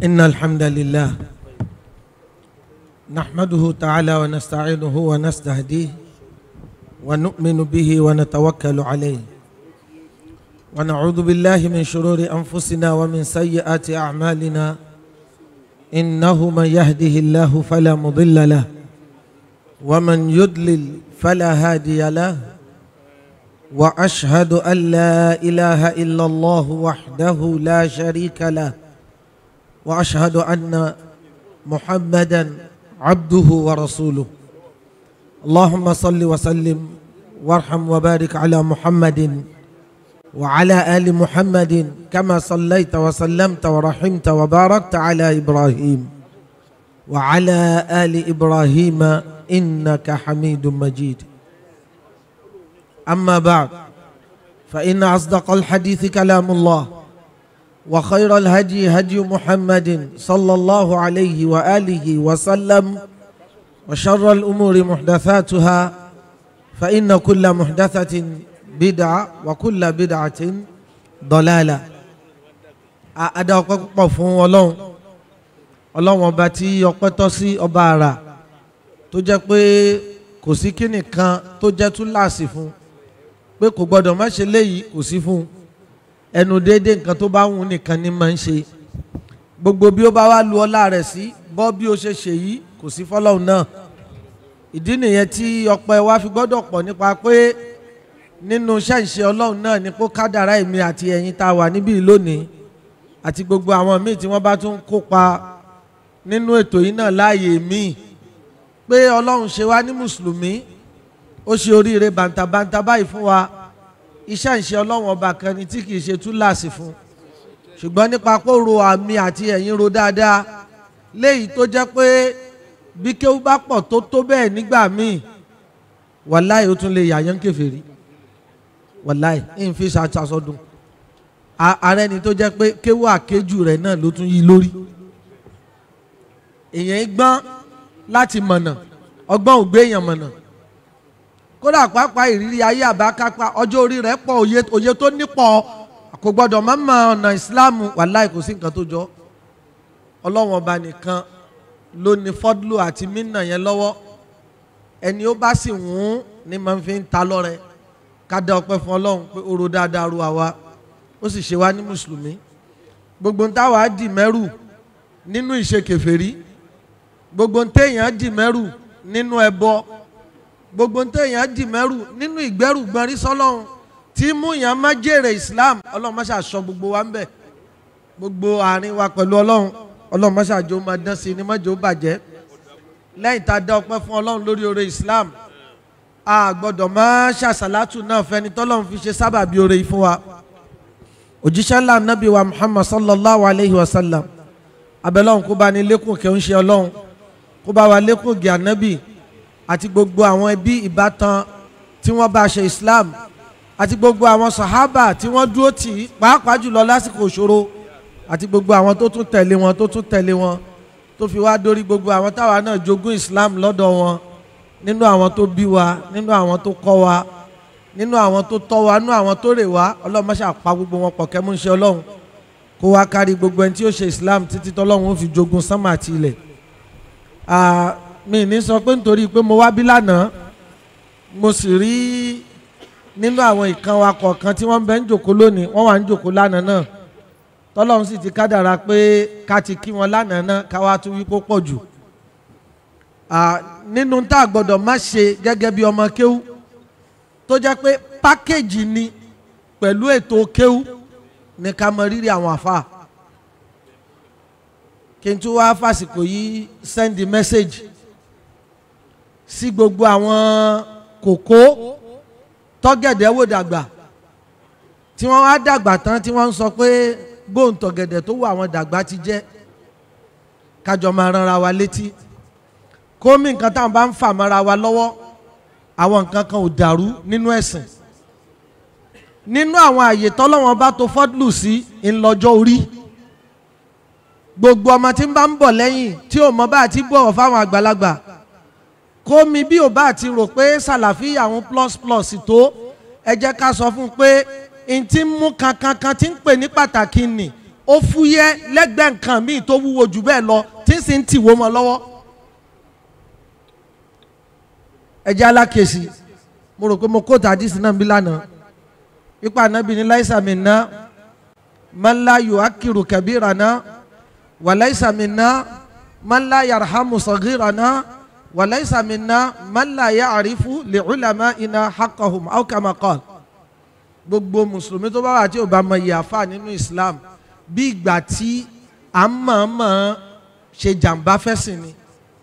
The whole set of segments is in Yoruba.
إن الحمد لله نحمده تعالى ونستعينه ونستهديه ونؤمن به ونتوكل عليه ونعوذ بالله من شرور أنفسنا ومن سيئات أعمالنا إنه من يهده الله فلا مضل له ومن يدلل فلا هادي له وأشهد أن لا إله إلا الله وحده لا شريك له وأشهد أن محمدا عبده ورسوله اللهم صل وسلم وارحم وبارك على محمد وعلى آل محمد كما صليت وسلمت ورحمت وباركت على إبراهيم وعلى آل إبراهيم إنك حميد مجيد أما بعد فإن أصدق الحديث كلام الله وخير الهدي هدي محمد صلى الله عليه وآله وسلم وشر الأمور محدثاتها فإن كل محدثة بدعة وكل بدعة ضلالة ada ọpẹ́ púpọ̀ fún Ọlọ́run Ọlọ́run ọba tí ọpẹ́ tọ́ sí ọba àrà tó jẹ́ pé kò sí kíni kan tó jẹ́ túláàsì fún pé kò gbọ́dọ̀ má ṣe léyìí kò sí fún ẹnu déédéé nǹkan tó bá wùn nìkan ni máa ń ṣe gbogbo bí ó bá wá lu ọlá rẹ̀ sí bọ́ bí ó ṣe ṣèyí kò sí fọ́lọ́run náà ìdí nìyẹn tí ọpẹ́ wa fi gbọ́dọ̀ pọ̀ nípa pé nínú ṣẹ́ǹṣẹ́ ọlọ́run náà ni kó kádàrá èmi àti ẹ̀yin tá a wà níbí lónìí àti gbogbo àwọn míì tí wọ́n bá tún kópa nínú ètò yìí náà láàyè míì pé ọlọ́run ṣe wá ní mùsùlùmí ó ṣe oríire bàǹtàbàǹtà báyìí fún wa iṣẹ́ ìṣe ọlọ́run ọba kan ni tí kì í ṣe túláàsì fún ṣùgbọ́n nípa pòrò àmì àti ẹ̀yin ro dáadáa léyìí tó jẹ́ pé bí kéwú bá pọ̀ tó tó bẹ́ẹ̀ nígbà míì wàláì ó tún lè yàyàn kèfèrí wàláì ń fi ṣàṣàṣọdún ààrẹ ni tó jẹ́ pé kéwú àkéjù rẹ̀ náà ló tún yí lórí èèyàn gbọ́n láti mọ̀nà ọgbọ́n ò gbé èèyàn mọ̀nà kódà pàápàá ìrírí ayé àbákápá ọjọ́ orí rẹ̀ pọ̀ òye tó nípọ̀ kò gbọ́dọ̀ mọ́mọ́ ọ̀nà ìsìláàmù wàláì kò sí nǹkan tó jọ ọlọ́wọ́n ọba nìkan ló ní fọ́dúlù àti mínà yẹn lọ́wọ́ ẹni ó bá sì wùn ni máa fi ń ta lọ́rẹ ká dá ọpẹ́ fún ọlọ́run pé oró dáadáa ru àwa ó sì ṣe wá ní mùsùlùmí gbogbo ń táwa dì mẹ́rù nínú ìṣe kèfèrí gbogbo ń téèyàn dì mẹ́rù nínú ẹbọ gbogbo ń téèyàn dì mẹ́rù nínú ìgbẹ́rù gbọ́nrí sọ́lọ́run tí mú yàn má jèrè Islam ọlọ́run má ṣàṣọ gbogbo wa ń bẹ̀ gbogbo àárín wa pẹ̀lú ọlọ́run ọlọ́run mọ́ṣáájú máa dán sí i ní mọ́jọ́ bàjẹ́ lẹ́yìn tá a dá ọpẹ́ fún ọlọ́run lórí oore Islam a gbọ́dọ̀ máa ṣàṣàlátù náà fẹ́ni tọ́lọ́run fi ṣe sábàbí oore yìí fún wa òjíṣẹ́ ńlá nàbí wa Muhammad sallallahu alayhi wa sallam abẹ́lọ́run kó bá ní lékún kẹ́ ń ṣe ọlọ́run kó bá wa lékún gẹ̀ ànábì àti gbogbo àwọn ẹbí ìbátan tí wọ́n bá ṣe Islam àti gbogbo àwọn sàhábà tí wọ́n dúró tì í pàápàá jùlọ lásìkò ìṣòro àti gbogbo àwọn tó tún tẹ̀lé wọn tó tún tẹ̀lé wọn tó fi wá dórí gbogbo àwọn táwa náà jogún Islam lọ́dọ̀ wọn nínú àwọn tó bí wa nínú àwọn tó kọ́ wa nínú àwọn tó tọ́ wa nínú àwọn tó rè wa ọlọ́run má ṣe gbogbo wọn pọ̀ kẹ́mú ṣe ọlọ́run kó wá kárí gbogbo ẹni tí ó ṣe Islam títí tọ́lọ́run ó fi jogún sánmà àti ilẹ̀ mi ní sọ pé nítorí pé mo wá bí lánàá mo sì rí nínú àwọn ìkan kọ̀ọ̀kan tí wọ́n bẹ ń jòkó lónìí wọ́n wà ń jòkó lánàá náà tọ́lọ́run sì ti kádàrá pé ká ti kí wọn lánàá náà ká wá tún wí kó pọ̀ jù nínú tá a gbọ́dọ̀ má ṣe gẹ́gẹ́ bí ọmọ kéwú tó jẹ́ pé pákéjì ni pẹ̀lú ètò kéwú ní ká mọ rírì àwọn àfa kí n tún wá fàsìkò yìí send the message sí gbogbo àwọn kòkó tọ́gẹ̀dẹ̀ wò dàgbà tí wọ́n wá dàgbà tán tí wọ́n sọ pé gbóǹtọ̀gẹ̀dẹ̀ tó wà àwọn dàgbà ti jẹ́ kájọ máa ránra wa létí kómi nǹkan táwọn bá ń fà mọ́ra wa lọ́wọ́ àwọn nǹkan kan ò dàrú nínú ẹ̀sìn nínú àwọn àyè tọ́lọ́wọ́n bá tó fọ́dùlù sí ńlọ́jọ́ orí gbogbo ọmọ tí ń bá ń bọ̀ lẹ́yìn tí ò mọ bá àti bọ̀wọ̀ fáwọn àgbàlagbà kómi bí ò bá àti rò pé sàlàfíà àwọn plus plus tó ẹ jẹ́ ká sọ fún pé n ti mú kankankan tí ń pè ní pàtàkì nì ó fúyẹ́ lẹ́gbẹ̀ẹ́ nǹkan míì tó wúwo jù bẹ́ẹ̀ lọ tí sì ń tìwó mọ́ lọ́wọ́. ẹ jẹ́ alákèsí mo rò pé mo kó tàdísì náà bí lánàá ipa ànábì ní láìsà mi ná mọ́lá yóò ákìrù kẹ̀bíra wà láìsà mi ná mọ́lá yàrhámù sọ̀gíra náà wà láìsà mi ná mọ́lá yàrá àrífù lè cúlàmá iná hakọ̀hùm áwùkàmà gbogbo mùsùlùmí tó bá wà tí ò bá mọ iye àfa nínú islam bí ìgbà tí à ń mọ̀ọ́mọ̀ ṣe jàǹbá fẹ́sìn ni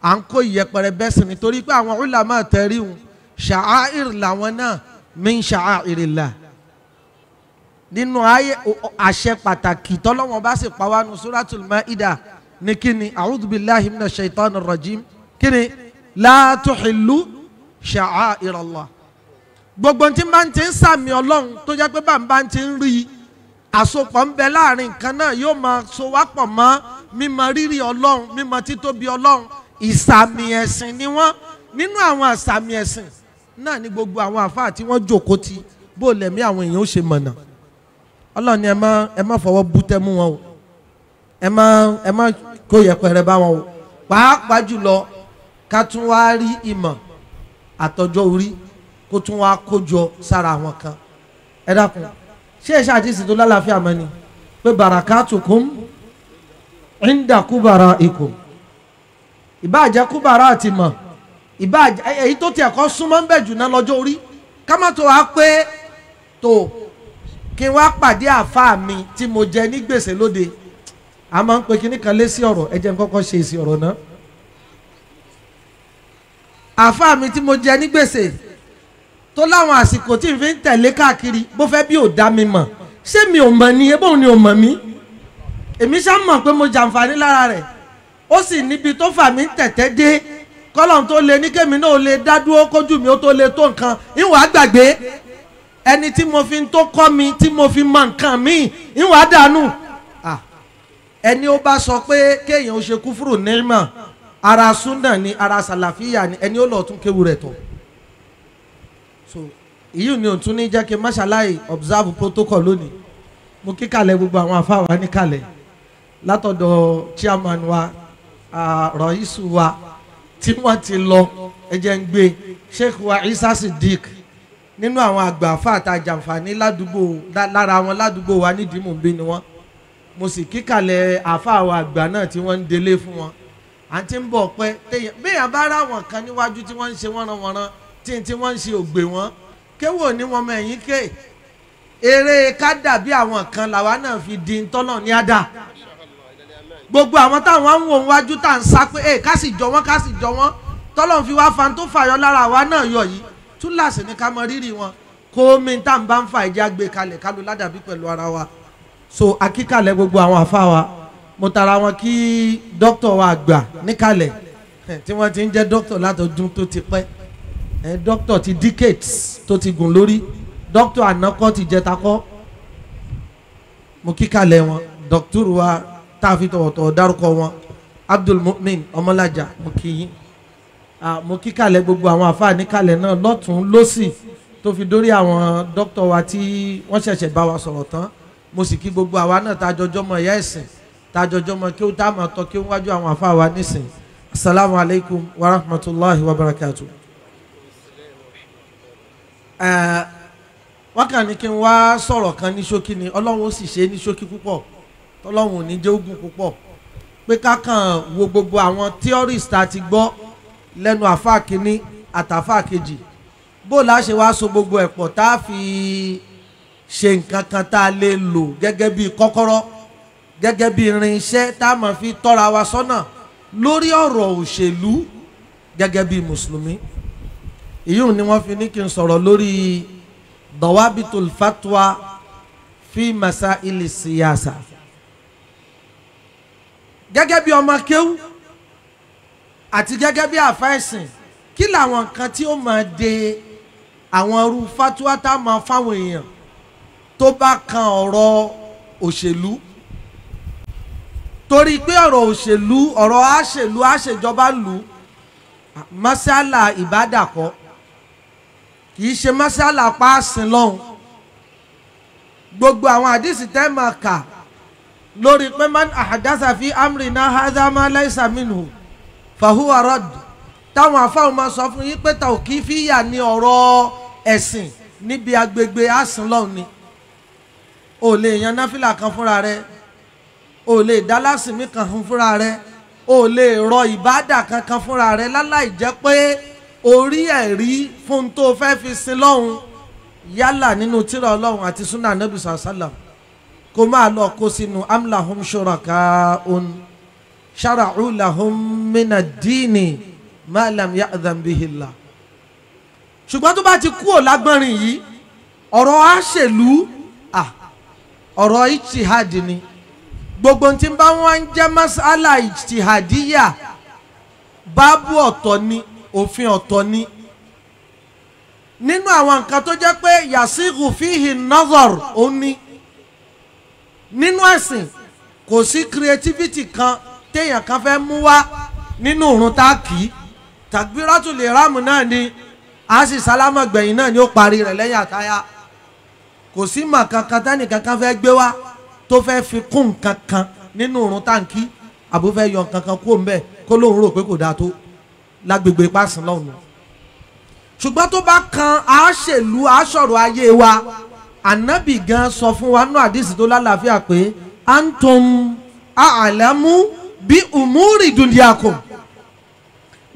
à ń kó ìyẹpẹrẹ bẹ́sìn ni torí pé àwọn ulama tẹ̀rí wọn ṣàáìr làwọn náà min ṣàáìrillah nínú ayé àṣẹ pàtàkì tọ́lọ́wọ́n bá sì pa wá nu suratul maida ní kíni a'udhu billahi minash shaitanir rajim kíni la tuhillu ṣàáìrallah gbogbo tí bá ń ti ń sàmì ọlọ́run tó jẹ́ pé bàbá ń ti ń rí i àsopọ̀ ń bẹ láàrin nǹkan náà yóò máa so wá pọ̀ mọ́ mímọ rírì ọlọ́run mímọ títóbi ọlọ́run ìsàmì ẹ̀sìn ni wọ́n nínú àwọn àsàmì ẹ̀sìn náà ni gbogbo àwọn àfáà tí wọ́n jòkó ti bó lẹ̀mí àwọn èèyàn ó ṣe mọ̀nà ọlọ́run ni ẹ má ẹ má fọwọ́ bú tẹ́mú wọn o ẹ má ẹ má kó yẹpẹrẹ bá wọn o pàápàá jùlọ ká tún wá rí ìmọ̀ àtọjọ́ orí kó tún wá kójọ sára àwọn kan ẹ dákun ṣé ẹ ṣàdísì tó lálàáfíà mọ ni pé barakatukum inda kubaraikum ìbáàjẹ́ kúbàrà àti mọ̀ ìbáàjẹ́ èyí tó tiẹ̀ kọ́ súnmọ́ ń bẹ̀ jù náà lọ́jọ́ orí ká má tó wá pé tó kí n wá pàdé àáfàá mi tí mo jẹ ní gbèsè lóde a máa ń pe kinní kan lé sí ọ̀rọ̀ ẹ jẹ́ n kọ́kọ́ ṣe èsì ọ̀rọ̀ náà àáfàá mi tí mo jẹ ní gbèsè tó láwọn àsìkò tí n fi ń tẹ̀lé káàkiri bó fẹ́ bí ò dá mi mọ̀ ṣé mi ò mọ̀ ni ebóun ni ò mọ̀ mí èmi ṣá mọ̀ pé mo jàǹfààní lára rẹ̀ ó sì níbi tó fà mí tẹ̀tẹ̀ dé kọ́lọ́n tó le ní kémi náà lè dá dúró kójú mi ó tó le tó nǹkan ìwà gbàgbé ẹni tí mo fi ń tó kọ́ mi tí mo fi mọ nǹkan míì ìwà dànù ẹni ó bá sọ pé kéèyàn ó ṣe kúfúrú nímọ̀ ara súnà ni ara sàlàfíà ni ẹni ó lọ́ọ́ tún kéwu rẹ̀ tọ̀ èyí ni òtún ní jẹ́ kí n observe protocol lónìí mo kíkàlẹ̀ gbogbo àwọn afáwa níkàlẹ̀ látọ̀dọ̀ chairman wa rọ̀ísù wa tí wọ́n ti lọ ẹ̀jẹ̀ ń gbé sheikh wa isa siddiq nínú àwọn àgbà fáta jàǹfààní ládùúgbò lára wọn ládùúgbò wa nídìí mò ń bí ni wọ́n mo sì kíkàlẹ̀ àfáwa àgbà náà tí wọ́n ń délé fún wọn à ń bọ̀ pẹ́ téèyàn béèyàn bá kan níwájú tí wọ́n ń ṣe wọ́nranwọ́nran tí tí wọ́n ń ṣe ògbè wọn kéwò ní wọn mọ ẹ̀yìn ké eré ká dàbí àwọn kan làwa náà fi di ntọ́nà ní àdá gbogbo àwọn táwọn ń wò wájú tá à ń sá pé ẹ ká sì jọ wọn ká sì jọ wọn tọ́lọ́n fi wá fan tó fàyọ lára àwa náà yọ yìí túláàsì ni ká mọ rírì wọn kó mi tá à ń bá ń fa ìjà gbé kalẹ̀ ká ló ládàbí pẹ̀lú ara wa so akíkalẹ̀ gbogbo àwọn àfa wa mo tara wọn kí dókítà wa àgbà níkalẹ̀ tí wọ́n ti ń jẹ́ dókítà látọdún tó ti pẹ́ ẹ dókítà ti decades tó ti gùn lórí dókítà ànákọ́ ti jẹtakọ́ mo kíkàlẹ̀ wọn dókítà wa tá a fi tọ̀wọ̀tọ̀wọ̀ dárúkọ wọn Abdul Mu'min Ọmọlájà mo kí yín mo kíkàlẹ̀ gbogbo àwọn àfáàní kalẹ̀ náà lọ́tún lọ́sì tó fi dórí àwọn dókítà wa tí wọ́n ṣẹ̀ṣẹ̀ bá wa sọ̀rọ̀ tán mo sì kí gbogbo àwa náà tá a jọjọ́ mọ ẹ̀yà ẹ̀sìn tá a jọjọ́ mọ kí ó tá a tán kí ó wájú àwọn àfáà wa nísìn assalamu wa rahmatullahi wa barakatuh wọ́n kàn ní kí n wá sọ̀rọ̀ kan ní ṣókí ni ọlọ́run ó sì ṣe ní ṣókí púpọ̀ tọ́lọ́run ò ní jẹ́ ogun púpọ̀ pé ká kàn wo gbogbo àwọn theorist tá a ti gbọ́ lẹ́nu àfáà kínní àtàfáà kejì bó la ṣe wá so gbogbo ẹ̀ pọ̀ tá a fi ṣe nǹkan kan tá a lè lò gẹ́gẹ́ bí kọ́kọ́rọ́ gẹ́gẹ́ bí irinṣẹ́ tá a máa fi tọ́ra wa sọ́nà lórí ọ̀rọ̀ òṣèlú gẹ́gẹ́ bí mùsùlùmí ìyóò ni wọ́n fi ní kí n sọ̀rọ̀ lórí dawabitul fatwa fi masaili siyasa gẹ́gẹ́ bí ọmọ kéwú àti gẹ́gẹ́ bí àfẹ́sìn kí làwọn nǹkan tí ó máa de àwọn irú fatwa tá a máa fáwọn èèyàn tó bá kan ọ̀rọ̀ òṣèlú torí pé ọ̀rọ̀ òṣèlú ọ̀rọ̀ àṣèlú àṣèjọba lù masala ìbádàkọ́ kì í ṣe mọ́sálà páàsìn lọ́hùn gbogbo àwọn àdìsí tẹ́ máa kà lórí pé man ahadasa fi amrina hadha ma laysa minhu fahuwa radd táwọn afáwọn máa sọ fún yín pé tawqifiya ní ọ̀rọ̀ ẹ̀sìn níbi agbègbè àsìn lọ́hùn ni o lè yan náfìlà kan fúnra rẹ o lè dá lásìmí kan fúnra rẹ o lè rọ ìbádà kankan fúnra rẹ láláì jẹ́ pé orí ẹ̀rí fún tó fẹ́ fi sin lọ́hùn yálà nínú tírà ọlọ́run àti sunnah nabi sàlám kó máa lọ kó sínú amlahum shurakaun shara'u lahum mina dini ma lam ya'dhan bihi Allah ṣùgbọ́n tó bá ti kúrò lágbọ́nrin yìí ọ̀rọ̀ àṣèlú ọ̀rọ̀ ijtihad ni gbogbo tí ń bá wọn jẹ́ masala ijtihadiyya báàbù ọ̀tọ̀ ni òfin ọ̀tọ̀ ni nínú àwọn nǹkan tó jẹ́ pé yasiru fihi nazar ó ní nínú ẹ̀sìn kò sí creativity kan téèyàn kan fẹ́ mú wá nínú òrùn tá a kì í takbiratul ihram náà ni a sì sálámà gbẹ̀yìn náà ni ó parí rẹ̀ lẹ́yìn àtayá kò sí mà kankan tánìkan kan fẹ́ gbé wá tó fẹ́ fi kún nǹkan nínú òrùn táǹkì àbúfẹ́ yọ nǹkan kan ń bẹ̀ kó lóun rò pé kò dáa tó lágbègbè pàṣẹ lọ́hùn ṣùgbọ́n tó bá kan àṣèlú àṣọ̀rọ̀ ayé wa ànábì gan sọ fún wa nínú àdìsí tó lálàáfíà pé antum àlẹ́mú bí umuri dundiakum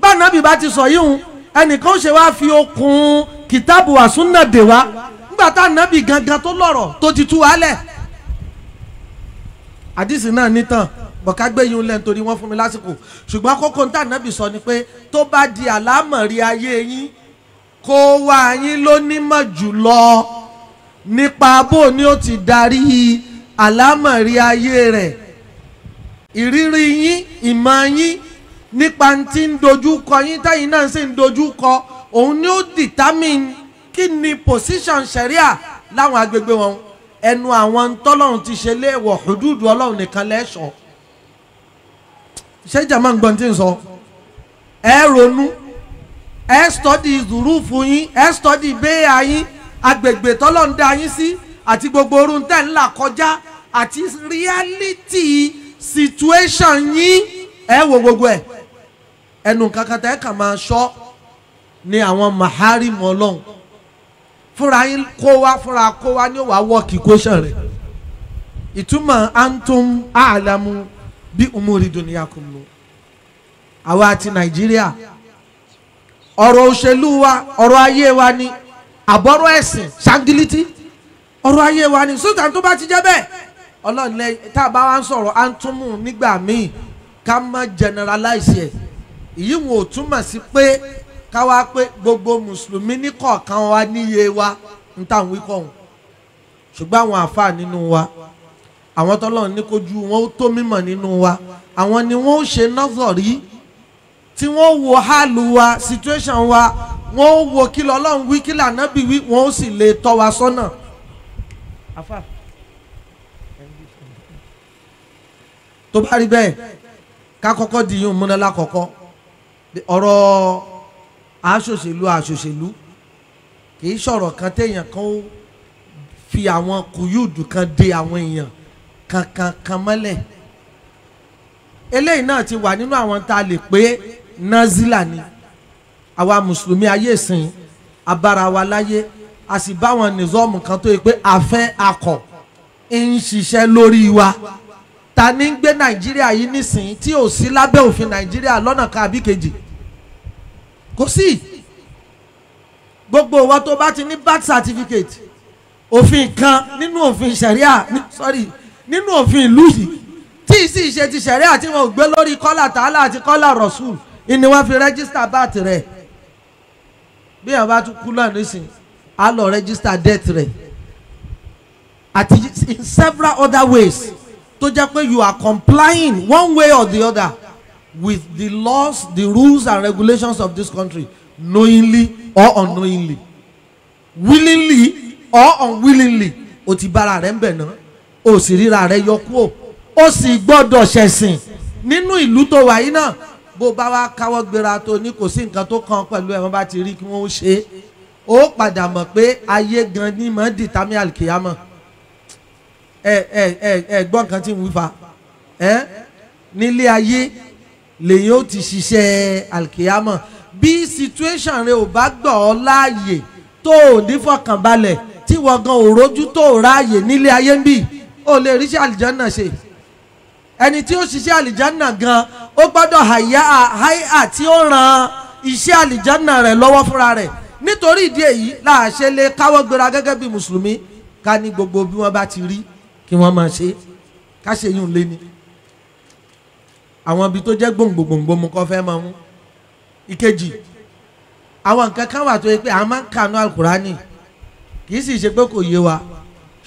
bá ànábì bá ti sọ yíhun ẹnìkan ṣe wá fi okùn kìtàbù àsúnà dè wá nígbà tá ànábì gangan tó lọ́rọ̀ tó ti tú wálẹ̀ àdìsí náà nítàn bọ̀ká gbẹ̀yìn lẹ́nu torí wọ́n fún mi lásìkò ṣùgbọ́n kókó níta nàbì sọ ni pé tó bá di àlámọ̀rí ayé yín kó wá yín lónímọ̀ jùlọ nípa bó ni ó ti darí àlámọ̀rí ayé rẹ̀ ìrírí yín ìmọ̀ yín nípa tí ń dojú kọ yín táyìn náà sì ń dojú kọ òun ni ó determine kí ni position sharia láwọn agbègbè wọn ẹnu àwọn tọ́lọ́run ti ṣe léèwọ̀ hùdúùdù ọlọ́run nìkan lẹ́ṣọ̀ọ́ ṣé jama ń gbọ́n tí ń sọ ẹ ronú ẹ stọ́dì zurufu yín ẹ stọ́dì béyà yín agbègbè tọ́lọ̀ yín sí àti gbogbo orun tẹ̀ ń là kọjá àti reality situation yín ẹ wo gbogbo ẹ ẹnu kankan ẹ kàn máa sọ ni àwọn mahari mọ Ọlọ́run fúnra yín kó wá fúnra kó wá ní ó wàá wọ́ọ̀kì question rẹ̀ ìtumọ̀ antum alamu bi umuri dunia lọ àwa àti Nigeria, ọ̀rọ̀ òṣèlú wa ọ̀rọ̀ ayé wa ni àbọ̀rọ̀ ẹ̀sìn ṣàǹgìlìtì ọ̀rọ̀ ayé wa ni sóòtà tó bá ti jẹ́ bẹ́ẹ̀ ọlọ́run tá a bá wá ń sọ̀rọ̀ à ń túmù nígbà míì ká má generalize ẹ̀ èyí wọn ò túmọ̀ sí pé ká wá pé gbogbo mùsùlùmí ní kọ̀ọ̀kan wa níye wa ń tàwọn ikọ̀ ọ̀hún ṣùgbọ́n àwọn àfáà nínú wa àwọn tọ́lọ́run ní kojú wọn ó tó mímọ̀ nínú wa àwọn ni wọ́n ó ṣe nọ́sọ̀rí tí wọ́n ó wo hálù wa situation wa wọ́n ó wo kí lọ́lọ́run wí kí lànábì wí wọ́n ó sì lè tọ́ wa sọ́nà. tó bá rí bẹ́ẹ̀ ká kọ́kọ́ di yín múná lákọ̀ọ́kọ́ ọ̀rọ̀ aṣòṣèlú aṣòṣèlú kì í sọ̀rọ̀ kan téèyàn kan ó fi àwọn kùyùdù kan de àwọn èèyàn kankankan mọ́lẹ̀ eléyìí náà ti wà nínú àwọn tá a lè pé nazila ni àwa mùsùlùmí ayé ìsìn abára wa láyé a sì bá wọn nìzọ́ọ̀mù kan tó yẹ pé afẹ́ akọ̀ ń ṣiṣẹ́ lórí wa ta ní ń gbé nàìjíríà yìí nísìnyí tí ò sí lábẹ́ òfin nàìjíríà lọ́nà kan àbí kejì kò sí gbogbo wa tó bá ti ní birth certificate òfin kan nínú òfin ṣẹ̀ríà sorry nínú òfin ìlú yìí tí sì ṣe ti ṣẹ̀rí àti wọn ò gbé lórí kọ́là tààlà àti kọ́là rọ̀ṣùl ni wọ́n fi rẹ́gísítà báàtì rẹ̀ bí ẹ̀ bá tún kú náà nísìn á lọ rẹ́gísítà death rẹ̀ àti in several other ways tó jẹ́ pé you are complying one way or the other with the laws the rules and regulations of this country knowingly or unknowingly willingly or unwillingly o ti bára rẹ̀ ń bẹ̀ náà o sì ríra rẹ yọ kúò o sì gbọ́dọ̀ ṣẹ̀sìn nínú ìlú tó wà yìí náà bó bá wá káwọ́ gbéra tó ní kò sí nǹkan tó kàn pẹ̀lú ẹ̀ wọ́n bá ti rí kí wọ́n ṣe é ó padà mọ̀ pé ayé gan ni mọ̀ ń di tami alikiyama ẹ ẹ ẹ ẹ gbọ́ nǹkan tí ń wífa ẹ nílé ayé lèyìn ó ti ṣiṣẹ́ alikiyama bí situation rẹ ò bá gbọ́ ọ láàyè tó ò ní fọkànbalẹ̀ tí wọ́n gan ò tó ò ráàyè nílé ayé ń bì ò lè ríṣẹ́ àlìjánà ṣe ẹni tí ó ṣiṣẹ́ àlìjánà gan ó gbọ́dọ̀ àyà àyà tí ó ran iṣẹ́ àlìjánà rẹ̀ lọ́wọ́ fúnra rẹ̀ nítorí ìdí èyí làṣẹ lè káwọ́ gbéra gẹ́gẹ́ bí mùsùlùmí ká ní gbogbo bí wọ́n bá ti rí kí wọ́n máa ṣe ká ṣe yún lé ni àwọn ibi tó jẹ́ gbòǹgbòǹgbò mu kọ́ fẹ́ máa mú ìkejì àwọn nǹkan kan wà tó yẹ pé àwọn máa ń kànú alukurani kì í sì ṣe pé kò yé wa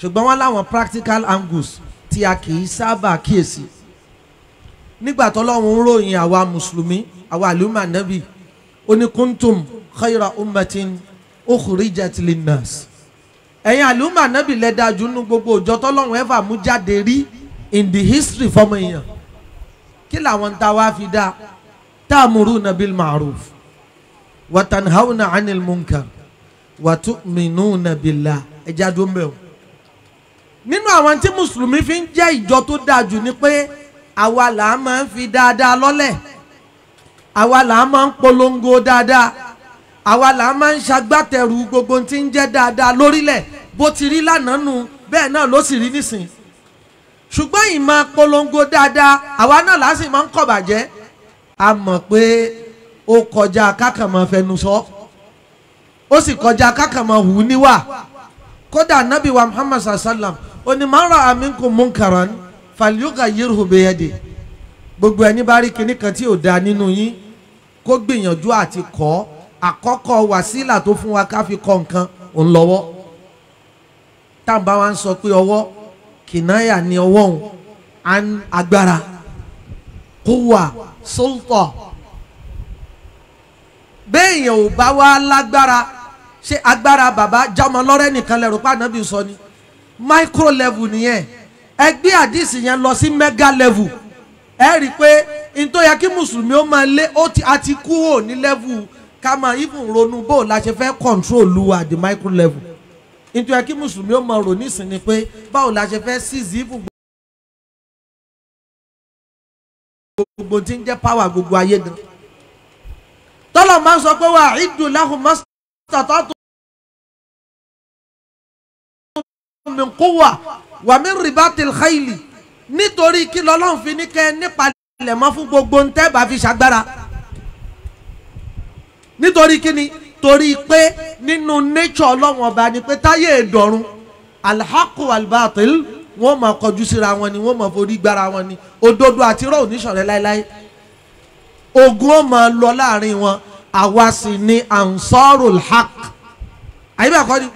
ṣùgbọ́n wọ́n láwọn practical angles tí a kì í sábà kíyèsí nígbà tọ́lọ́run ń ròyìn àwa mùsùlùmí àwa àlùmọ̀ ànábì ó khayra ummatin ukhrijat linnas ẹ̀yin àlùmọ̀ ànábì lẹ́dájú nínú gbogbo òjọ tọ́lọ́run ẹ̀fà mú jáde rí in the history fọmọ èèyàn kí làwọn tá a wá fi dá ta'muruna bil ma'ruf wa tanhawna 'anil munkar wa tu'minuna billah ẹ̀já dúró nínú àwọn tí mùsùlùmí fi ń jẹ́ ìjọ tó dáa jù ni pé àwa là á máa ń fi dáadáa lọ́lẹ̀ àwa là á máa ń polongo dáadáa àwa là á máa ń ṣagbátẹrù gbogbo tí ń jẹ́ dáadáa lórílẹ̀ bó ti rí lánàá nu bẹ́ẹ̀ náà ló sì rí nísìn ṣùgbọ́n ìmọ̀ polongo dáadáa àwa náà là á sì máa ń kọ̀bàjẹ́ a mọ̀ pé ó kọjá kákàmọ́ fẹnu sọ ó sì kọjá kákàmọ́ hù níwà kódà nabi wa muhammad sallam onímọ̀ràn amínkù munkaran fàlíùkà yírù bẹ́yẹ̀dẹ̀ gbogbo ẹni bá rí kinní kan tí ò da nínú yín kó gbìyànjú àti kọ́ àkọ́kọ́ wàsílà tó fún wa ká fi kọ́ nǹkan òun lọ́wọ́ táǹbà wa ń sọ pé ọwọ́ kìnnáyà ni ọwọ́ òun agbára kúwà sọ́ltọ̀ béèyàn ò bá wá lágbára ṣé agbára bàbá jámọ lọ́rẹ́ nìkan lẹ́rù pa ànábì sọ ni micro level nìyẹn ẹ gbé àdìsí yẹn lọ sí mega level ẹ rí i pé n tó yẹ kí mùsùlùmí ó máa lé ó ti kúrò ní level ká máa even ronú bó la ṣe fẹ́ control lu at the micro level n tó yẹ kí mùsùlùmí ó máa rò nísìnyí pé báwo la ṣe fẹ́ seize even gbogbo tí ń jẹ́ power gbogbo ayé gan tọ́lọ̀ máa ń sọ pé wà á ìdùn láhùn mọ́sítà tó. min quwwa wa min ribatil khayli nítorí kí lọ́lọ́run fi ní kẹ́ nípa ilẹ̀ mọ́ fún gbogbo ń tẹ́ bá fi ṣàgbára nítorí kí ni torí pé nínú nature ọlọ́run ọba ni pé táyé ìdọ̀run alhaq walbatil wọ́n máa kọjú síra wọn ni wọ́n máa forí gbára wọn ni òdodo àti irọ́ oníṣọ̀rẹ́ láéláé ogun ó lọ láàrin wọn àwa sì ni ansorul haq àyíbá kọ́ ni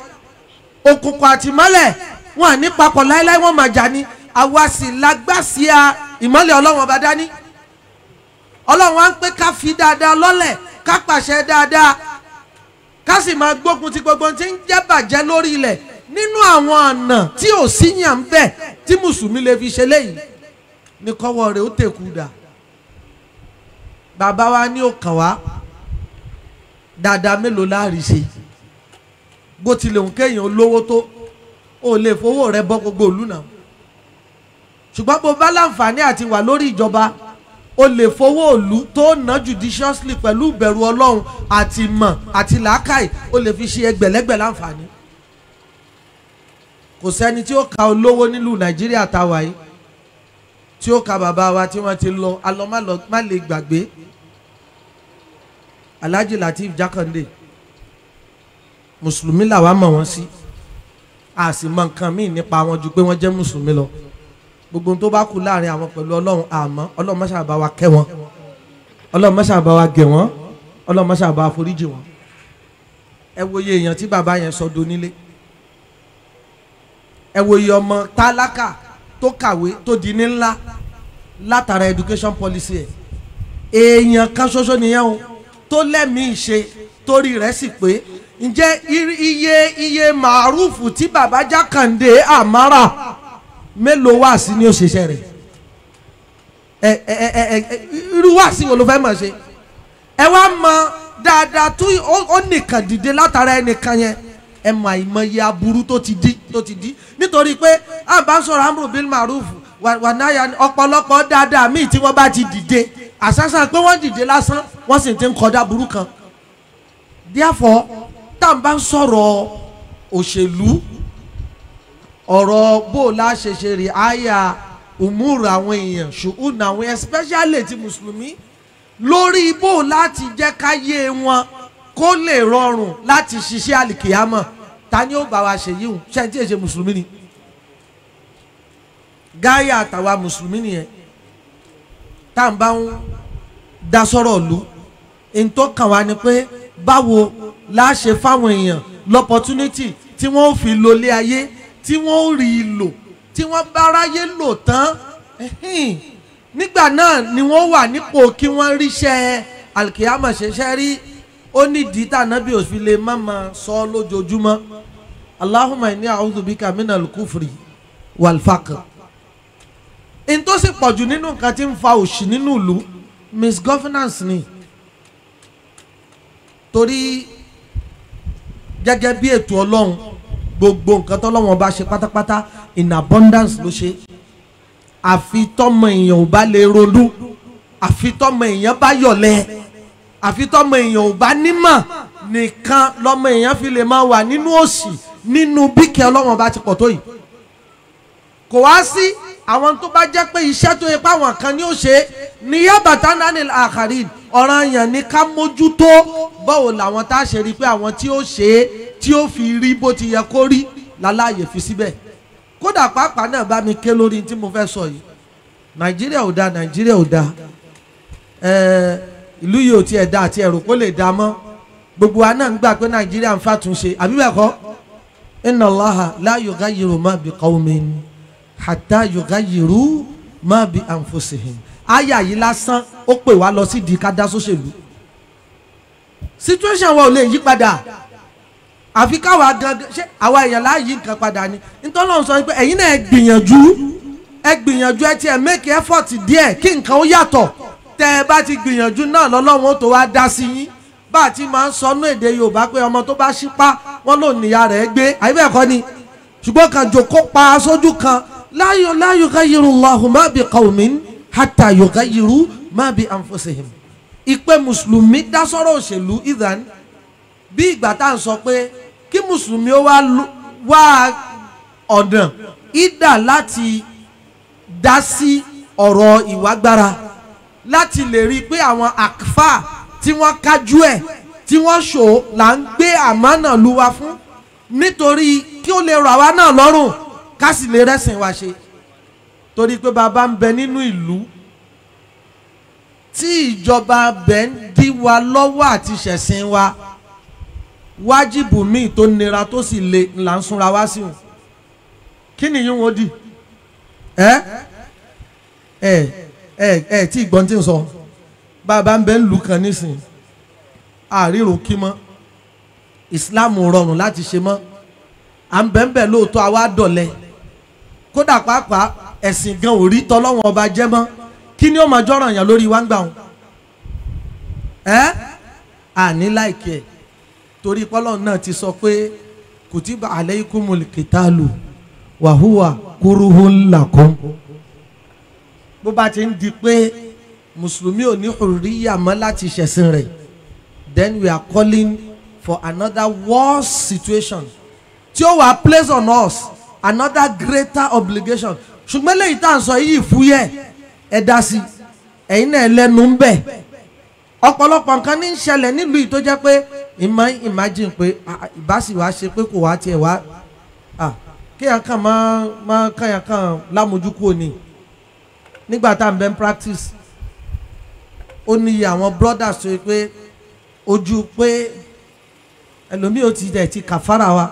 òkùnkùn àti ìmọ́lẹ̀ wọn à ní papọ̀ láéláé wọn máa jà ní àwa sì lágbàsíà ìmọ́lẹ̀ ọlọ́run ọba dání ọlọ́run wa ń pé ká fi dáadáa lọ́lẹ̀ ká pàṣẹ dáadáa ká sì máa gbógun ti gbogbo tí ń jẹ́ bàjẹ́ lórí ilẹ̀ nínú àwọn ọ̀nà tí ò síyàn ń bẹ̀ tí mùsùlùmí lè fi ṣe léyìí ní kọ́wọ́ rẹ̀ ó tẹ̀kù dà bàbá wa ní òkàn wá dáadáa mélòó láàrin ṣe bó tilẹ̀ òun kéèyàn lówó tó o lè fowó rẹ bọ́ gbogbo ìlú náà ṣùgbọ́n bó bá láǹfààní àti wà lórí ìjọba o lè fowó ìlú tó ná judiciously pẹ̀lú ìbẹ̀rù ọlọ́run àti mọ̀ àti làákàì o lè fi ṣe ẹgbẹ̀lẹ́gbẹ̀ láǹfààní kò sẹ́ni tí ó ka olówó nílùú nàìjíríà táwa yìí tí ó ka bàbá wa tí wọ́n ti lọ alọ́ má lè gbàgbé Alhaji Latif Jakande mùsùlùmí làwa mọ̀ wọ́n sí a sì mọ nǹkan míì nípa wọn ju pé wọ́n jẹ́ mùsùlùmí lọ gbogbo tó bá kù láàrin àwọn pẹ̀lú ọlọ́run àmọ́ ọlọ́run máṣá bá wa kẹ́ wọn ọlọ́run máṣá bá wa gẹ̀ wọ́n ọlọ́run máṣá bá wa foríjì wọn ẹ wo iye èèyàn tí bàbá yẹn sọ do nílé ẹ wo iye ọmọ tálákà tó kàwé tó di ní ńlá látara education policy ẹ̀ èèyàn kan ṣoṣo nìyẹn o tó lẹ́mìí ṣe torí rẹ̀ sì pé ǹjẹ́ iye iye maarufu tí bàbá kande amara mélòó wá sí ni ó ṣiṣẹ́ rẹ̀ ẹ ẹ ẹ ẹ irú wá sí wo ló fẹ́ mọ̀ ṣe ẹ wá mọ dáadáa tó ó nìkan dìde látara ẹnìkan yẹn ẹ mọ àìmọye aburú tó ti di tó ti di nítorí pé àbáṣọrọ amru bil maruf wànáyà ọ̀pọ̀lọpọ̀ dáadáa míì tí wọ́n bá ti dìde àṣàṣà pé wọ́n dìde lásán wọ́n sì ti ń kọjá burú kan therefore tá à ń bá ń sọ̀rọ̀ òṣèlú ọ̀rọ̀ bó o láṣẹ ṣe rí àyà umuru àwọn èèyàn ṣùgbọ́n àwọn especially ti mùsùlùmí lórí bó o láti jẹ́ káyé wọn kó lè rọrùn láti ṣiṣẹ́ àlìkìyàmọ̀ ta ni ó bá wa ṣe yíhun ṣe tí èṣe mùsùlùmí ni gáyà àtàwa mùsùlùmí nìyẹn tá à ń bá ń dá sọ̀rọ̀ lu ntọ́ kàn wá ni pé báwo la ṣe fáwọn èèyàn l'opportunity tí wọ́n ò fi lo ilé ayé tí wọ́n ò rí i lò tí wọ́n bá ráyé lò tán nígbà náà ni wọ́n wà nípò kí wọ́n ríṣẹ́ alkiyama ṣẹṣẹ́ rí ó nídìí tànàbí òfin lè má máa sọ lójoojúmọ́ Allahumma inni a'udhu bika minal kufri wal faqr n tó sì pọ̀jù nínú nǹkan tí ń fa òṣì nínú ìlú misgovernance ni torí gẹ́gẹ́ bí ètò ọlọ́run gbogbo nǹkan tọ́lọ́wọ́n bá ṣe pátápátá in abundance ló ṣe àfi tọ́mọ èèyàn ò bá lè ronú àfi tọ́mọ èèyàn bá yọ̀lẹ àfi tọ́mọ èèyàn ò bá nímọ̀ nìkan lọ́mọ èèyàn fi lè máa wà nínú òṣì nínú bíkẹ́ ọlọ́wọ́n bá ti pọ̀ tó yìí kò wá sí. Si, àwọn tó bá jẹ́ pé iṣẹ́ tó yẹ pé àwọn kan ní ó ṣe níyà bàtà nanil akharin ọ̀ràn yẹn ni ká mójútó báwo làwọn tá a ṣe rí i pé àwọn tí ó ṣe é tí ó fi rí bó ti yẹ kó rí láláàyè fi síbẹ̀ kódà pàápàá náà bá mi ké lórí tí mo fẹ́ sọ yìí nàìjíríà ò da nàìjíríà ò da ìlú yìí ò tiẹ̀ da àti ẹ̀rù kó lè da mọ́ gbogbo wa náà ń gbà pé nàìjíríà ń fàtúnṣe àbí bẹ́ẹ̀ kọ́ inna Allaha la yughayyiru ma bi qawmin hatta yugayiru ma bi anfusihim aya yìí lásán ó pè wá lọ sídìí ká dá sóṣèlú situation wa ò lè yí padà àfi káwa gangan ṣé àwa èèyàn láàyè nǹkan padà ni ntọ́lọ́run sọ pé ẹ̀yin náà ẹ gbìyànjú ẹ gbìyànjú ẹ tiẹ̀ make effort díẹ̀ kí nǹkan ó yàtọ̀ tẹ́ ẹ bá ti gbìyànjú náà lọ́lọ́run ó tó wá dá sí yín bá a ti máa ń sọnú èdè yorùbá pé ọmọ tó bá ṣípá wọn ló níyà rẹ̀ gbé àyè bẹ́ẹ̀ kọ́ ni ṣùgbọ́n kan jòkó pa aṣojú kan láyọ̀ láyọ̀ gáyìrú lọ́hùn má bi qawmin hàtà yọ̀ gáyìrú má bi anfusihim. ìpè mùsùlùmí dá sọ́rọ̀ òṣèlú ìdán bí ìgbà tá à ń sọ pé kí mùsùlùmí ó wá ọ̀dàn ìdá láti dá sí ọ̀rọ̀ ìwágbára láti lè rí i pé àwọn àkfà tí wọ́n kájú ẹ̀ tí wọ́n ṣò là ń gbé àmánà luwa fún nítorí kí ó lè rọ̀ àwa náà lọ́rùn ká sì lè rẹ́sìn wa ṣe torí pé bàbá ń bẹ nínú ìlú tí ìjọba bẹ̀ ń dí wa lọ́wọ́ àti ṣẹ̀sìn wa wájìbù míì tó nira tó sì le là ń súnra wá sí wọn kí nìyí wọn dì ẹ ẹ ẹ ẹ tí ìgbọ́n ti ń sọ bàbá ń bẹ ń lù kàn nísìn àrírun kí mọ́ ìsìláàmù rọrùn láti ṣe mọ́ à ń bẹ̀ ń bẹ̀ lóòótọ́ àwa dọ̀lẹ́ kódà pàápàá ẹ̀sìn gan ò rí ọba jẹ́ mọ́ kí ni ó máa jọ́ràn yàn lórí wáńgbà wọn ẹ́ àní láìkẹ́ torí pọ́lọ́n náà ti sọ pé kùtìbà alaykumul kitalu wàhùwà kúrúhùn lakum bó bá ti ń di pé mùsùlùmí ò ní hùríyà mọ́ láti ṣẹ̀sìn rẹ̀ then we are calling for another worse situation tí ó wà place on us another greater obligation ṣùgbọ́n lẹ́yìn tá à ń sọ yìí fúyẹ́ ẹ dá sí ẹ̀yin náà lẹ́nu ń bẹ̀ ọ̀pọ̀lọpọ̀ nǹkan ní ń ṣẹlẹ̀ nílùú yìí tó jẹ́ pé ìmọ̀ imagine pé ìbáṣì wàá ṣe pé kò wá tiẹ̀ wá kéèyàn kàn máa máa kàyàn kàn lámojú kúrò ni nígbà tá à ń bẹ́ ń practice ó ní iye àwọn brothers tó yẹ pé ojú pé ẹlòmíì ó ti dẹ̀ ti kàfàrà wa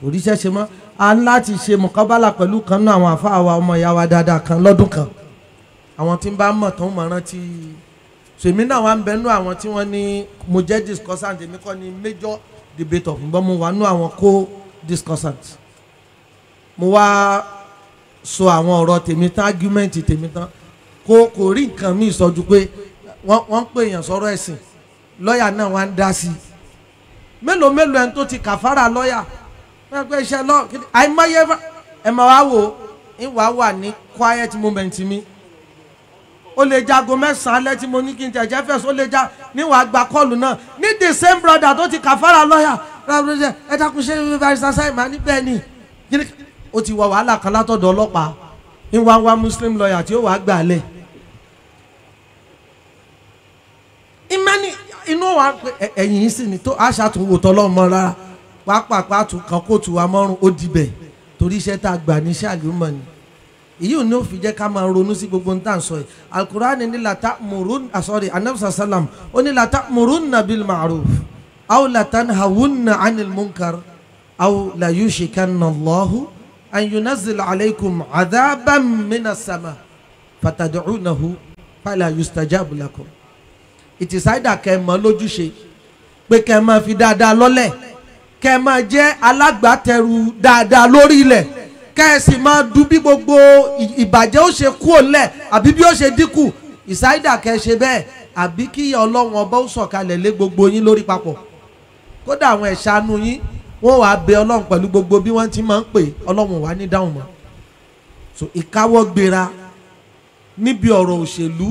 kò ríṣẹ́ ṣe mọ́ a ń láti ṣe mọ̀kábàlà pẹ̀lú kan náà àwọn àfa àwa ọmọ ìyá wa dáadáa kan lọ́dún kan àwọn tí ń bá mọ̀ tó ń mọ̀ rántí sèmi náà wà ń bẹ́ẹ̀ àwọn tí wọ́n ní mo jẹ́ discussant èmi kọ́ ni major debater ǹgbọ́n mo wà nú àwọn co discussant mo wá sọ àwọn ọ̀rọ̀ tèmi tán argument tèmi tán kò kò rí nǹkan mi sọ ju pé wọ́n ń pè èèyàn sọ̀rọ̀ ẹ̀sìn lọ́ọ̀yà náà wá ń dá sí i mélòó mélòó ẹni tó ti kàfàrà lọ́ọ̀yà pẹ́pẹ́ iṣẹ́ náà àìmọye ẹ máa wá wò ń wá wà ní quiet moment mi ó lè jago mẹ́sàn-án alẹ́ tí mo ní kí n tẹ̀ fẹ̀sọ́ ó lè ja níwàá gba kọ́ọ̀lù náà ní the same brother tó ti kàfàrà lọ́yà ẹ dákun ṣe barrister sáì máa ní bẹ́ẹ̀ ni ó ti wà wàhálà kan látọ̀dọ̀ ọlọ́pàá ń wá wá muslim lawyer tí ó wàá gbà lẹ̀. ìmẹ́ni inú wa ẹ̀yìn sì ni tó àṣà tó wò tọ́lọ́ mọ́ rárá pápápá kan kó tu wa mọ́rùn ó dibẹ̀ torí iṣẹ́ tá a gbà ní ṣàlùmọ̀ ni èyí ò ní òfin jẹ́ ká máa ronú sí gbogbo ní tàǹsọ̀ yìí alukur'ani ní lata murun asọ́rí ah, anamsa salam ó ní lata murun nabil ma'ruf aw latan hawunna anil munkar aw layushikanna allahu an yunazil alaykum adaban mina sama fatadunahu fala yustajabu lakum ìtìsáyidà kẹ́ ẹ̀ mọ́ lójúṣe pé kẹ́ ẹ̀ máa fi dáadáa lọ́lẹ̀ kẹ́ ẹ máa jẹ́ alágbàtẹrù dáadáa lórí ilẹ̀ kẹ́ ẹ sì máa du bí gbogbo ìbàjẹ́ ó ṣe kú òlẹ̀ àbí bí ó ṣe dínkù ìsáídà kẹ́ ẹ ṣe bẹ́ẹ̀ àbí kí ọlọ́run ọba ó sọ̀kalẹ̀ lé gbogbo yín lórí papọ̀ kódà àwọn ẹ̀ṣánú yín wọ́n wàá bẹ ọlọ́run pẹ̀lú gbogbo bí wọ́n ti máa ń pè ọlọ́run wàá ní dáhùn mọ́ so ìkáwọ́ gbéra níbi ọ̀rọ̀ òṣèlú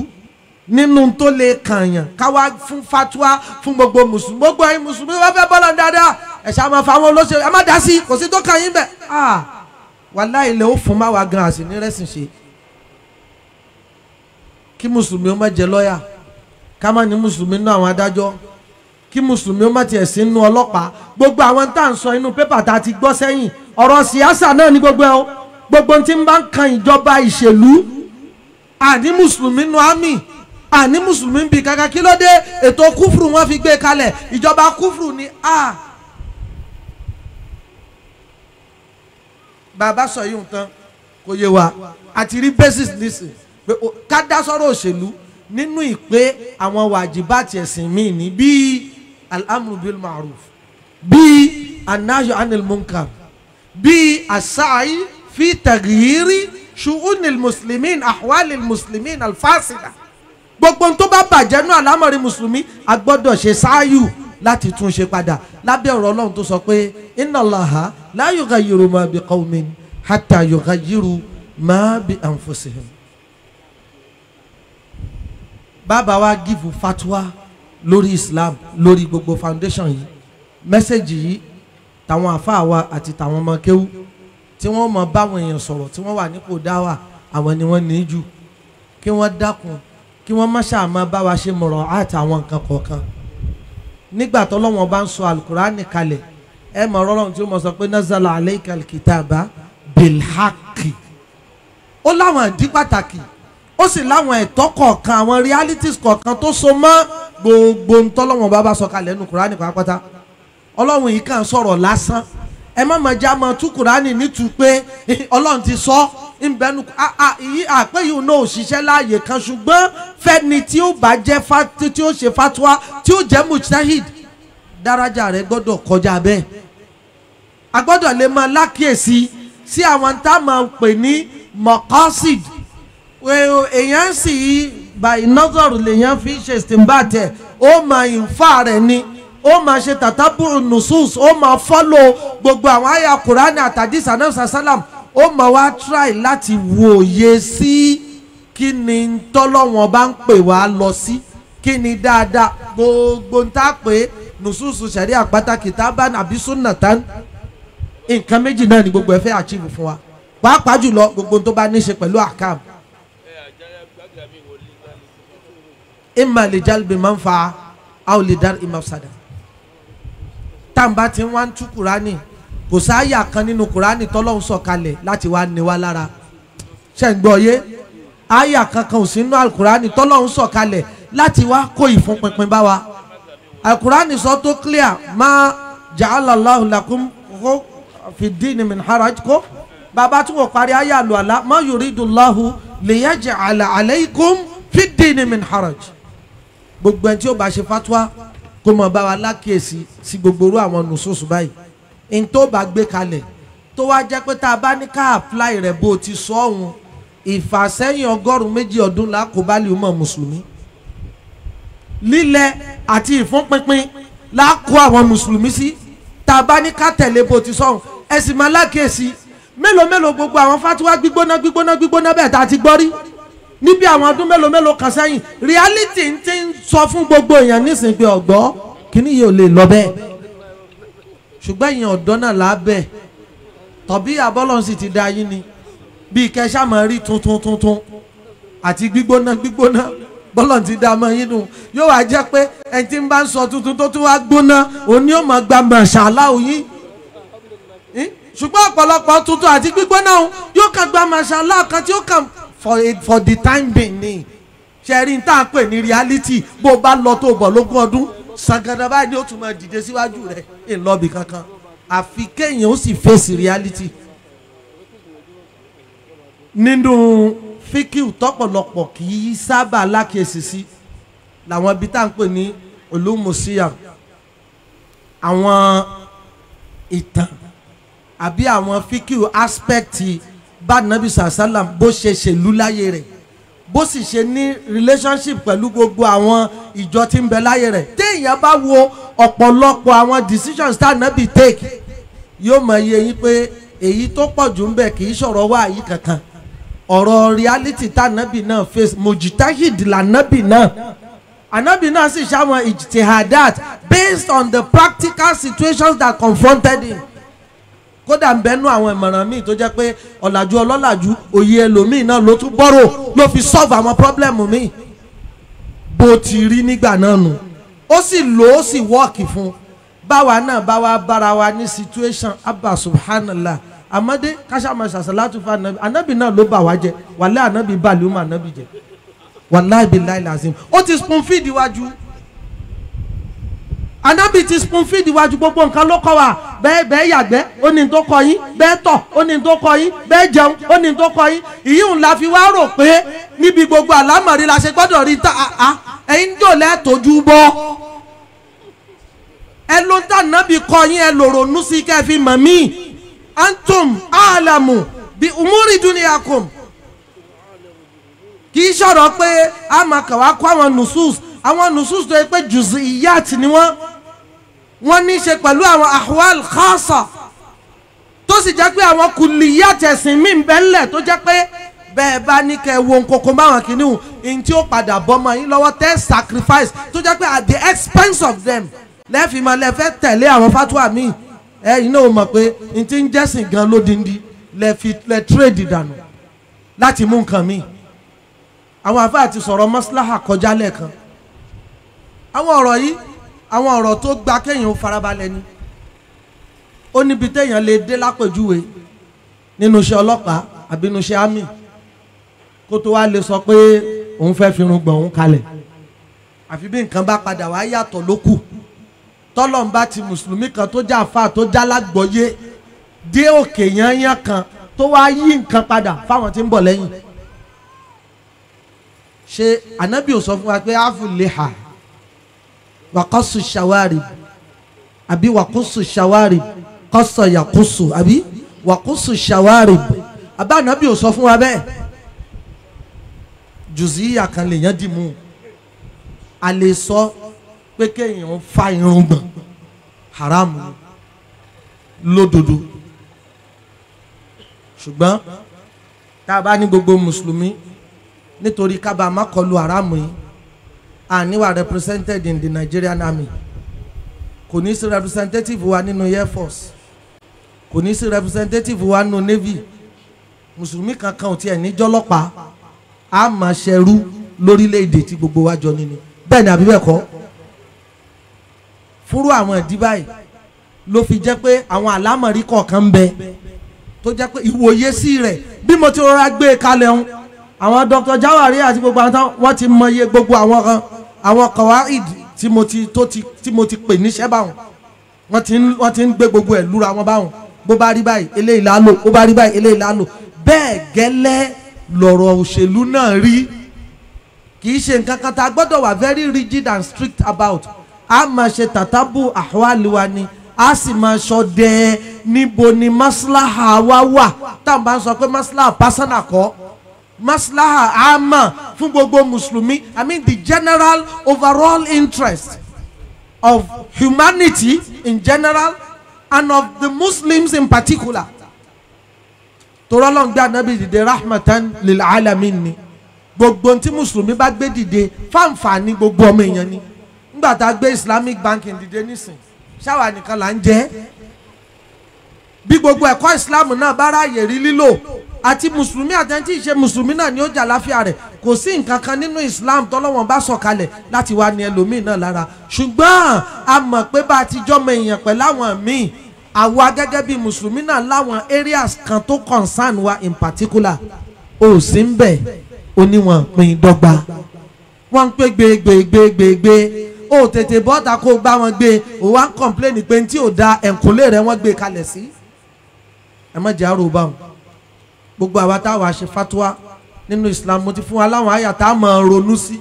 nínú tó lè kànyàn káwá fún fatuwa fún gbogbo mùsùlùmí gbogbo ẹ̀yin mùsùlùmí wọn fẹ́ bọ́lọ̀ dáadáa ẹ̀ṣẹ̀ àmọ́ fáwọn olóṣèlú ẹ má dá sí kò sí tó kàn yín bẹ̀ ah wàláhì ilẹ̀ ó fún má wa gan àsì ní rẹ́sìn ṣe kí mùsùlùmí ó má jẹ lọ́ọ̀yà ká má ní mùsùlùmí nú àwọn adájọ́ kí mùsùlùmí ó má tiẹ̀ sí nú ọlọ́pàá gbogbo àwọn tá à ń sọ inú pépà tá a ti gbọ́ sẹ́yìn ọ̀rọ̀ síyásà náà ní gbogbo ẹ̀ o gbogbo tí ń bá ń kan ìjọba ìṣèlú àní mùsùlùmí nú àmì àní mùsùlùmí bíi kàkà kí ló dé ètò kúfùrù wọn fi gbé kalẹ̀ ìjọba kúfùrù ni a. bàbá sọ yìí nǹkan kò yé wa àti rí basis nísìn pé ká dá sọ́rọ̀ òṣèlú nínú ìpè àwọn wàjibá àti ẹ̀sìn míì ní bíi al bil ma'ruf bíi anayo anil munkar bíi asaayi fi tagiri shu'un muslimin ahwal muslimin al gbogbo ohun tó bá bàjẹ́ nú àlámọ̀rí mùsùlùmí a gbọ́dọ̀ ṣe sáàyù láti tún ṣe padà lábẹ́ ọ̀rọ̀ ọlọ́run tó sọ pé inna Allaha la yughayyiru ma bi qawmin hatta yughayyiru ma bi anfusihim. bàbá wa gífù fatwa lórí Islam lórí gbogbo foundation yìí mẹ́sẹ̀gì yìí tàwọn àfáà wa àti tàwọn ọmọ kéwú tí wọ́n mọ báwọn èèyàn sọ̀rọ̀ tí wọ́n wà nípò dáwà àwọn ni wọ́n ní jù kí wọ́n dákun kí wọ́n má ṣàmọ́ bá wa ṣe mọ̀rọ̀ àtàwọn nǹkan kọ̀ọ̀kan nígbà tó lọ́wọ́n bá ń sọ alukurani kalẹ̀ ẹ mọ̀ rọ́lọ́run tí ó sọ pé nazala alayka alkitaba bilhaki ó láwọn ìdí pàtàkì ó sì láwọn ẹ̀tọ́ kọ̀ọ̀kan àwọn realities kọ̀ọ̀kan tó so mọ́ gbogbo ntọ́lọ́wọ́n bá bá sọ kalẹ̀ nù kurani pàápàá ọlọ́run yìí kàn sọ̀rọ̀ lásán ẹ má mọ̀ já mọ̀ tú kùránì nítú pé ọlọ́run ti sọ ìbẹ́nu àpé yìí náà ò ṣiṣẹ́ láàyè kan ṣùgbọ́n fẹ́ni tí ó bá jẹ́ tí ó ṣe fatwa tí ó jẹ́ mujtahid dáràjà rẹ̀ gbọ́dọ̀ kọjá bẹ́ẹ̀ a gbọ́dọ̀ lè máa lákìyèsí sí àwọn tá a máa pè ní mọ̀kọ́sìd èèyàn sì by nọ́sọ̀rù lèèyàn fi ṣe ó máa ìfà rẹ̀ ni ó máa ṣe tàtàbùrù nùsùs ó máa fọ́lọ̀ gbogbo àwọn àyà kùránì àtàdísà náà sàsálàm ó máa wá try láti wòye sí kí ni tọ́lọ́wọ́n bá ń pè wá lọ sí kí ni dáadáa gbogbo ń tá pé nùsùsù sẹ̀rí àpátákì nǹkan méjì náà ni gbogbo ẹ fẹ́ achieve fún wa pàápàá jùlọ gbogbo tó bá ní í ṣe pẹ̀lú àkàm. ìmàlè jálùbí máa ń fa a ò lè dar ìmàfsàdà tàǹbà ti wá ń tú kùránì kò sáàyà kan nínú kùránì tọ́lọ́hún sọ̀kalẹ̀ láti wá ní wa lára ṣe ń gbọ́ yé àyà kankan ò sínú alukùránì tọ́lọ́hún sọ̀kalẹ̀ láti wá kó ìfúnpinpin bá wa alukùránì sọ tó clear má ja'alallahu lakum kó fi dín min haraj kó bàbá tí wọ́n parí àyà lu àlá má yuridullahu liyaj'ala alaykum fi dín min haraj gbogbo ẹni tí ó bá ṣe fatwa kó mọ̀ bá wa lákèésí sí gbogbo irú àwọn nùsùsù báyìí n tó bá gbé kalẹ̀ tó wá jẹ́ pé tá a bá ní ká apply rẹ̀ bó o ti sọ ọ̀hún ìfàsẹ́yìn ọgọ́rùn-ún méjì ọdún làkóbálì ọmọ mùsùlùmí lílẹ̀ àti ìfúnpinpin làkó àwọn mùsùlùmí sí tá a bá ní ká tẹ̀lé bó o ti sọ ọ̀hún ẹ sì máa lákèésí mélòó mélòó gbogbo àwọn fatiwa gbígbóná gbígbóná gbígbóná bẹ́ẹ̀ tá a ti gbọ́ rí níbi àwọn ọdún mélòó mélòó kan sẹ́yìn reality ti ń sọ fún gbogbo èèyàn nísìnyí pé ọ̀gbọ́ kíní yìí ò lè lọ bẹ́ẹ̀ ṣùgbọ́n èèyàn ọ̀dọ́ náà lábẹ́ tọ̀bí abọ́lọ́n sì ti da yín ni bíi kẹsà máa rí tuntun tuntun àti gbígbóná gbígbóná bọ́lọ̀n ti dá mọ́ yín nù yóò wá jẹ́ pé ẹni tí ń bá ń sọ tuntun tó tún wá gbóná òní ò mọ̀ gba màṣálá òyìn hm? ṣùgbọ́n ọ̀pọ̀lọpọ̀ tuntun àti gbígbóná òun yóò kàn gba màṣálá kan tí ó kàn for a, for the time being ni ṣe rí n tá à pè ní reality bó o bá lọ tó o bọ̀ lógún ọdún sàgàdà báyìí ni ó tún máa dìde síwájú rẹ̀ ìlọbì kankan àfi kéèyàn ó sì face reality nínú fíkìú tọ́pọ̀lọpọ̀ kì í sábà lákèsí sí làwọn ibi tá à ń pè ní olùmùsíyàm àwọn ìtàn àbí àwọn fíkìú aspect bá nàbì sàṣálàm bó ṣe ṣèlú láyé rẹ̀ bó sì ṣe ní relationship pẹ̀lú gbogbo àwọn ìjọ tí ń bẹ láyé rẹ̀ téèyàn bá wo ọ̀pọ̀lọpọ̀ àwọn decisions tá nàbì take yóò mọ iye yín pé èyí tó pọ̀ jù ń bẹ kì í ṣọ̀rọ̀ wá yìí kankan ọ̀rọ̀ reality tá nàbì náà face mojitahid là nàbì náà anabi náà sì ṣàwọn ijtihadat based on the practical situations that confronted him kódà ń bẹ́nu àwọn ìmọ̀ràn míì tó jẹ́ pé ọ̀làjú ọlọ́làjú òye ẹlòmíì náà ló tún bọ́rò ló fi solve àwọn pọ́blẹ́mù míì bó ti rí nígbà náà nù ó sì lò ó sì wọ́ọ̀kì fún báwa náà bá bára wa ní situation abba subhanallah amade kásámà sàṣàlátù fún anabi anabi náà ló bà wá jẹ wàlẹ́ anabi balùwẹ̀ anabi jẹ wàlẹ́ àbí láìláṣẹ́ ó ti spoon feed iwájú anábì ti spoon feed iwájú gbogbo nǹkan ló kọ́ wa bẹ́ẹ̀ bẹ́ẹ̀ yàgbẹ́ ó ní tó kọ́ yín bẹ́ẹ̀ tọ̀ ó ní tó kọ́ yín bẹ́ẹ̀ jẹun ó ní tó kọ́ yín ìyíhùn la fi wá rò pé níbi gbogbo àlámọ̀rí la ṣe gbọ́dọ̀ rí ta àá ẹ̀yin jò lẹ́ẹ̀tọ́jú bọ́ ẹ ló ń tà nábì kọ́ yín ẹ lòrò nú sí kẹ́ fi mọ̀ mí antum alamu bi umuri duniyakum kì í ṣọ̀rọ̀ pé a máa kà wá kó àwọn nusus àwọn nusus tó yẹ pé jùzì ìyá àti wọ́n ní í ṣe pẹ̀lú àwọn ahwal khasa tó sì jẹ́ pé àwọn kùlìyà tẹ̀sìn mí bẹ́ńlẹ̀ tó jẹ́ pé bẹ́ẹ̀ bá ní kẹ́ wo nǹkankan báwọn kìíní hù ní tí ó padà bọ́mọ yín lọ́wọ́ tẹ́ sacrifice tó jẹ́ pé at the expense of them lẹ́fìmọ̀ lẹ́fẹ́ tẹ̀lé àwọn fatwa mi ẹ iná o mọ̀ pé ní tí ń jẹ́sìn gan lódindi lẹ́fi lẹ́ trade dànù láti mú nǹkan mi àwọn àfáà ti sọ̀rọ̀ maslaha kọjá lẹ́ẹ̀kan àwọn ọ̀rọ̀ yìí àwọn ọ̀rọ̀ tó gba kéèyàn farabalẹ̀ ni ó níbi téèyàn lè dé lápèjúwe nínú iṣẹ́ ọlọ́pàá àbí nínú iṣẹ́ àmì kó tó wá lè sọ pé òun fẹ́ fi irun gbọ̀n òun kalẹ̀ àfi bí nǹkan bá padà wá yàtọ̀ ló kù tọ́lọ̀ ń bá ti mùsùlùmí kan tó já àfa tó já lágbọ́yé dé òkè yányán kan tó wá yí nǹkan padà fáwọn tí ń bọ̀ lẹ́yìn ṣe ànábì ò sọ fún wa pé áfù lè hà wàkọ́sù ṣàwárì àbí wàkọ́sù ṣàwárì kọ́sọ̀ yàkọ́sù àbí wàkọ́sù ṣàwárì àbá ànábì ò sọ fún wa bẹ́ẹ̀ jùzí àkàn lèèyàn dì mú a lè sọ pé kéèyàn fa irun gbọ̀n haram lódodo ṣùgbọ́n tá a bá ní gbogbo mùsùlùmí nítorí ká bá a má kọlu haram yìí and you are represented in the Nigerian army kò ní sí representative wa nínú air force kò ní sí representative wa nínú navy mùsùlùmí kankan ò tiẹ̀ níjọ́lọ́pàá a máa ṣerú lórílẹ̀‐èdè tí gbogbo wa jọ nínú bẹ́ẹ̀ ni àbí bẹ́ẹ̀ kọ́ fúrú àwọn ìdí báyìí ló fi jẹ́ pé àwọn àlámọ̀rí kọ̀ọ̀kan ń bẹ tó jẹ́ pé ìwòye sí rẹ̀ bí mo ti rọra gbé e kalẹ̀ ń àwọn Dr. Jawari àti gbogbo àwọn tán wọ́n ti mọye gbogbo àwọn kan àwọn kawaid tí mo ti tó ti tí mo ti pè níṣẹ́ báwọn wọ́n ti ń wọ́n ti ń gbé gbogbo ẹ̀ lúra wọn báwọn bó bá rí báyìí eléyìí la bó bá rí báyìí eléyìí la bẹ́ẹ̀ gẹ́lẹ́ lọ̀rọ̀ òṣèlú náà rí kì í ṣe nǹkan kan tá a gbọ́dọ̀ wà very rigid and strict about a máa ṣe tàtàbù àwàlùwà ni a sì máa sọ dẹ níbo ni maslaha wa wà tá à ń bá ń sọ pé maslaha personal kọ́ maslaha ama fún gbogbo mùsùlùmí i mean the general overall interest of humanity in general and of the muslims in particular torọ́ lọ́n gbé anabi dìde rahmatan lil alamin ni gbogbo tí mùsùlùmí bá gbé dìde fáǹfààní gbogbo ọmọ èèyàn ni nígbà tá a gbé islamic banking dìde nísìn ṣáwa nìkan là ń jẹ́ bí gbogbo ẹ̀kọ́ ìsìláàmù náà bá ráàyè rí lílò àti mùsùlùmí àtẹ̀ntì ìṣe mùsùlùmí náà ni ó jà láfíà rẹ̀ kò sí nǹkan kan nínú islam tọ́lọ́wọ́n bá sọ̀kalẹ̀ láti wá ní ẹlòmíì náà lára ṣùgbọ́n a mọ̀ pé bá a ti jọmọ èèyàn pẹ̀lú àwọn míì àwa gẹ́gẹ́ bí mùsùlùmí náà láwọn areas kan tó concern wa in particular ò sí ń bẹ̀ oníwọ̀n pín dọ́gba wọ́n ń pè gbégbégbégbé ó tètè bọ́ta kó gbá wọn gbé ó wá ń complain pé ní ò da ẹ̀kúnlé rẹ̀ wọ́n gbé kalẹ̀ sí. Si ẹ má jẹ́ àrò bá wọn gbogbo àwa táwa ṣe fatuwa nínú Islam mo ti fún wa láwọn àyà tá a máa ronú sí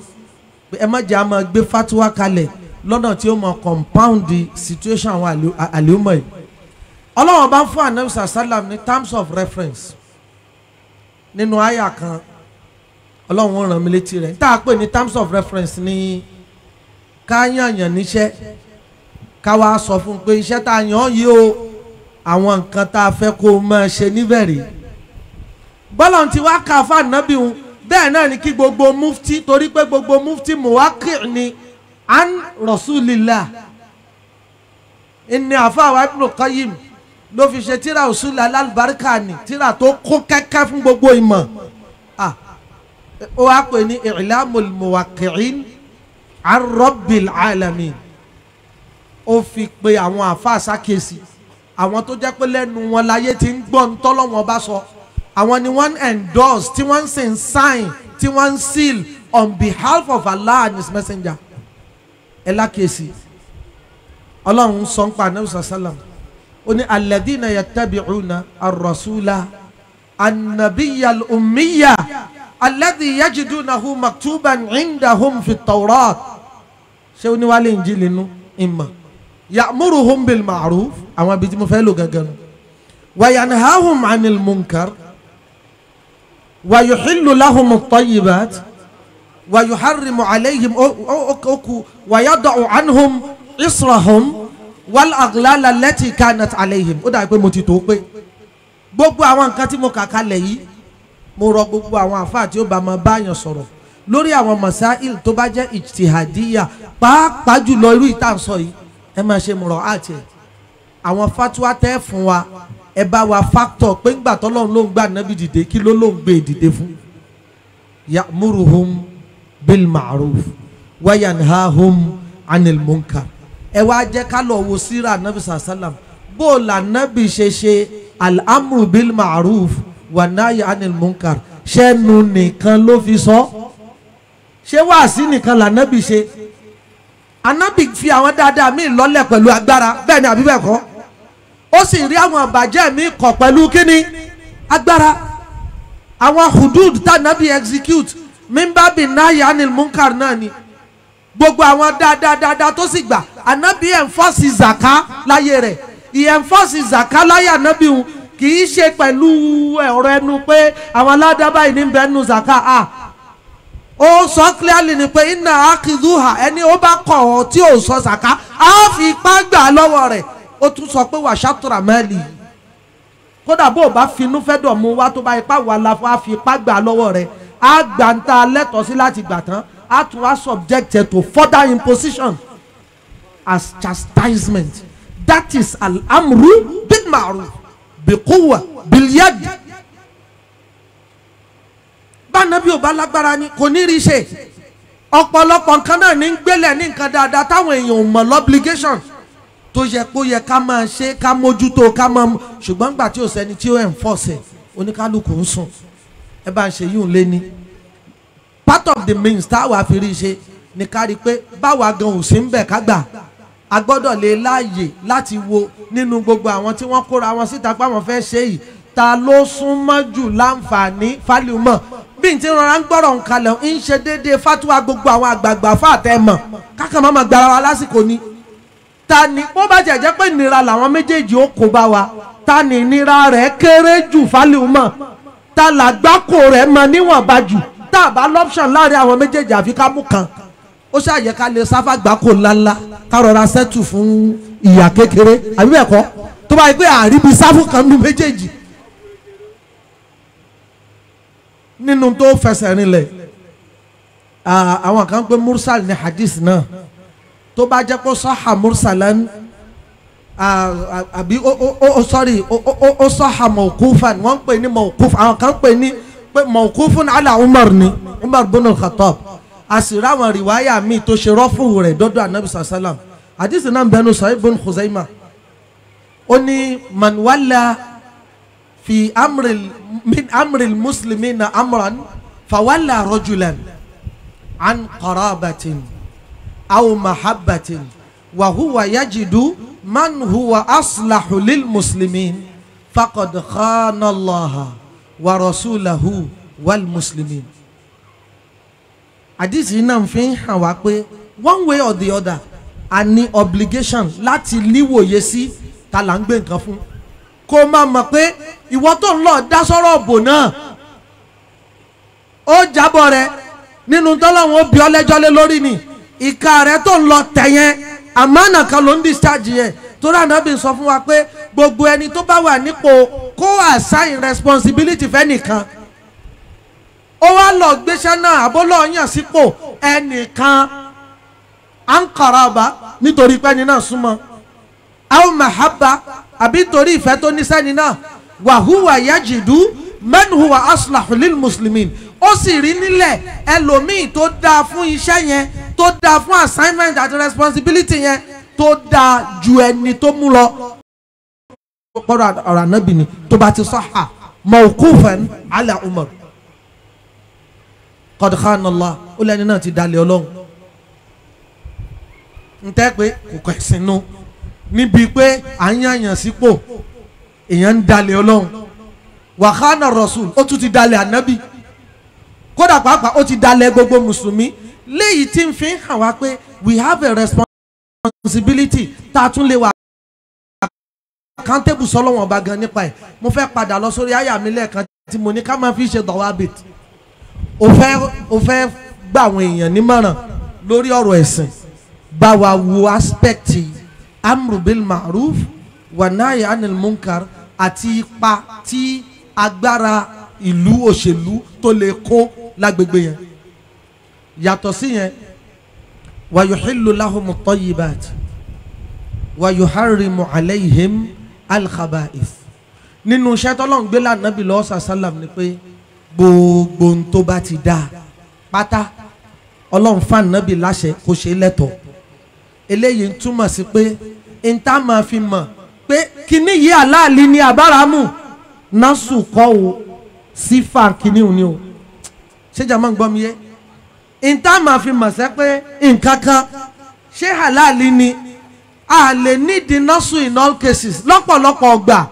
ẹ má jẹ́ a máa gbé fatuwa kalẹ̀ lọ́nà tí ó máa compound situation àwọn àlèhùnmọ̀ yìí ọlọ́wọ́n bá ń fún anabi sàlám ní terms of reference nínú àyà kan ọlọ́wọ́n ràn mí létí rẹ̀ tá a pè ní terms of reference ní ká yàn yàn níṣẹ́ ká wá sọ fún un pé iṣẹ́ tá a yàn yìí o àwọn nǹkan tá a fẹ́ kó o máa ṣe níbẹ̀ rí bọ́lá ti wá kà fún ànábì wọn bẹ́ẹ̀ náà ni kí gbogbo mufti torí pé gbogbo mufti muwaki ni an rasulillah ìní àfàwà ibn qayyim ló fi ṣe tíra òṣùlẹ̀ alálùbáríkà ni tíra tó kún kẹ́kẹ́ fún gbogbo ìmọ̀ ó wá pè ní i'lamul muwaqqi'in an alamin ó fi pe àwọn àfa àsákèsì àwọn tó jẹ́ pé lẹ́nu wọn láyé ti ń gbọ́ ń tọ́lọ́wọ́n bá sọ àwọn ni wọ́n ń endorse tí wọ́n ń sìn sign tí wọ́n ń seal on behalf of Allah and his messenger ẹ lákèsí ọlọ́run sọ ń pa anabi sàlám ó ní alladhina yattabi'una ar-rasula annabiyal ummiya alladhi yajidunahu maktuban indahum fi tawrat ṣé oníwálé injil nínú ìmọ̀ ya'muruhum bil ma'ruf àwọn ibi tí mo fẹ́ lò gangan nù wa yanhahum 'anil munkar wa yuhillu lahum at-tayyibat wa yuharrimu oku wa yada'u 'anhum israhum wal aglala lati kanat alayhim ó dàbí pé mo ti tó pé gbogbo àwọn nǹkan tí mo kà kalẹ̀ yìí mo rọ gbogbo àwọn àfáà tí ó bá máa báyàn sọ̀rọ̀ lórí àwọn masail tó bá jẹ́ ijtihadiyya pàápàá jùlọ irú ìtànsọ yìí ẹ máa ṣe mọ̀rọ̀ àti ẹ̀ àwọn fatuwa tẹ́ fún wa ẹ bá wa factor pé ńgbà tọ́lọ́run ló ń gbà nábì dìde kí ló ló ń gbé e dìde fún ya'muruhum bil ma'ruf wa yanhahum anil munkar ẹ wá jẹ́ ká lọ wo síra nábì sàlám bó o là nábì ṣe ṣe al bil ma'ruf wa nayi anil munkar ṣẹ́nu nìkan ló fi sọ ṣé wàásì nìkan là nábì ṣe anabi fi àwọn dáadáa míì lọ́lẹ̀ pẹ̀lú agbára bẹ́ẹ̀ ni àbí bẹ́ẹ̀ kọ́ ó sì rí àwọn àbàjẹ́ míì kọ̀ pẹ̀lú kíni agbára àwọn hudud tànàbí execute mímbàbí náyà anil munkar náà ni gbogbo àwọn dáadáa dáadáa tó sì gbà anabi enforce zaka láyé rẹ̀ ìenforce zaka láyé anabi hùn kì í ṣe pẹ̀lú ọ̀rọ̀ ẹnu pé àwọn aládàbáyé ní bẹ́ẹ̀ nu zaka ah ó sọ clearly ni pé iná akizuha ẹni ó bá kọ̀ ọ́ tí ò sọ sàká á fi ipá gbà lọ́wọ́ rẹ̀ ó tún sọ pé wàṣátúrà mẹ́lì kódà bó o bá finú fẹ́ dọ̀ mu wá tó bá ipá wà láfọ á fi ipá gbà lọ́wọ́ rẹ̀ á gbà ń ta lẹ́tọ̀ọ́ sí láti gbà tán á tún wá subjected to further imposition as chastisement that is al-amru bil ma'ru, bi quwwa bánabi ò bá lágbára ni kò ní rí ṣe ọ̀pọ̀lọpọ̀ nǹkan náà ní ń gbélẹ̀ ní nǹkan dáadáa táwọn èèyàn ò mọ̀ lọ́blígẹ́sọ̀n tó yẹ kó yẹ ká máa ṣe ká mójútó ká máa ṣùgbọ́n gbà tí ò sẹ́ni tí ó enforce oníkálukú ń sùn ẹ bá ń ṣe yíùn lé ní part of the means táwa fi rí ṣe ni ká rí i pé báwa gan ò sí ń bẹ̀ ká gbà a gbọ́dọ̀ lè láàyè láti wo nínú gbogbo àwọn tí wọ́n kóra wọn síta pé àwọn fẹ́ ṣe yìí ta ló súnmọ́ jù láǹfààní fálíùmọ̀ bí n ti rọra ń gbọ́rọ̀ ń kalẹ̀ ń ṣe déédéé fatuwa gbogbo àwọn àgbààgbà fàtẹ́ mọ̀ kákan máa ma gbara wa lásìkò ni ta ni bó bá jẹ́ jẹ́ pé ìnira làwọn méjèèjì ó kó bá wa ta ni ìnira rẹ̀ kéré jù fálíùmọ̀ ta làgbákò rẹ̀ mọ níwọ̀nba jù tá a bá lọ́pṣàn láàrin àwọn méjèèjì àfi ká mú kan ó ṣàyẹ ká lè sáfà gbáko ńláńlá ká rọra sẹ́tù fún ìyà kékeré àbí bẹ́ẹ̀ kọ́ tó bá yẹ pé àríbi sáfù kan nínú méjèèjì nínú tó fẹsẹ̀ rinlẹ̀ àwọn kan pé mursal ní hadith náà tó bá jẹ́ kó sọ́hà mursalan àbí ó sọ́rí ó sọ́hà mawqufan wọ́n ń pè ní mawquf àwọn kan pè ní pé mawqufun ala umar ni umar bin al-khattab àsìrò àwọn rìwáyà míì tó ṣe rọ́fù rẹ̀ dọ́dọ̀ anabi sàlám hadith náà bẹnu sahih bin khuzaimah ó ní man في أمر من أمر المسلمين أمرا فولى رجلا عن قرابة أو محبة وهو يجد من هو أصلح للمسلمين فقد خان الله ورسوله والمسلمين àdìsí náà fi ń hàn wá pé one way or the other a ní obligation láti níwòye sí ta là ń gbé nǹkan fún kó o máa mọ̀ pé ìwọ tó ń lọ dá sọ́rọ̀ òbò náà ó jábọ̀ rẹ nínú tọ́lọ́run ó bí ọ lé lórí ni ìka rẹ tó ń lọ tẹ̀yẹn àmánà kan ló ń discharge yẹn torí ànábì sọ fún wa pé gbogbo ẹni tó bá wà nípò kó assign responsibility fẹ́nìkan ó wá lọ gbéṣẹ́ náà abọ́lọ́ọ̀yàn sípò ẹnìkan à ń kọ̀ra ọba nítorí pé náà súnmọ́ àwọn màhábà àbí torí ìfẹ́ tó ní sẹ́ni náà wàhùwà yajidu mẹ́nuhùwà aslahu lil muslimin ó sì rí nílẹ̀ ẹlòmíì tó dáa fún iṣẹ́ yẹn tó dáa fún assignment àti responsibility yẹn tó dáa ju ẹni tó mú lọ. ọ̀rọ̀ ọ̀rọ̀ ànábì ni tó bá ti sọ́hà mawqufan ala Umar qad ó lẹ́ni náà ti dalẹ̀ ọlọ́run ntẹ́ pé kò kẹ̀sìn nù níbi pé à ń yàyàn sípò èèyàn ń dalẹ̀ ọlọ́run wàhánà rasul ó tún ti dalẹ̀ ànábì kódà pàápàá ó ti dalẹ̀ gbogbo mùsùlùmí léyìí tí ń fi hàn wá pé we have a responsibility tá a tún lè wà accountable sọlọ́wọ́n ọba gan nípa ẹ̀ mo fẹ́ padà lọ sórí àyà mi lẹ́ẹ̀kan tí mo ní ká máa fi ṣe dọ̀wábìt o fẹ́ o fẹ́ gbà àwọn èèyàn nímọ̀ràn lórí ọ̀rọ̀ ẹ̀sìn bá wo aspect yìí amru bil ma'ruf wa nahi anil munkar àti ipa tí agbára ìlú òṣèlú tó lè kó lágbègbè yẹn yàtọ̀ sí yẹn wa yuhillu lahumu tayyibat wa yuharrimu alayhim al-khaba'ith nínú iṣẹ́ tọ́lọ́run gbé lánàbì lọ́sà sálàm ni pé gbogbo ohun ti dáa pátá ọlọ́run fún láṣẹ kó ṣe lẹ́tọ̀ọ́ eléyìí ń túmọ̀ sí pé n tá máa fi mọ̀ pé kíní yìí aláàlí ni àbáramu násù kọ́ o sí fà kíní òní o ṣéjà máa ń gbọ́ mi yé n tá máa fi mọ̀ sẹ́ pé nǹkan kan ṣé aláàlí ni a lè nídìí násù in all cases lọ́pọ̀lọpọ̀ ọgbà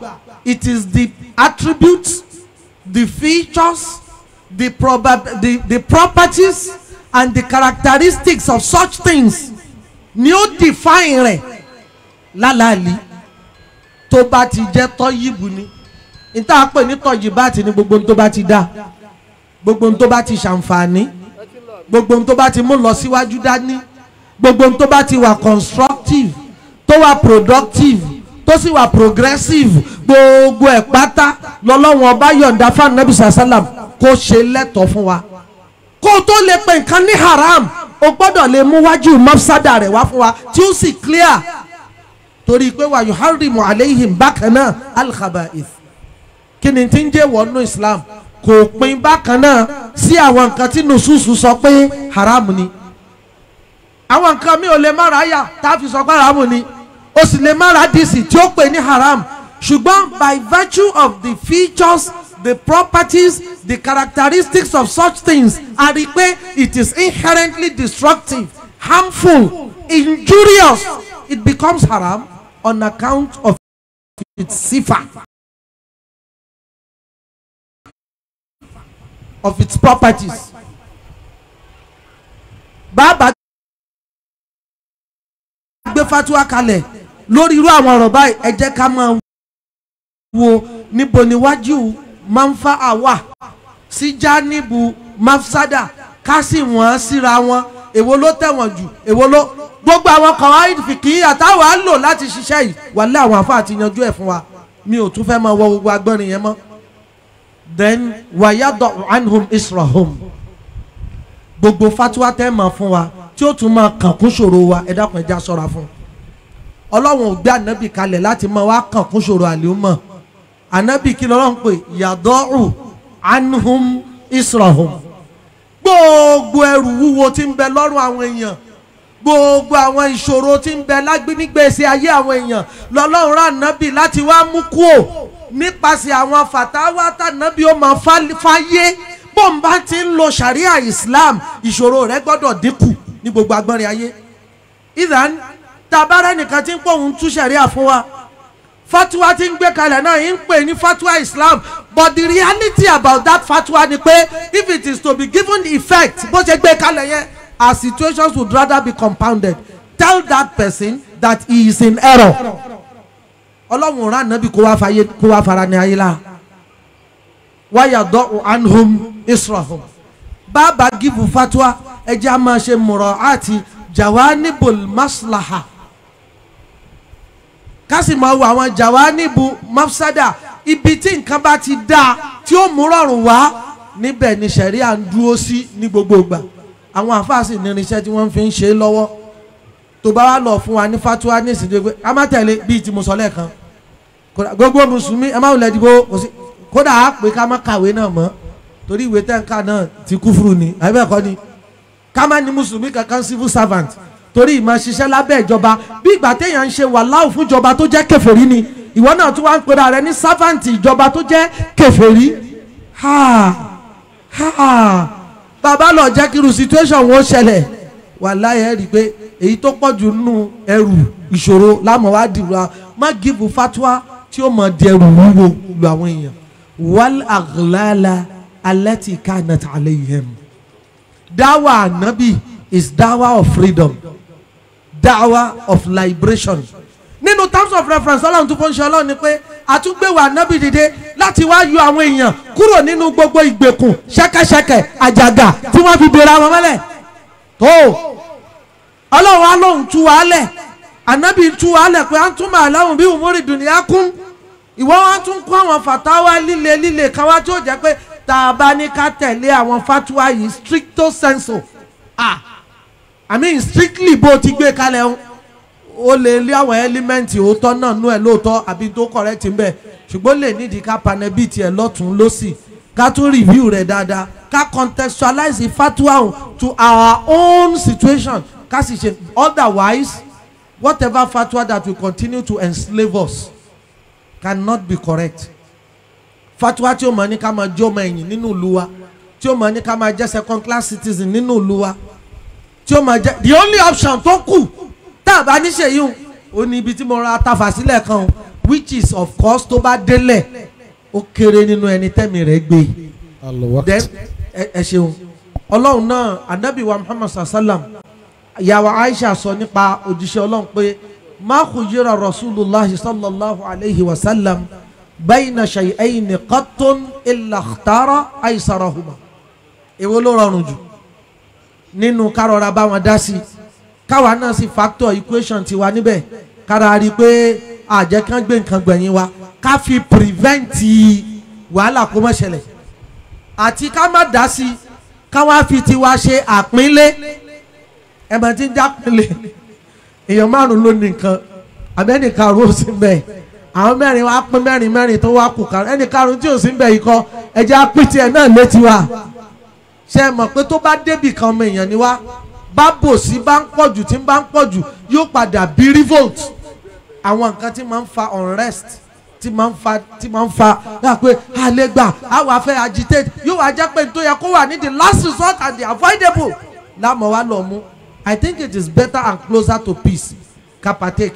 it is the attributes the features the, the, the properties and the characteristics of such things ni ó define rẹ̀ lálàálí tó bá ti jẹ́ tọ́yìbù ni níta pè ní tọ́yìbáàtì ni gbogbo tó bá ti dá gbogbo tó bá ti ṣàǹfààní gbogbo tó bá ti mú lọ síwájú dání gbogbo tó bá ti wà constructive tó wà productive tó sì wà progressive gbogbo ẹ̀ pátá lọ́lọ́wọ́n ọba yọ̀ǹda fún anabi sàlám kó ṣe lẹ́tọ̀ọ́ fún wa kó tó lè pè nǹkan ní haram o gbọ́dọ̀ lè mú wájú mọ́sádà rẹ̀ wá fún wa tí ó sì clear torí pé wàyù harimu aleihim bákan náà alkhaba'ith kí ni tí ń jẹ́ wọnú Islam kò pin bákan náà sí àwọn nǹkan tí nùsùsù sọ pé haram ni àwọn nǹkan mi ò lè má ra yà tá a fi sọ pé haram ni o sì lè má ra dìsì tí ó pè ní haram ṣùgbọ́n by virtue of the features the properties the characteristics of such things are rí pé it is inherently destructive harmful injurious it becomes haram on account of its sifa of its properties. bàbá gbé fatuwa kalẹ̀ lórí irú àwọn ọ̀rọ̀ báyìí ẹ jẹ́ ká máa wo níbo níwájú manfa'a Awa, sí janibu mafsada ká sì wọ́n síra wọn èwo ló tẹ̀wọ̀n jù èwo ló gbogbo àwọn kọ̀wáìd fìkì àtàwọn á lò láti ṣiṣẹ́ yìí wàlẹ́ àwọn àfáà ti yanjú ẹ̀ fún wa mi ò tún fẹ́ máa wọ gbogbo agbọ́nrin yẹn mọ́ then wàyàdọ̀ anhum Israhom gbogbo fatiwa tẹ́ mọ̀ fún wa tí ó tún máa kàn kún ṣòro wa ẹ dákun ẹ já ṣọ́ra fún ọlọ́run ò gbé ànábì kalẹ̀ láti máa wá kàn kún ṣòro àlè ó mọ̀ anabi kí lọ́rọ́ ń pè yàdọ́rù anhum israhum gbogbo ẹrù wúwo tí ń bẹ lọ́rùn àwọn èèyàn gbogbo àwọn ìṣòro tí ń bẹ lágbínígbèsè ayé àwọn èèyàn lọ́lọ́run rán anabi láti wá mú kúò nípasẹ̀ àwọn fàtàwà tànàbí ó máa fáyé bó ti ń lo sharia islam ìṣòro rẹ gbọ́dọ̀ dínkù ní gbogbo agbọ́nrin ayé ìdán tabarẹ́nìkan tí ń pọ̀ ń tú sharia fún wa fatuwa ti ń gbé kalẹ̀ náà yìí ń pè ní fatuwa Islam but the reality about that fatuwa ni pé if it is to be given effect bó ṣe gbé kalẹ̀ yẹn our situations would rather be compounded tell that person that he is in error ọlọ́run rán nàbí kó wá fàyè kó wá fara ní ayé la wáyà dọ́ anhum israhum bàbá gíbu fatuwa ẹjẹ́ a máa ṣe mọ̀rọ̀ àti jawanibul maslaha ká sì máa wo àwọn jawanibu mafsada ibi tí nǹkan bá ti dáa tí ó mú rọrùn wá níbẹ̀ ni sẹ̀ríà ń dúró sí ní gbogbo ìgbà àwọn àfáàsì nírinṣẹ́ tí wọ́n fi ń ṣe lọ́wọ́ tó bá wá lọ fún wa ní fatuwa ní ìsìndé pé a má tẹ̀lé bíi ti mùsọ̀ lẹ́ẹ̀kan gbogbo mùsùlùmí ẹ má wulẹ̀ dìbò kódà á pé ká má kàwé náà mọ́ torí ìwé tẹ́ǹkà náà ti kúfùrù ni àbẹ́ẹ̀kọ́ ni ká má ní mùsùlùmí kankan civil servant torí ìmọ̀ ṣiṣẹ́ lábẹ́ ìjọba bí ìgbà téèyàn ń ṣe wàláhù fún ìjọba tó jẹ́ kèfèrí ni ìwọ náà tún wá ń pera rẹ ní sáfàǹtì ìjọba tó jẹ́ kèfèrí ha ha bàbá lọ jẹ́ kí irú situation wọn ṣẹlẹ̀ wàláhì ẹ̀ rí i pé èyí tó pọ̀ jù nínú ẹrù ìṣòro lámọ̀ wá dìbò má gíbu fatwa tí ó mọ̀ di ẹrù wúwo lu àwọn èèyàn wal aghlala allati kanat alayhim dáwà ànábì is dáwà of freedom da'wa of liberation nínú terms of reference ọlọ́run tún fún ṣe ọlọ́run ni pé àtúngbèwò ànábì dìde láti wá yọ àwọn èèyàn kúrò nínú gbogbo ìgbèkùn ṣẹ̀kẹ̀ṣẹ̀kẹ̀ àjàgà tí wọ́n fi dèrò àwọn mọ́lẹ̀ tó ọlọ́run wa lóun tú wa lẹ̀ ànábì tú wa lẹ̀ pé àtúmọ̀ àláhùn bí umuri dùnìyà kún ìwọ wa tún kó àwọn fàtáwá líle líle kan wá tí ó jẹ́ pé tá ní ká tẹ̀lé àwọn fatuwa yìí stricto sensu ah i mean strictly bó ti gbé kalẹ̀ o lè lé àwọn ẹ́límẹ́ǹtì òótọ́ náà nú ẹ̀ lóòótọ́ àbí tó correct ń bẹ̀ ṣùgbọ́n lè nídìí ká panẹ́bí tiẹ̀ lọ́tún lọ́sì ká tún review rẹ̀ dáadáa ká contextualize fatwa to our own situation ká sì ṣe otherwise whatever fatwa that will continue to enslave us cannot be correct fatwa tí ó máa ní ká máa jẹ́ ọmọ ẹ̀yìn nínú ìlú wa tí ó máa ní ká máa jẹ́ second class citizen nínú ìlú wa tí ó máa jẹ the only option tó kù tá a bá ní ṣèyí o ó ní ibi tí mo ra tafa sílẹ̀ kan which is of course tó bá délẹ̀ ó kéré nínú ẹni tẹ́mi rẹ̀ gbé then ẹ ṣeun ọlọ́run náà anabi wa muhammad sallam ìyàwó aisha sọ nípa òjíṣẹ́ ọlọ́run pé ma khuyira rasulillah sallallahu alayhi wa sallam bayna shay'ayni qattun illa ikhtara aysarahuma èwo ló rọrùn jù nínú kárọra bá wọn dá sí káwa náà sì factor equation tiwa níbẹ̀ kára rí i pé àjẹkán gbé nǹkan gbẹ̀yìn wa ká fi prevent wàhálà kó má ṣẹlẹ̀ àti ká má dá sí káwa fi tiwa ṣe àpínlé ẹ̀mọ̀ tí ń jápínlé èèyàn márùn ló ní nǹkan àbẹ́nìkan ró sí bẹ́ẹ̀ àwọn mẹ́rin wa pín mẹ́rin mẹ́rin tó wá kù kàrún ẹnìkan rún tí ò sí bẹ́ẹ̀ yìí kọ́ ẹ̀jẹ̀ apítí ẹ̀ náà létí wa ṣe é mọ̀ pé tó bá débì kan ọmọ èèyàn ni wá bá bòsí bá ń pọ̀jù tí ń bá ń pọ̀jù yóò padà bí revolt àwọn nǹkan tí máa ń fa unrest tí máa ń fa tí máa ń fa náà pé àlégbà àwọn afẹ́ agitate yóò wá jẹ́ pé tó yẹ kó wà ní the last resort and the avoidable lámọ̀ wá lọ mú I think it is better and closer to peace ká partake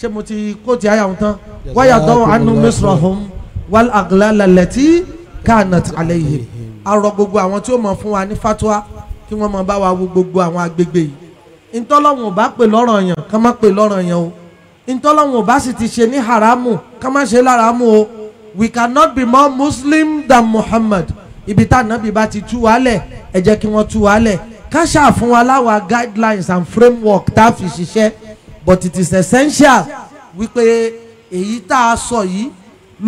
ṣé mo ti kó ti àyà wọn tán wáyà dánwò anú misrahum wal aghlala lati kanat alayhim a rọ gbogbo àwọn tí ó mọ̀ fún wa ní fatwa kí wọ́n mọ̀ bá wa wo gbogbo àwọn agbègbè yìí ntọ́lọ́wọ̀n ò bá pè lọ́rọ̀ yàn ká má pè lọ́rọ̀ yàn o ntọ́lọ́wọ̀n ò bá sì ti ṣe ní haramu ká má ṣe láramu o we cannot be more muslim than muhammad ibi tá ànábì bá ti tú wálẹ̀ ẹ jẹ́ kí wọ́n tú wálẹ̀ ká ṣàfún wa láwa guidelines and framework tá a fi ṣiṣẹ́ but it is essential wípé èyí tá a sọ yìí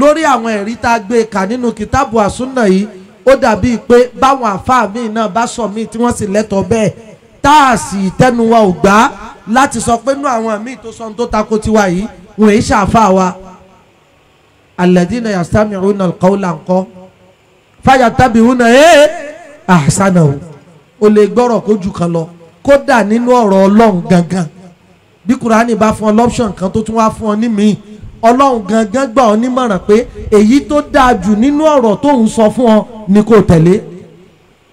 lórí àwọn ẹ̀rí tá a gbé e kà nínú kìtàbù àsúnà yìí ó dàbí pé báwọn àfáà míì náà bá sọ míì tí wọ́n sì lẹ́tọ̀ọ́ bẹ́ẹ̀ tá a sì tẹnu wa ò gbà láti sọ pé nú àwọn míì tó sọ tó tako tiwa yìí wọ́n èyí ṣàfáà wa alladhina yastami'una al-qawla ńkọ́ fayattabi'una ẹ̀ ahsanahu o lè gbọ́rọ̀ kó ju kan lọ kódà nínú ọ̀rọ̀ ọlọ́run gangan bí kuraani bá fún ọ lọ́pṣọ̀n kan tó tún wá fún ọ ní míì ọlọ́run gangan gbà ọ nímọ̀ràn pé èyí tó dáa jù nínú ọ̀rọ̀ tó ń sọ fún ọ ni kò tẹ̀lé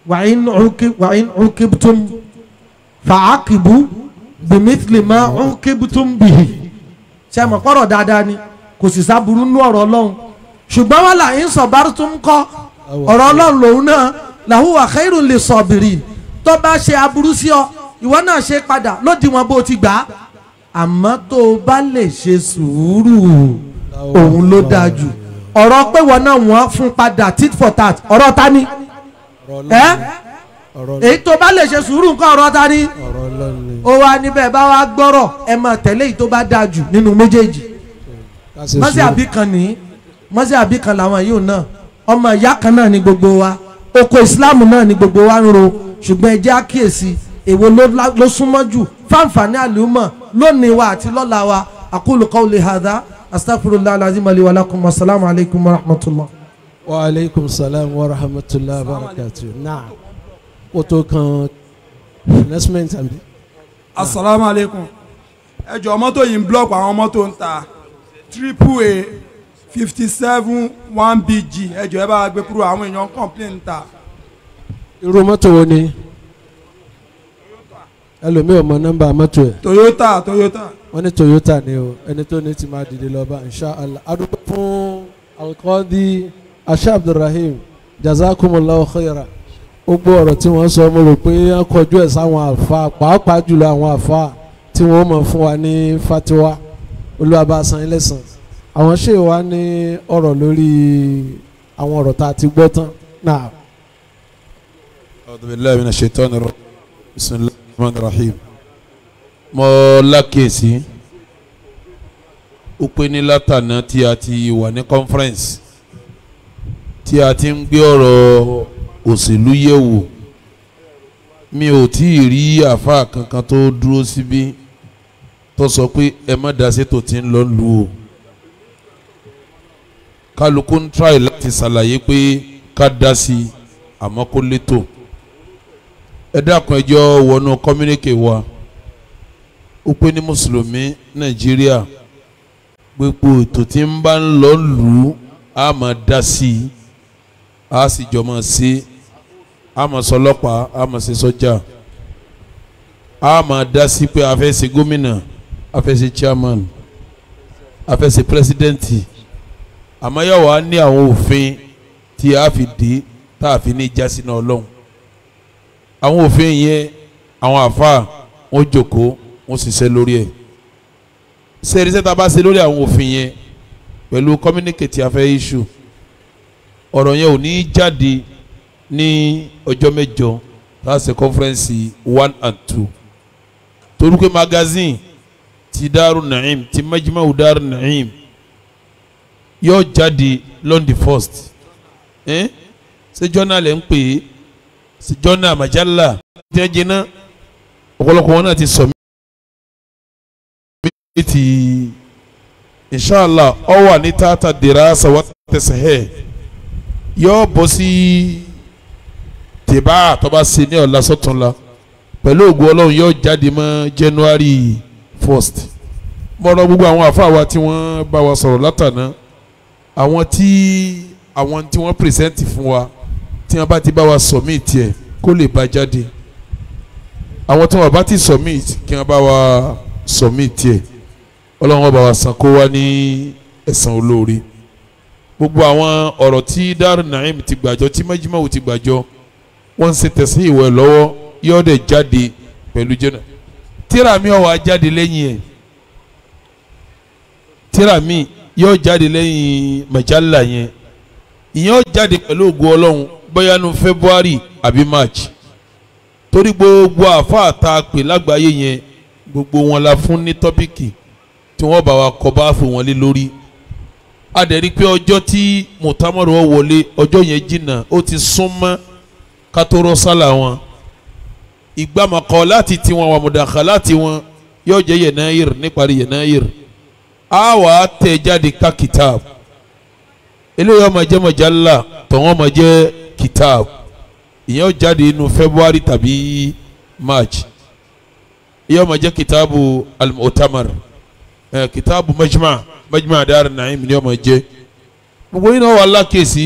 wàhín ọ̀kìbùtùm fàákìbù bìmítìlìmá ọ̀kìbùtùm bìhì ṣe mọ̀ pọ̀rọ̀ dáadáa ni kò sì sábúrú nínú ọ̀rọ̀ ọlọ́run ṣùgbọ́n wọn là ń sọ bárú tó ń kọ́ ọ̀rọ̀ ọlọ́run lòun náà làwọn àkẹ́rù lè sọ̀bìrì tó bá ṣe aburú sí ọ ìwọ náà ṣe padà lódiwọ̀n bó ti gbà á àmọ́ tó o bá lè ṣe sùúrù òun ló dáa jù ọ̀rọ̀ pé wọn náà wọ́n fún padà tit for tat ọ̀rọ̀ ta ni ẹ́ èyí tó bá lè ṣe sùúrù nǹkan ọ̀rọ̀ ta ni ó wá níbẹ̀ bá wá gbọ́rọ̀ ẹ máa tẹ̀lé èyí tó bá dáa jù nínú méjèèjì mọ́sí àbí ní mọ́sí àbí làwọn yìí náà ọmọ ìyá kan náà ni gbogbo wa oko Islam náà ni gbogbo wa ń ro ṣùgbọ́n ẹ jẹ́ àkíyèsí èwo ló súnmọ́ jù fáǹfààní àlùmọ̀ lónìí wa àti lọ́la wa aqulu qawli hadha astaghfirullah alazim li wa lakum wasalaamu alaykum wa rahmatulah. wa aleykum salaam wa rahmatulah barakatu naa o tó kan announcement àbí. asalaamu aleykum ẹ jọ mọ́tò yìí ń blọ́ọ̀kì àwọn mọ́tò ń ta triple a fifty seven one bg ẹ jọ ẹ bá gbé kúrò àwọn èèyàn complain ta. irú mọ́tò wo ni ẹlòmíì ọmọ nọ́mbà mọ́tò ẹ̀. toyota toyota. wọ́n ní toyota ni o ẹni tó ní ti máa dìde lọ́ba inshàlá adúgbò fún alkọ́dí asha abdulrahim jazakumullahu khaira gbogbo ọ̀rọ̀ tí wọ́n sọ mo rò pé a kọjú ẹ̀ sáwọn àfa pàápàá jùlọ àwọn àfa tí wọ́n mọ̀ fún wa ní fatiwa olúwabasan ẹlẹ́sàn àwọn ṣe wa ní ọ̀rọ̀ lórí àwọn ọ̀rọ̀ tá a ti gbọ́ tán náà. ọ̀dọ̀ bíi lẹ́yìn ṣètọ́ ni rọ bisimilayi rahman rahim. mo lákèsí ó pé ní látànà tí a ti wà ní conference tí a ti ń gbé ọ̀rọ̀ òṣèlú yẹ̀wò mi ò tí ì rí àáfàá kankan tó dúró síbí tó sọ pé ẹ má dá sétò tí ń lọ lù o kálukú ń tíráì láti ṣàlàyé pé ká dá àmọ́ kó létò ẹ dákun ẹjọ́ wọnú kọ́míníkì wa ó pé ní mùsùlùmí nàìjíríà gbogbo ètò tí ń bá ń lọ lù ú á máa dá sí i á sì jọ máa ṣe á máa sọ ọlọ́pàá á máa ṣe sọ́jà á máa dá sí pé a gómìnà a chairman a fẹ́ ṣe pírẹsidẹ́ǹtì àmọ́ yóò wá ní àwọn òfin tí a fi dé tá a fi ní jásínà ọlọ́run àwọn òfin yẹn àwọn àfa wọn jókòó wọn ṣiṣẹ́ lórí ẹ̀ sẹ́ẹ̀rìṣẹ́ tá a bá ṣe lórí àwọn òfin yẹn pẹ̀lú communicate afẹ́ issue ọ̀rọ̀ yẹn ò ní jáde ní ọjọ́ mẹ́jọ tá conference one and two torí magazine ti Daaru Naim ti Majma'u Daaru Naim yóò jáde London first Eh? jọ́nà lẹ́ ń pè é jọ́nà Majalla, tẹ́ jiná ọ̀pọ̀lọpọ̀ wọn náà ti sọ mí ti inshallah ọ wà ní tata dirasa wa tẹsẹ̀hẹ́ yọ bọ́ sí tìbá àtọ́ba sí ní ọ̀la sọ́túnla jáde mọ́ January first mọ̀rọ̀ gbogbo àwọn àfáà wa tí wọ́n bá wa sọ̀rọ̀ látàná àwọn tí àwọn tí wọ́n pèsèǹtì fún wa tí wọ́n bá ti bá wa submit ẹ̀ kó lè bá jáde àwọn tí wọ́n bá ti submit kí wọ́n bá wa submit ẹ̀ ọlọ́run ọba wa san kó wá ní ẹ̀san olóore gbogbo àwọn ọ̀rọ̀ tí Daaru Naim ti gbàjọ tí Majma'u ti gbàjọ wọ́n ń ṣe tẹ̀sí ìwẹ̀ lọ́wọ́ yọ̀ọ́dẹ̀ jáde pẹ̀lú jẹ́nà tíra mi ọ̀ wá jáde lẹ́yìn ẹ̀ tíra mi yóò jáde lẹ́yìn màjálà yẹn ìyẹn ó jáde pẹ̀lú ògùn ọlọ́run bóyá nu February àbí March torí gbogbo àfáà tá a pè lágbàáyé yẹn gbogbo wọn la fún ní tọ́pìkì tí wọ́n bá wa kọ́ bá fún wọn lé lórí a dẹ̀ rí i pé ọjọ́ tí mùtámọ́rò ọ wọlé ọjọ́ yẹn jìnnà ó ti sún mọ́ kátóró sálà wọn ìgbàmọ̀kọ́ láti tiwọn wà láti wọn yóò jẹ́ yẹnáyìr níparí yẹnáyìr a wà á tẹ̀ jáde ká kìtàb eléyìí ọmọ jẹ́ mọ̀jálà tọ̀wọ́n ọmọ kitab ìyẹn ó jáde inú February tàbí March ìyẹn ó máa jẹ́ kitabu al-mu'tamar ẹ kitabu majma majma Dar Naim ni ó máa jẹ́ gbogbo yìí náà wà lákèsí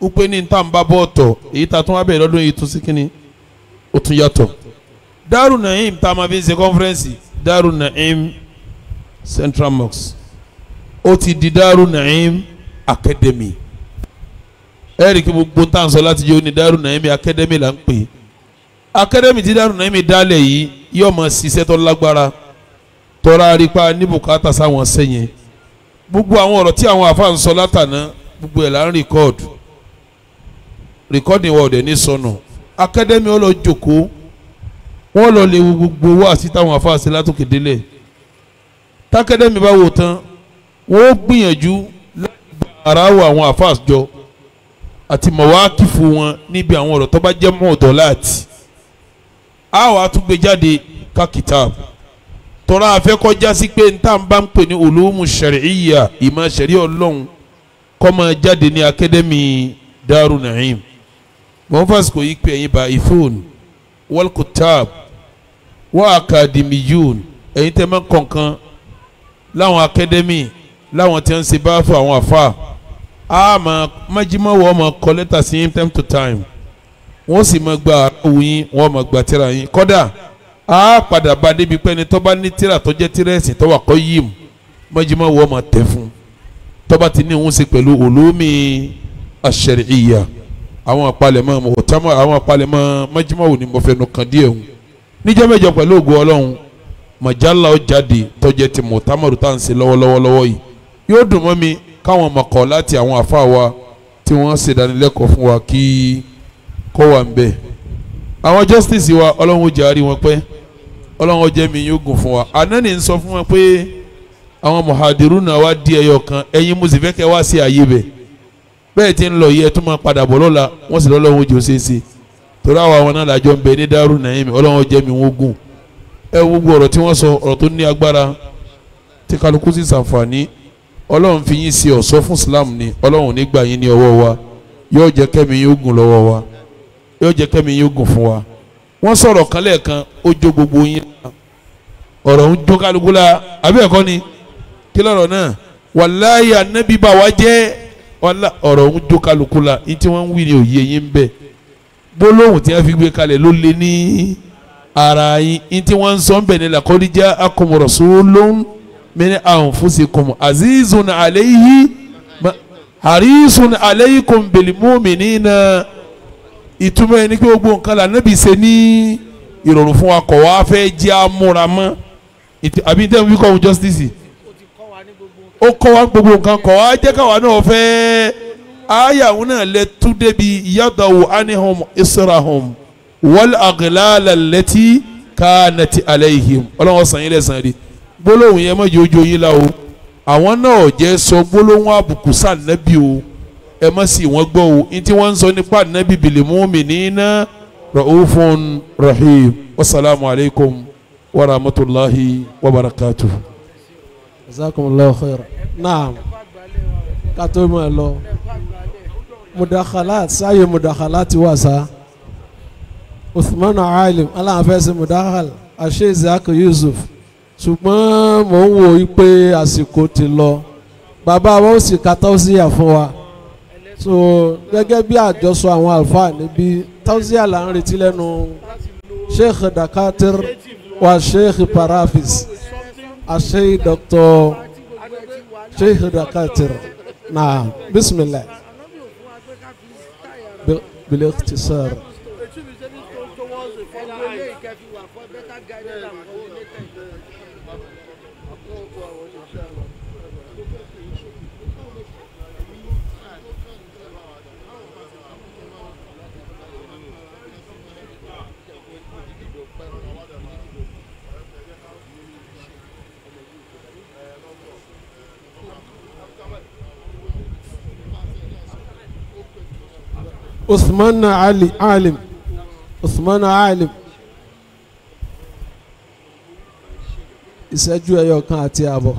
wípé ní níta ń bá bọ́ ọ̀tọ̀ èyí ta tún wá bẹ̀rẹ̀ lọ́dún yìí tún sí kínní ó tún yàtọ̀ Dar Naim tá a máa fi ń ṣe kọ́nfẹ́rẹ́nsì Dar Naim Central Mosque ó ti di Dar Naim Academy. Eric kí gbogbo tá à ń láti yóò ní Darul Naim akademi là ń pè é akademi tí Darul Naim dálẹ̀ yìí yóò máa ṣiṣẹ́ tó lágbára tọ́ra arípa ní bùkátà sáwọn sẹ́yìn gbogbo àwọn ọ̀rọ̀ tí àwọn àfa ń sọ látàná gbogbo ẹ̀ là ń rìkọ́ọ̀dù rìkọ́ọ̀dù ìwà ní sọnù akademi ó lọ jókòó wọ́n lọ lè wo gbogbo owó àti táwọn àfa ṣe látòkè délẹ̀ takademi bá wò tán wọ́n gbìyànjú láti gba ara àwọn àfa jọ àti mọ̀wákìfù wọn níbi àwọn ọ̀rọ̀ tó bá jẹ́ mọ́ ọ̀dọ́ láti a wàá tún gbé jáde ká kìtàbù tọ́ra àfẹ́kọ́já sí pé níta bá ń pè ní olóhùn ṣẹ̀ríyà ìmọ̀ ṣẹ̀rí ọlọ́run kọ́ jáde ní akadẹ́mì Daaru Naim wọ́n fásitì yìí pé ẹ̀yin bá ifon wọ́lkùtàb wọ́n akademiyun ẹ̀yin tẹ́ máa ń kọ̀ọ̀kan láwọn akadẹ́mì láwọn tí wọ́n ń ṣe bá àwọn àfáà a máa májímọ́ wọ́n máa kọ lẹ́tà sí yín time to time wọ́n sì máa gba àrùn yín wọ́n máa gba tíra yín kọ́dà a padà bá débi pé ẹni tó bá ní tíra tó jẹ́ tíra ẹ̀sìn tó wà kọ́ yìí mu májímọ́ wọ́n máa tẹ̀ fún tó bá ti ní òun ṣe pẹ̀lú olómi àṣẹríyà àwọn àpalẹ̀mọ́ mọ̀tàmọ́ àwọn àpalẹ̀mọ́ májímọ́ wò ni mo fẹ́ nu kàn díẹ̀ hùn níjọ́ mẹ́jọ pẹ̀lú ògùn ọlọ́run màjálà ó jáde tó jẹ́ ti mọ̀tàmọ́ rúta ń ṣe lọ́wọ́lọ́wọ́ yìí yóò dùn mọ́ mi káwọn mọ̀kọ́ láti àwọn àfa wa tí wọ́n ṣe dánilẹ́kọ̀ọ́ fún wa kí kó wà ń bẹ̀. àwọn justice wa ọlọ́run ó jẹ́ àárí wọn pẹ́ ọlọ́run ó jẹ́ mi yóò gùn fún wa àná ni ń sọ fún wọn pé àwọn muhadiru náà wá di ẹyọ kan ẹ̀yin mo sì fẹ́ kẹ́ wá sí ààyè bẹ̀ bẹ́ẹ̀ ti ń lọ yẹ tó máa padà bọ̀ lọ́la wọ́n sì lọ́lọ́run ó jẹ́ ó ṣe torí àwọn àwọn náà làjọ ń bẹ ní Daaru Naim ọlọ́run ó jẹ́ mi wọ́n gùn ẹ gbogbo ọ̀rọ̀ tí wọ́n sọ ọ̀rọ̀ tó ní agbára tí kálukú sì ṣàǹfààní ọlọ́run fi yín ṣe ọ̀ṣọ́ fún islam ni ọlọ́run nígbà yín ní ọwọ́ wa yóò jẹ́ kẹ́mi yín ogun lọ́wọ́ wa yóò jẹ́ kẹ́mi yín ogun fún wa wọ́n sọ̀rọ̀ kan lẹ́ẹ̀kan ó jó gbogbo yín ọ̀rọ̀ ń jó kálukú la àbí ẹ̀kọ́ ni kí lọ́rọ̀ náà wàláyé anabi bá wa jẹ́ ọ̀rọ̀ ń jó kálukú la ní tí wọ́n ń wí ni òye yín bẹ̀ gbólóhùn tí wọ́n fi gbé kalẹ̀ ló lé ní ara yín ní tí wọ́n ń sọ ń bẹ̀ ni làkọ́díjà akọ̀mọ̀rọ̀ sólóhùn. من أنفسكم azizun alayhi harisun عليكم بالمؤمنين ìtumọ̀ yẹn ni pé gbogbo nǹkan la nábì ṣe ní ìrọ̀rùn fún wa kọ̀ wá fẹ́ jẹ́ amúra mọ́ àbí tẹ́ ń wí kọ́ ọ́n justice ó kọ́ wa gbogbo nǹkan kọ̀ wá jẹ́ káwa náà fẹ́ ayàwó náà lẹ tú débi yadawu anihum israhum wal aghlala kanati alayhim ọlọ́wọ́ sàn yín lẹ́sàn-án rí gbólóhùn yẹn mọ̀jẹ̀ ojú yín la o àwọn náà jẹ́ sọ gbólóhùn àbùkù sànẹ́bí o ẹ má sì wọ́n gbọ́ o ní tí wọ́n ń sọ nípa ànẹ́bí bìlì mu'minina ra'ufun rahim wasalaamu alaykum wa rahmatulahi wa barakatuh. jazakumullahu mọ̀ ẹ lọ mudakhalat sáyé mudakhalat wà sá uthman alim aláǹfẹ̀sẹ̀ mudakhal ashe yusuf ṣùgbọ́n mò ń wò ó pé àsìkò ti lọ bàbá wọn ó sì ka tọ́síyà fún wa so gẹ́gẹ́ bí àjọsọ àwọn àlùfáà níbí tọ́síyà là ń retí lẹ́nu sheikh dakatir wa sheikh parafis àṣẹ dr sheikh dakatir na bisimilahi bil ikhtisar. Usman علي عالم، Usman عالم، ìṣẹ́jú ẹyọ kan àti àbọ̀.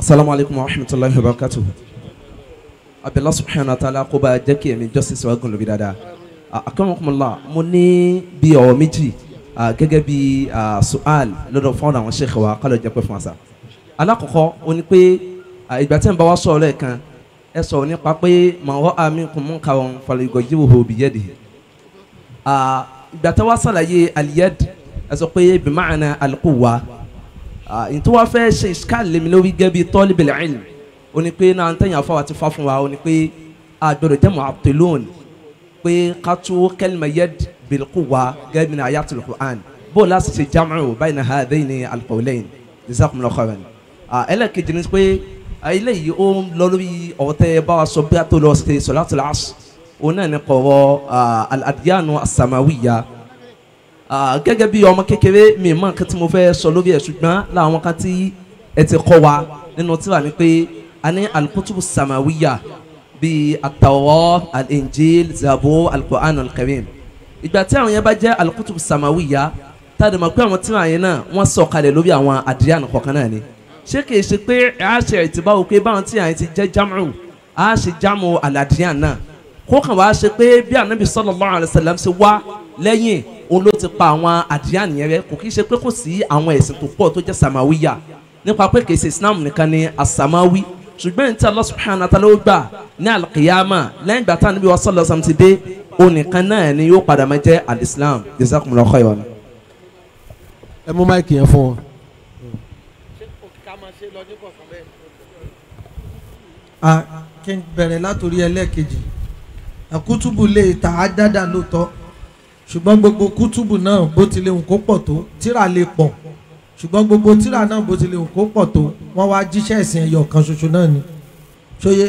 asalaamu alaykum wa rahmatulahi wa barakatu abdullahi subhanahu wa ta'ala kó bá jẹ́ kí ẹ̀mí justice wa gùn lóbi dáadáa akamakumala mo ní bí ọ̀rọ̀ méjì gẹ́gẹ́ bí su'al lọ́dọ̀ fún àwọn sheikh wa kálọ̀ jẹ́ pé fún wa sa alákọ̀ọ́kọ́ ó ní pé ìgbà tí ń bá wa sọ̀rọ̀ ẹ̀ kan ẹ sọ̀rọ̀ nípa pé màwọ́ àmì kùnmú kàwọn falẹ̀gọ̀ yìí wò bí yẹ́dì ìgbà tí wọ́n sàlàyé aliyad ẹ sọ pé bimaana alquwa ntí wọ́n fẹ́ ṣe iskal lèmi lórí gẹ́bí tọ́líbìlì ilm ó ní pé náà ntẹ̀yìn afọwà ti fa fún wa ó ní pé àgbẹ̀rẹ̀ jẹ́ mu'attilun pé kátó kẹlima yẹd bilquwa gẹ́bí ní ayatul Qur'an bó láti ṣe jam'u bayna hadhayni alqawlayn jazakumullahu khairan ẹlẹ́kejì ni pé eléyìí ó ń lọ lórí ọ̀tẹ́ báwa sọ bí a tó lọ ṣe sọ̀látùl asr òun náà ní kọ̀rọ̀ al-adyanu as-samawiya gẹ́gẹ́ bí ọmọ kékeré mi mọ̀ nǹkan tí mo fẹ́ sọ lórí ẹ̀ ṣùgbọ́n láwọn kan tí ẹ ti kọ́ wa nínú tíra ni pé a ní al samawiya bíi at-tawrat al-injil zabur ìgbà tí àwọn yẹn bá jẹ́ al samawiya tá a dẹ̀ mọ̀ pé àwọn tíra yẹn náà wọ́n sọ̀kalẹ̀ lórí àwọn adyan kọ̀ọ̀kan náà ni ṣé kìí ṣe pé a ṣe ìtìbá o pé báwọn tí àyìn ti jẹ́ jámù a ṣe jámù aládìyàn náà kó kàn wá ṣe pé bí anabi sallallahu alaihi wasallam ṣe wá lẹ́yìn òun ló ti pa àwọn àdìyàn yẹn rẹ kò kìí ṣe pé kò sí àwọn ẹ̀sìn tó pọ̀ tó jẹ́ samawiya nípa pé kìí ṣe islam nìkan ni asamawi ṣùgbọ́n ní ti Allah subhanahu wa ta'ala ó gbà ní alqiyama lẹ́yìn ìgbà níbi wa sallallahu alaihi ti dé onìkan náà ni yóò padà máa jẹ́ alislam jazakumullahu khairan. ẹ mú máìkì yẹn fún wọn lọ ní kọ̀ọ̀kan bẹ́ẹ̀. a kí n bẹ̀rẹ̀ látòrí ẹlẹ́ẹ̀kejì àkútùbù lè ta á dáadáa lóòótọ́ ṣùgbọ́n gbogbo kútùbù náà bó tilẹ̀ hùn kó pọ̀ tó tíra lè pọ̀ ṣùgbọ́n gbogbo tíra náà bó tilẹ̀ hùn kó pọ̀ tó wọ́n wá jíṣẹ́ ẹ̀sìn ẹ̀yọ̀ kan ṣoṣo náà ni ṣóyé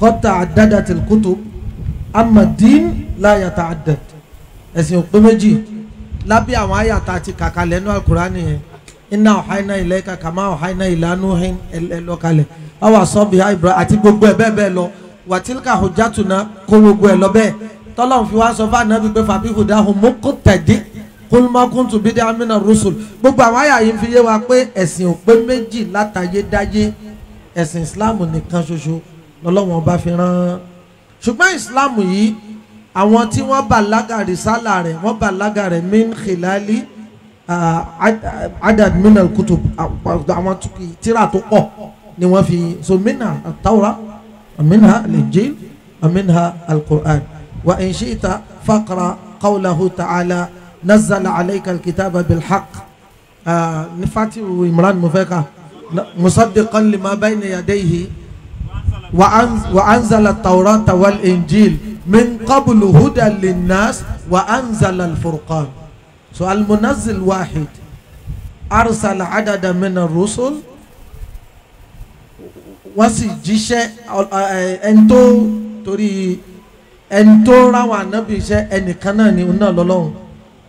kọ́ta àdádàtìl kútù amadín láyàtà àdàd ẹ̀sìn òpé méjì lábẹ́ àwọn àyàtà àti kàkà lẹ́nu àkùrá nìyẹn iná ọ̀háìná ilẹ̀ ká kàmá ọ̀háìná ìlànà ẹlọ́kalẹ̀ àwọn àsọ̀bì ibra àti gbogbo ẹ̀ bẹ́ẹ̀ bẹ́ẹ̀ lọ wàtílkà hujjatuna kó gbogbo ẹ̀ lọ bẹ́ẹ̀ tọ́lọ́run fi wá sọ fún ànábì pé fàbí hùdá hùn mú kó tẹ̀dí kólúmọ́kùntù bídé amínà rúṣùl gbogbo àwọn àyà yìí fi yé wa pé ẹ̀sìn ò pé méjì látayédáyé ẹ̀sìn ìsìláàmù nìkan ṣoṣo lọ́lọ́wọ́n ọba fi rán ṣùgbọ́n ìsìláàmù yìí àwọn tí wọ́n bàlágà rìsálà rẹ̀ wọ́n bàlágà rẹ̀ min khilali adad minal kutub àwọn tíra tó pọ̀ ni wọ́n fi so minha tawra minha al-injil minha al-qur'an wa in shi'ta faqra qawlahu ta'ala nazzala alayka al-kitaba bil-haqq ní fatihu imran mufeka musaddiqan lima bayna yadayhi وأنزل التوراة والإنجيل من قبل هدى للناس وأنزل الفرقان so almunazil wahid arsala adada mina rusul wọ́n sì jíṣẹ́ eh, ẹni tó torí ẹni tó ráwọn ànábì iṣẹ́ ẹnìkan náà ni náà lọ́lọ́run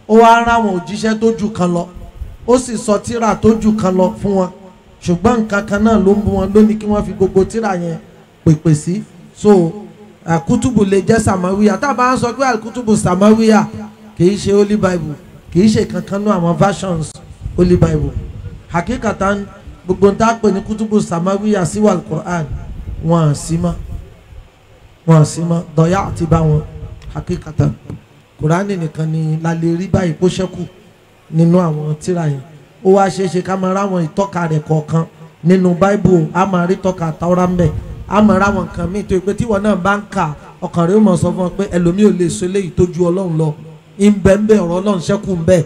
ó wá ráwọn òjíṣẹ́ tó ju kan lọ ó sì sọ tíra tó ju kan lọ fún wọn ṣùgbọ́n nǹkan kan náà ló ń bu wọn lónìí kí wọ́n fi gbogbo tíra yẹn pèpè sí so àkútùbù lè jẹ́ sàmáwíyà tá a bá ń sọ pé àkútùbù sàmáwíyà kì í ṣe holy bible kì í ṣe kankan nú àwọn versions holy bible hakikatan gbogbo ń tá a pè ní kutubu samawiya siwal quran wọn à sí mọ́ wọn à sí mọ́ dọ̀yà àti bá wọn hakikatan nìkan ni la lè rí báyìí kó ṣẹ́kù nínú àwọn tíra yẹn ó wá ṣeé ṣe ká máa ráwọn ìtọ́ka rẹ̀ kọ̀ọ̀kan nínú bible a máa rí tọ́ka tàwọ́rá ń bẹ̀ a máa ráwọn nǹkan míì tó yẹ pé tíwọ náà bá ń kà ọkàn rẹ̀ ó mọ̀ sọ fún ọ pé ẹlòmíì ò lè so eléyìí tó ọlọ́run lọ ìbẹ̀ǹbẹ̀ ọ̀rọ̀ ọlọ́run ṣẹ́kù ń bẹ̀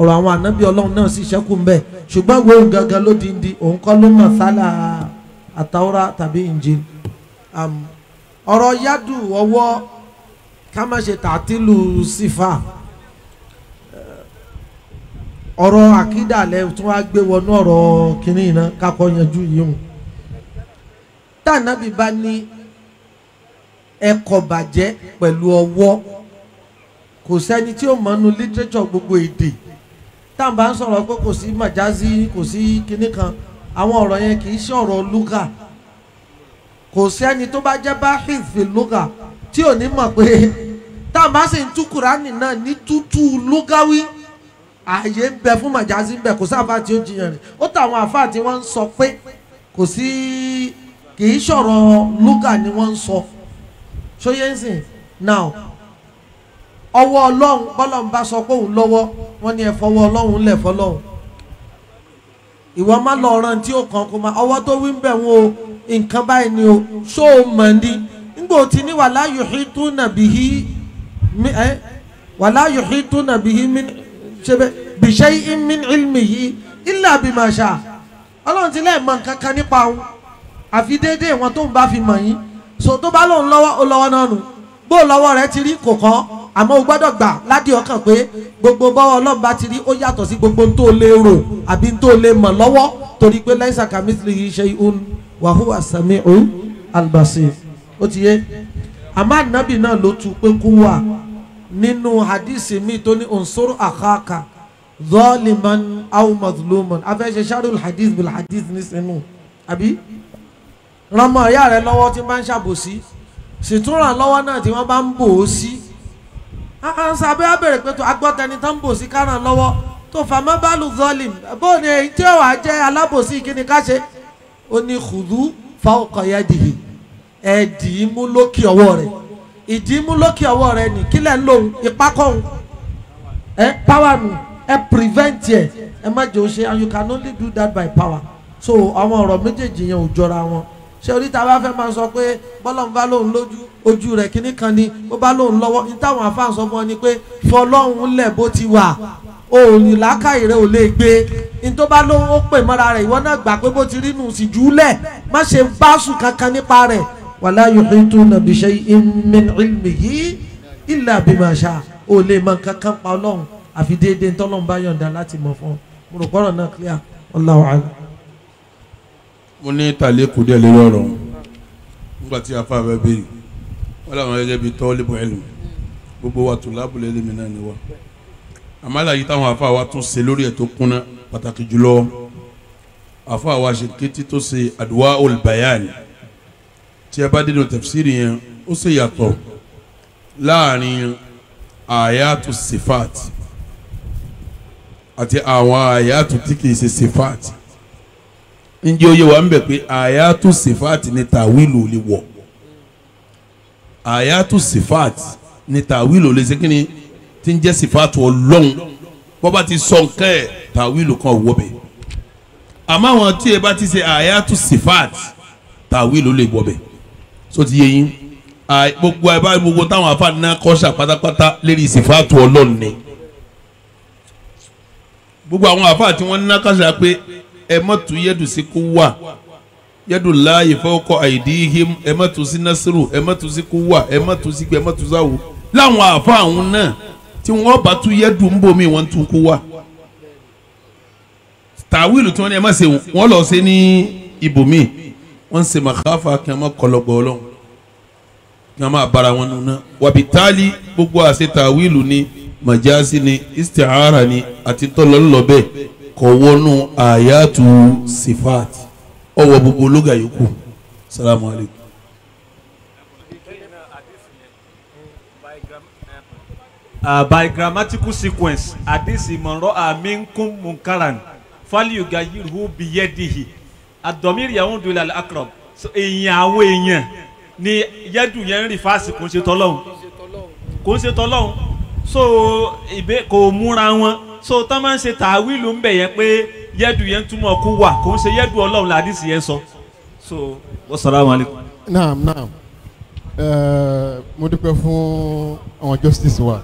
ọ̀rọ̀ àwọn ànábì ọlọ́run náà sì ṣẹ́kù ń bẹ̀ wo gangan ló di ndi òun kọ́ ló mọ̀ sálà àtàwọ́rá tàbí Injil ọ̀rọ̀ yádù ọwọ́ ká má ṣe tàtìlù sífà ọ̀rọ̀ àkídà lẹ tún wá gbé wọnú ọ̀rọ̀ kìnnì náà kakọ́ yanjú yìí hùn tànàbí bá ní ẹkọ̀ bàjẹ́ pẹ̀lú ọwọ́ kò sẹ́ni tí ó mọ̀nú literature gbogbo èdè tá à ń bá ń sọ̀rọ̀ pé kò sí màjází kò sí kinní kan àwọn ọ̀rọ̀ yẹn kì í ṣe ọ̀rọ̀ lúgà kò sẹ́ni tó bá jẹ́ bahith fi lúgà tí ò ní mọ̀ pé tá à ń bá sì ń tú kùránì náà ní tútú lúgáwí ààyè ń bẹ fún màjází ń bẹ kò sí àfáà tí ó jiyàn rẹ̀ ó tàwọn àfáà tí wọ́n ń sọ pé kò sí kì í ṣọ̀rọ̀ lúgà ni wọ́n ń sọ ṣóyẹ́nsìn now. now ọwọ́ ọlọ́run bọ́lọ́run bá sọ pé òun lọ́wọ́ wọ́n ní ẹ fọwọ́ ọlọ́run lẹ̀ fọlọ́run ìwọ má lọ ọ̀ràn tí ó kàn kó ma ọwọ́ tó wí ń bẹ̀ wọn o nǹkan báyìí ni o ṣó o mọ̀ ní ngbò tí ní wàlá nàbí ẹ bìṣẹ́ ìlmì yìí ilà bìmọ̀ṣà ọlọ́run ti lẹ́ẹ̀ mọ nípa òun àfi déédéé wọn tó ń bá fi mọ̀ yín so tó bá lọ́wọ́ náà nù bó lọ́wọ́ rẹ ti rí kò àmọ́ o gbọ́dọ̀ gbà ládì ọkàn pé gbogbo bọ́wọ́ ọlọ́run bá ti rí ó yàtọ̀ sí gbogbo tó lè rò àbí tó lè mọ̀ lọ́wọ́ torí pé láìsà kàmísìlì yìí ṣe ìhun wàhùwà sàmì ọ̀hún albasir ó ti yé àmọ́ ànábì náà ló tu pé kú wà nínú hadisi mi tó ní unsur akhaka zaliman aw mazluman sharul hadith bil hadith ní sinú àbí rọmọ ìyá rẹ lọ́wọ́ tí wọ́n bá ń ṣàbòsí sì tún lọ́wọ́ náà tí wọ́n bá ń bò ó sí sàbẹ́ abẹ́rẹ́ pé agbọ́tẹni tán ń bò sí káràn lọ́wọ́ tó fà bálù zọ́ọ̀lì bó ni èyí tí ó jẹ́ alábòsí kí ká ṣe ó ní khudhu fawqa yadihi ẹ̀ dì í mú lókè ọwọ́ rẹ̀ ìdì í mú lókè ọwọ́ rẹ̀ ní kílẹ̀ ń lòun ìpákọ̀hún ẹ̀ power nù ẹ̀ prevent ẹ̀ ẹ̀ má jẹ́ o ṣe and you can only do that by power so àwọn ọ̀rọ̀ méjèèjì yẹn ò jọra wọn ṣé orí ta bá fẹ́ máa sọ pé bọ́lọ́n bá lóun lójú ojú rẹ̀ kíní kan ni ó bá lóun lọ́wọ́ ní táwọn afáàn sọ fún ọ ni pé fọlọ́hún lẹ̀ bó ti wà òòlì làákàyè rẹ̀ ò lè gbé ní tó bá lóun ó pè mọ́ra rẹ̀ ìwọ náà gbà pé bó ti rí nù sì júlẹ̀ má ṣe báṣù kankan nípa rẹ̀ wàlá yuhituna bi shay'in min ilmihi illa bima sha ò lè mọ kankan pa ọlọ́run àfi déédéé tọ́lọ́run bá yọ̀ǹda láti mọ̀ fún ọ mo rò pọ́rọ̀ náà clear Allahu a'lam mo ní tàlẹ́ kù díẹ̀ lórí ọ̀rọ̀ nígbà tí afa bẹ bẹ́ẹ̀ wọ́n làwọn gẹ́gẹ́ bíi tọ́ lébọ̀ ẹ̀lù gbogbo wa tún lábùlẹ̀ lèmi náà ni wa àmàlà yìí táwọn afa wa tún ṣe lórí ẹ̀ tó kúnná pàtàkì jùlọ afa wa ṣe kétí tó ṣe àdúrà olùbáyàní tí a bá dénú tafsiri yẹn ó ṣe yàtọ̀ láàrin àyàtú sifat àti àwọn àyàtú tí kì í ṣe sifat njẹ́ oyè wa ń bẹ̀ pé àyàtú sífàtì ni tàwílù lè wọ̀ àyàtú sífàtì ni tàwílù lè ṣe kí ni tí ń jẹ́ sífàtì ọlọ́run bọ́ba ti sọ nǹkan ẹ̀ tàwílù kan wọ́ bẹ̀ àmọ́ àwọn tí ẹ bá ti ṣe àyàtú sífàtì tàwílù lè wọ́ bẹ̀ so ti yẹ yín gbogbo ẹ báyìí gbogbo táwọn afáàní náà kọ́ṣà pátápátá lérí sífàtì ọlọ́run ni gbogbo àwọn afáà tí wọ́n ní náà kọ́ṣà pé ẹ má tú yẹ́dù sí kú wà yẹ́dù him ẹ má tú sí násìrù ẹ má tú sí kú wà ẹ má tú sí gbẹ ẹ má tú sáwò láwọn àfa àwọn náà tí wọ́n bá tú yẹ́dù ń bomi wọ́n tú kú wà tàwílù tí wọ́n ní ẹ má ṣe wọ́n lọ ṣe ní ibòmí wọ́n ṣe màkàfà kí wọ́n má kọlọ́gbọ̀ ọlọ́run kí wọ́n má bára wọn nùnà wàbítálì gbogbo àṣẹ tàwílù ni màjáàsì ni istihara ni àti tọ́lọ́lọ́ bẹ́ẹ̀ kò wọnú àyàtú sifat ọwọ́ gbogbo lóga yòókù salamu alaykum. Uh, by grammatical sequence hadisi mọ̀rọ̀ aminkum munkaran fáliyùgà yìrù bìyẹ́dìhì àdọ̀mírí àwọn òdòlà àkàrọ̀ èèyàn àwọn èèyàn ni yadu yẹn ń rí fáàsì kò ń ṣe so ibe kò múra wọn so tá máa ń ṣe tàwílù ń bẹ̀ yẹn pé yẹ́dù yẹn túmọ̀ kú wà kò ń ṣe yẹ́dù ọlọ́run làdísì yẹn sọ so wasalaamu alaykum. naam naam eh, mo dúpẹ́ fún àwọn justice wa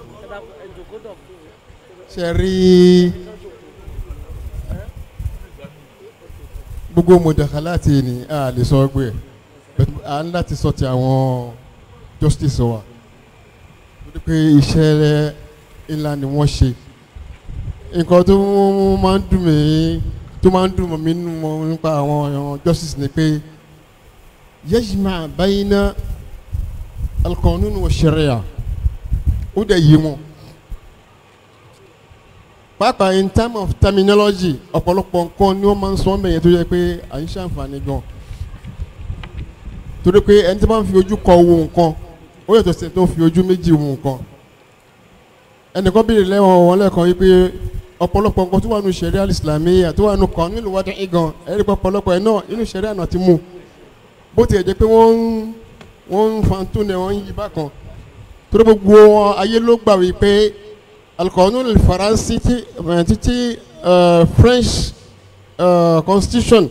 ṣe rí gbogbo mọ̀jàká láti ní a lè sọ ọgbẹ́ à ń láti sọ ti àwọn justice wa mo dúpẹ́ iṣẹ́ ńlá ni wọ́n ṣe nǹkan tó máa ń dùn mí tó máa ń dùn mí nù nípa àwọn justice ni pé yajma bayna al-qanun wa sharia ó dẹ̀ yé wọn pàápàá in time of terminology ọ̀pọ̀lọpọ̀ nǹkan ni wọ́n máa ń sọ ọ́ mẹ́yẹn tó yẹ pé à ń ṣàǹfààní gan-an torí pé ẹni tí wọ́n fi ojú kọ wo nǹkan ó yàtọ̀ sí tó fi ojú méjì wo nǹkan ẹnìkan bèrè lẹ́wọ̀n wọn lẹ́ẹ̀kan wípé ọ̀pọ̀lọpọ̀ nǹkan tó wà nù sẹ̀rí alìsìlámíyà tó wà nù kan nílùú wájú igan ẹ̀rí pọ̀pọ̀lọpọ̀ ẹ̀ náà inú sẹ̀rí àná ti mú bó tiẹ̀ jẹ́ pé wọ́n ń wọ́n ń fa tún ẹ̀ wọ́n ń yí bákan torí gbogbo ayé ló gbà wí pé alikọ̀ọ́nù faransi ti eh, títí eh, French uh, constitution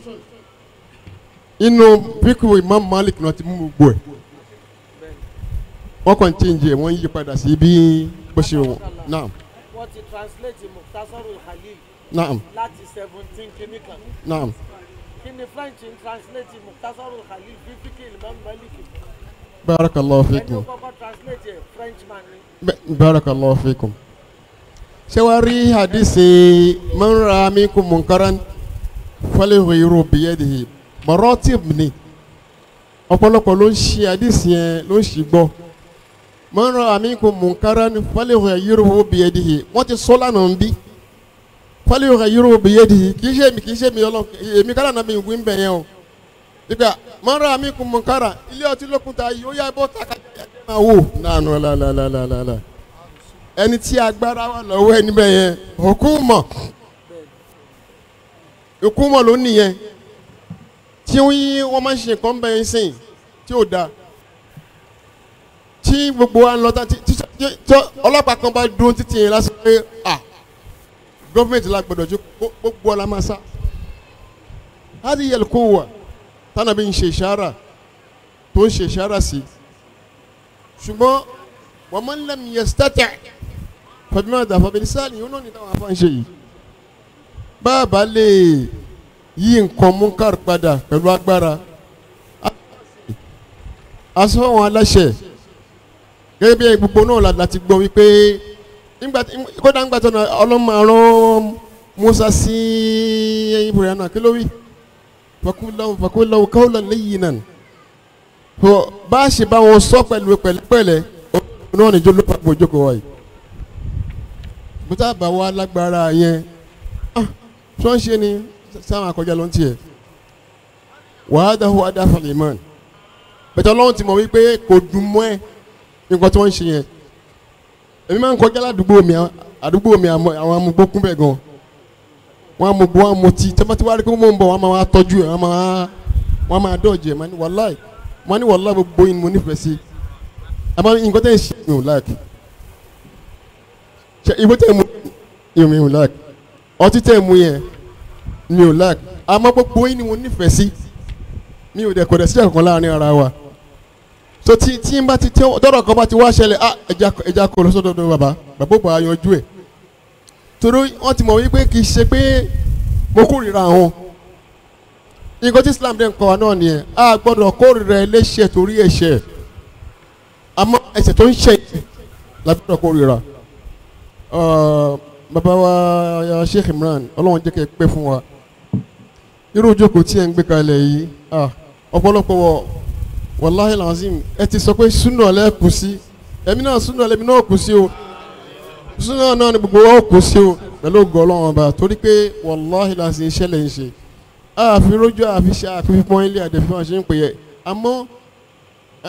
inú fíkù Imam Malik náà ti mú gbogbo ẹ̀ wọ́n kàn ń change ẹ̀ wọ́n ń yí padà sí bí bó ṣe wọ̀ náà. wọ́n ti translate mọ́. Kasarul Khalil. naam. láti seventeen kìíní kan. naam. kí ni French ń translate Muktasarul Khalil bí fíkì Imam Malik. barakallahu fikum. ẹni kọ́kọ́ translate ẹ̀ Frenchman ni. barakallahu fikum. ṣé wàá rí hadisi man ra'a minkum munkaran falyughayyirhu biyadihi maratib ni ọ̀pọ̀lọpọ̀ ló ń ṣe àdìsí yẹn ló ń ṣì gbọ́ man ra'a minkum munkaran falyughayyirhu biyadihi wọ́n ti sọ́ lánàá ń bí fali yóò ka yiriw bi yé di kì í ṣe mi kì í ṣe mi Ọlọ́run èmi kára náà mi ìwé bẹ̀ yẹn o ìgbà mọ́ra mi kò mọ̀ kára ilé ọtí lókun ta yìí ó yá bọ́ ta ká máa wò nánú lálálálálá ẹni tí agbára wà lọ́wọ́ ẹni bẹ̀ yẹn òkú mọ̀ òkú mọ̀ ló nìyẹn tí wọ́n máa ń ṣe nǹkan bẹ̀ yẹn sìn tí ò dáa tí gbogbo wa ń lọ tá tí ọlọ́pàá kan bá dúró títì yẹn lásán pé à gọ́fìmẹ̀ntì la gbọ́dọ̀ ju gbogbo ọ̀la máa sá hali yẹlẹko wa tánàbí ń ṣe ìṣára tó ń ṣe ìṣára sí ṣùgbọ́n wọ́n máa ń lẹ́mu yẹ sítátà fàbímọ́ àdá fàbílí sáàlì yóò náà ní táwọn afá ń ṣe yìí báàbá lè yí nǹkan múnkàr padà pẹ̀lú agbára asọ́wọ́n aláṣẹ gẹ́gẹ́ bí gbogbo náà láti gbọ́ wípé kódà ń gbàtọ́ náà ọlọ́mọ àrùn Musa sí Ibrahim náà kí ló wí fakulawo kawla leyinan so bá a ṣe bá wọn sọ pẹ̀lú pẹ̀lẹ́pẹ̀lẹ́ náà ní jóló papọ̀ jókòó wa yìí bùtá bá wa lágbára yẹn tí ah, wọ́n ṣe ni sáwọn akọjá ló ń tiẹ̀ wàá dáhù adáfàlẹ̀ mọ́n bẹ̀tẹ̀ ọlọ́run ti mọ̀ wípé kò dùn mọ́ ẹ nǹkan tí wọ́n ń ṣe yẹn èmi máa ń kọjá ládùúgbò mi àdúgbò mi àwọn amúgbó kún bẹ́ẹ̀ gan wọn amúgbó wọn mutí tẹmẹtí wàá rí kó mò ń bọ̀ wọn máa tọ́jú ẹ̀ wọn máa dọ̀jì ẹ̀ mani wàláì mani wàláì gbogbo yìí mo nífẹ̀ẹ́ sí àmọ́ nǹkan tẹ̀ ń ṣe mi ò láàkì ṣe ibo tẹ̀ mu yẹn mi ò láàkì ọtí tẹ̀ mu yẹn mi ò láàkì àmọ́ gbogbo yìí ni mo nífẹ̀ẹ́ sí mi ò dẹ̀ kọ̀dẹ̀ sí àkọ́kọ́ láàrin ara wa so tí tí n bá ti tí dọ́rọ̀ kan bá ti wá ṣẹlẹ̀ ah ẹja ẹja kò lọ sọ́dọ̀ baba bàbá bàbá òbá yanjú ẹ̀ torí wọ́n ti mọ̀ wípé kì í ṣe pé mo kórìíra àwọn nǹkan tí Islam dẹ̀ ń kọ́ wa náà nìyẹn a gbọ́dọ̀ kórìíra ẹlẹ́ṣẹ̀ torí ẹ̀ṣẹ̀ àmọ́ ẹ̀ṣẹ̀ tó ń ṣẹ̀ la gbọ́dọ̀ kórìíra bàbá wa Sheikh Imran ọlọ́run jẹ́ kẹ́ pẹ́ fún wa irú ìjókòó tí ẹ̀ ń gbé kalẹ̀ yìí ọ̀pọ̀lọpọ̀ wàláhì làzim ẹ ti sọ pé súnà lẹ kù sí ẹ̀mí náà súnà lẹ̀mí náà kù sí o súnà náà ni gbogbo wa kù sí o pẹ̀lú gọlọ́wọ́n ọba torí pé wàláhì làzim iṣẹ́ lẹ̀ ń ṣe àfi rójú àfi ṣe àfi pọ́n ilé àdẹ̀fẹ́ wọn ṣe ń pè yẹ àmọ́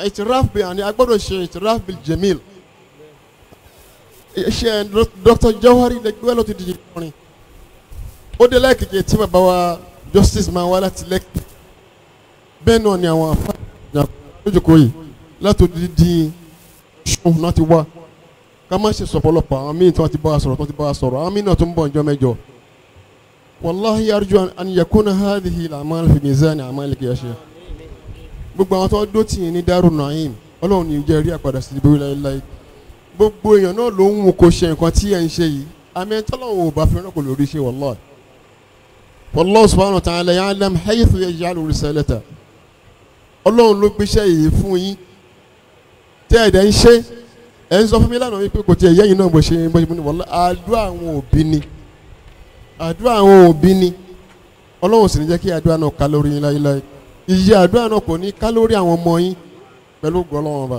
ìtìráf bi àní agbọ́dọ̀ ṣe ìtìráf bi jẹ̀míl ṣe Dr. Jawari lẹgbẹ́ lọ́ọ́ ti di ìkọrin ó dé lẹ́ẹ̀kejì tí bàbá wa justice máa wá láti lẹ́kì náà ni àwọn afárá lójókòó yìí látòdì dín ṣùn náà ti wá ká má ṣe sọ̀pọ̀lọpọ̀ àwọn míì tí wọ́n ti bá a sọ̀rọ̀ tí wọ́n ti bá a sọ̀rọ̀ àwọn míì náà tó ń bọ̀ ọjọ́ mẹ́jọ. wàláhi arjú an yakuna hadhihi al-a'mal fi mizan a'malik ya sheikh. gbogbo àwọn tó ń dótì ní Daaru Naim ọlọ́run ní ìjẹ́rí àpàdà sí ibi wíwáyé láyé gbogbo èèyàn náà ló ń wò kó ṣe nǹkan tí ẹ̀ ń ṣe yìí àmì tọ́lọ́wọ́ ọlọ́run ló gbéṣẹ́ yìí fún yín tẹ́ ẹ̀dẹ̀ ń ṣe ẹ̀ ń sọ fún mi lánàá wípé kò tiẹ̀ yẹ́yìn náà bó ṣe bó ṣe mú ni wọ́n lọ àdúrà àwọn òbí ni àdúrà àwọn òbí ni ọlọ́run sì ní jẹ́ kí àdúrà náà ká lórí yín láyéláyé iye àdúrà náà kò ní ká àwọn ọmọ yín pẹ̀lú gọlọ́wọ́n bá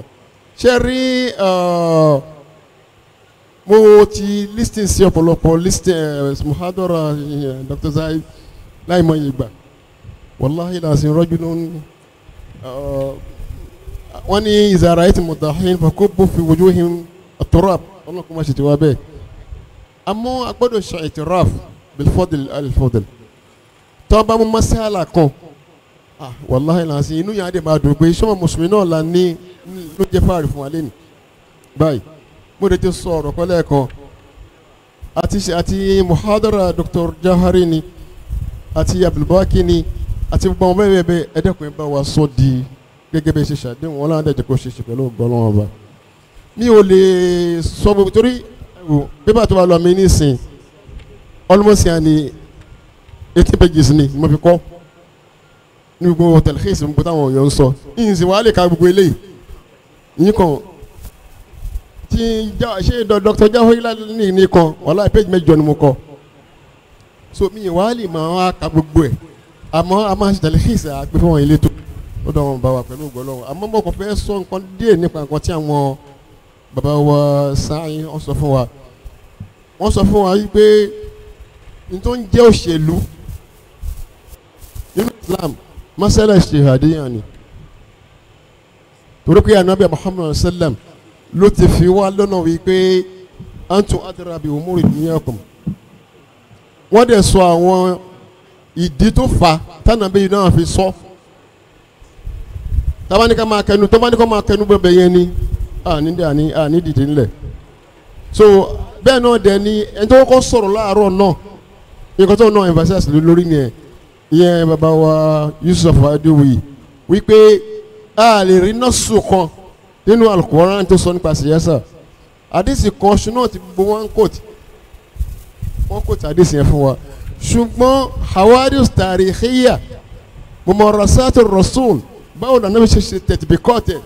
ṣe rí mo ti listing sí ọ̀pọ̀lọpọ̀ listing muhadara Dr. Zaid láì mọ iye gbà wàláhìí làásìn rọ́jú lónìí. Uh, wọ́n ní ìzàrà ẹ̀tì mutahin fakobo fi wujuhim aturab wọn kò má ṣe tiwa bẹ́ẹ̀ àmọ́ a gbọ́dọ̀ ṣe ìtiraf bilfodil alifodil tọ́ba mú masala kan ah, wàláhì lansi inú yàrá dè máa dùn pé sọ́mọ mùsùlùmí náà la ní ló jẹ́ fáàrí fún wa lẹ́nu báyìí mo lè ti sọ ọ̀rọ̀ kọ́ lẹ́ẹ̀kan àti àti muhadara Dr. Jahari ni àti abdulbaki ni àti gbogbo àwọn mẹ́rin ẹ̀bẹ̀ ẹ̀dẹ́kùn bá wa sọ di gẹ́gẹ́ bí ṣe ṣàdéhùn wọn láwọn dẹ̀jẹ̀ kó ṣe ṣe pẹ̀lú ọgbọ́n ọba mi ò lè sọ gbogbo torí pépà tó bá lọ mi nísìn almost yà ni eighty pages ni mo fi kọ́ ní gbogbo tẹlifíṣì gbogbo táwọn èèyàn ń sọ ìyìnsìn wàá lè ka gbogbo eléyìí yín kan tí ṣé dr jahoila ní ní kan wàhálà page mẹ́jọ ni mo kọ so mi wàá lè máa ka gbogbo ẹ̀ àmọ́ a máa ṣètàlẹ́ kéèsì àgbẹ̀fọ́ wọn ilé tó ó dọ̀ wọn bá wa pẹ̀lú ògbọ́ lọ́wọ́ àmọ́ mo kàn fẹ́ sọ nǹkan díẹ̀ nípa nǹkan tí àwọn bàbá wa sáyìn wọ́n sọ fún wa wọ́n sọ fún wa pé n tó ń jẹ́ òṣèlú nínú Islam masala ṣèhàdíyàn ni torí pé anabi Muhammad sallam ló ti fi wá lọ́nà wípé antu adarabi umuri dunyakum wọ́n dẹ̀ sọ àwọn ìdí tó fa tánàbí yìí náà fi sọ tabaníkà máa kẹnu tabaníkà máa kẹnu bẹbẹ yẹn ni àní àní àní dìde nílẹ̀ so bẹ́ẹ̀ náà dẹ̀ ni ẹni tó kọ́ sọ̀rọ̀ láàárọ̀ náà nǹkan tó náà emphasis lórí yẹn yẹn bàbá wa Yusuf Adéwì wípé a lè rí nọ́ọ̀sù kan nínú Al-Qur'an tó sọ nípa siyasa àdìsí kan ṣùnà ti gbogbo wọn kò tí wọn kò tí àdìsí yẹn fún wa ṣùgbọ́n hawadis tarihiya mọ̀mọ́rasátì rasul báwo la nàbẹ̀ ṣe ṣe tẹ̀tìbíkọ́tẹ̀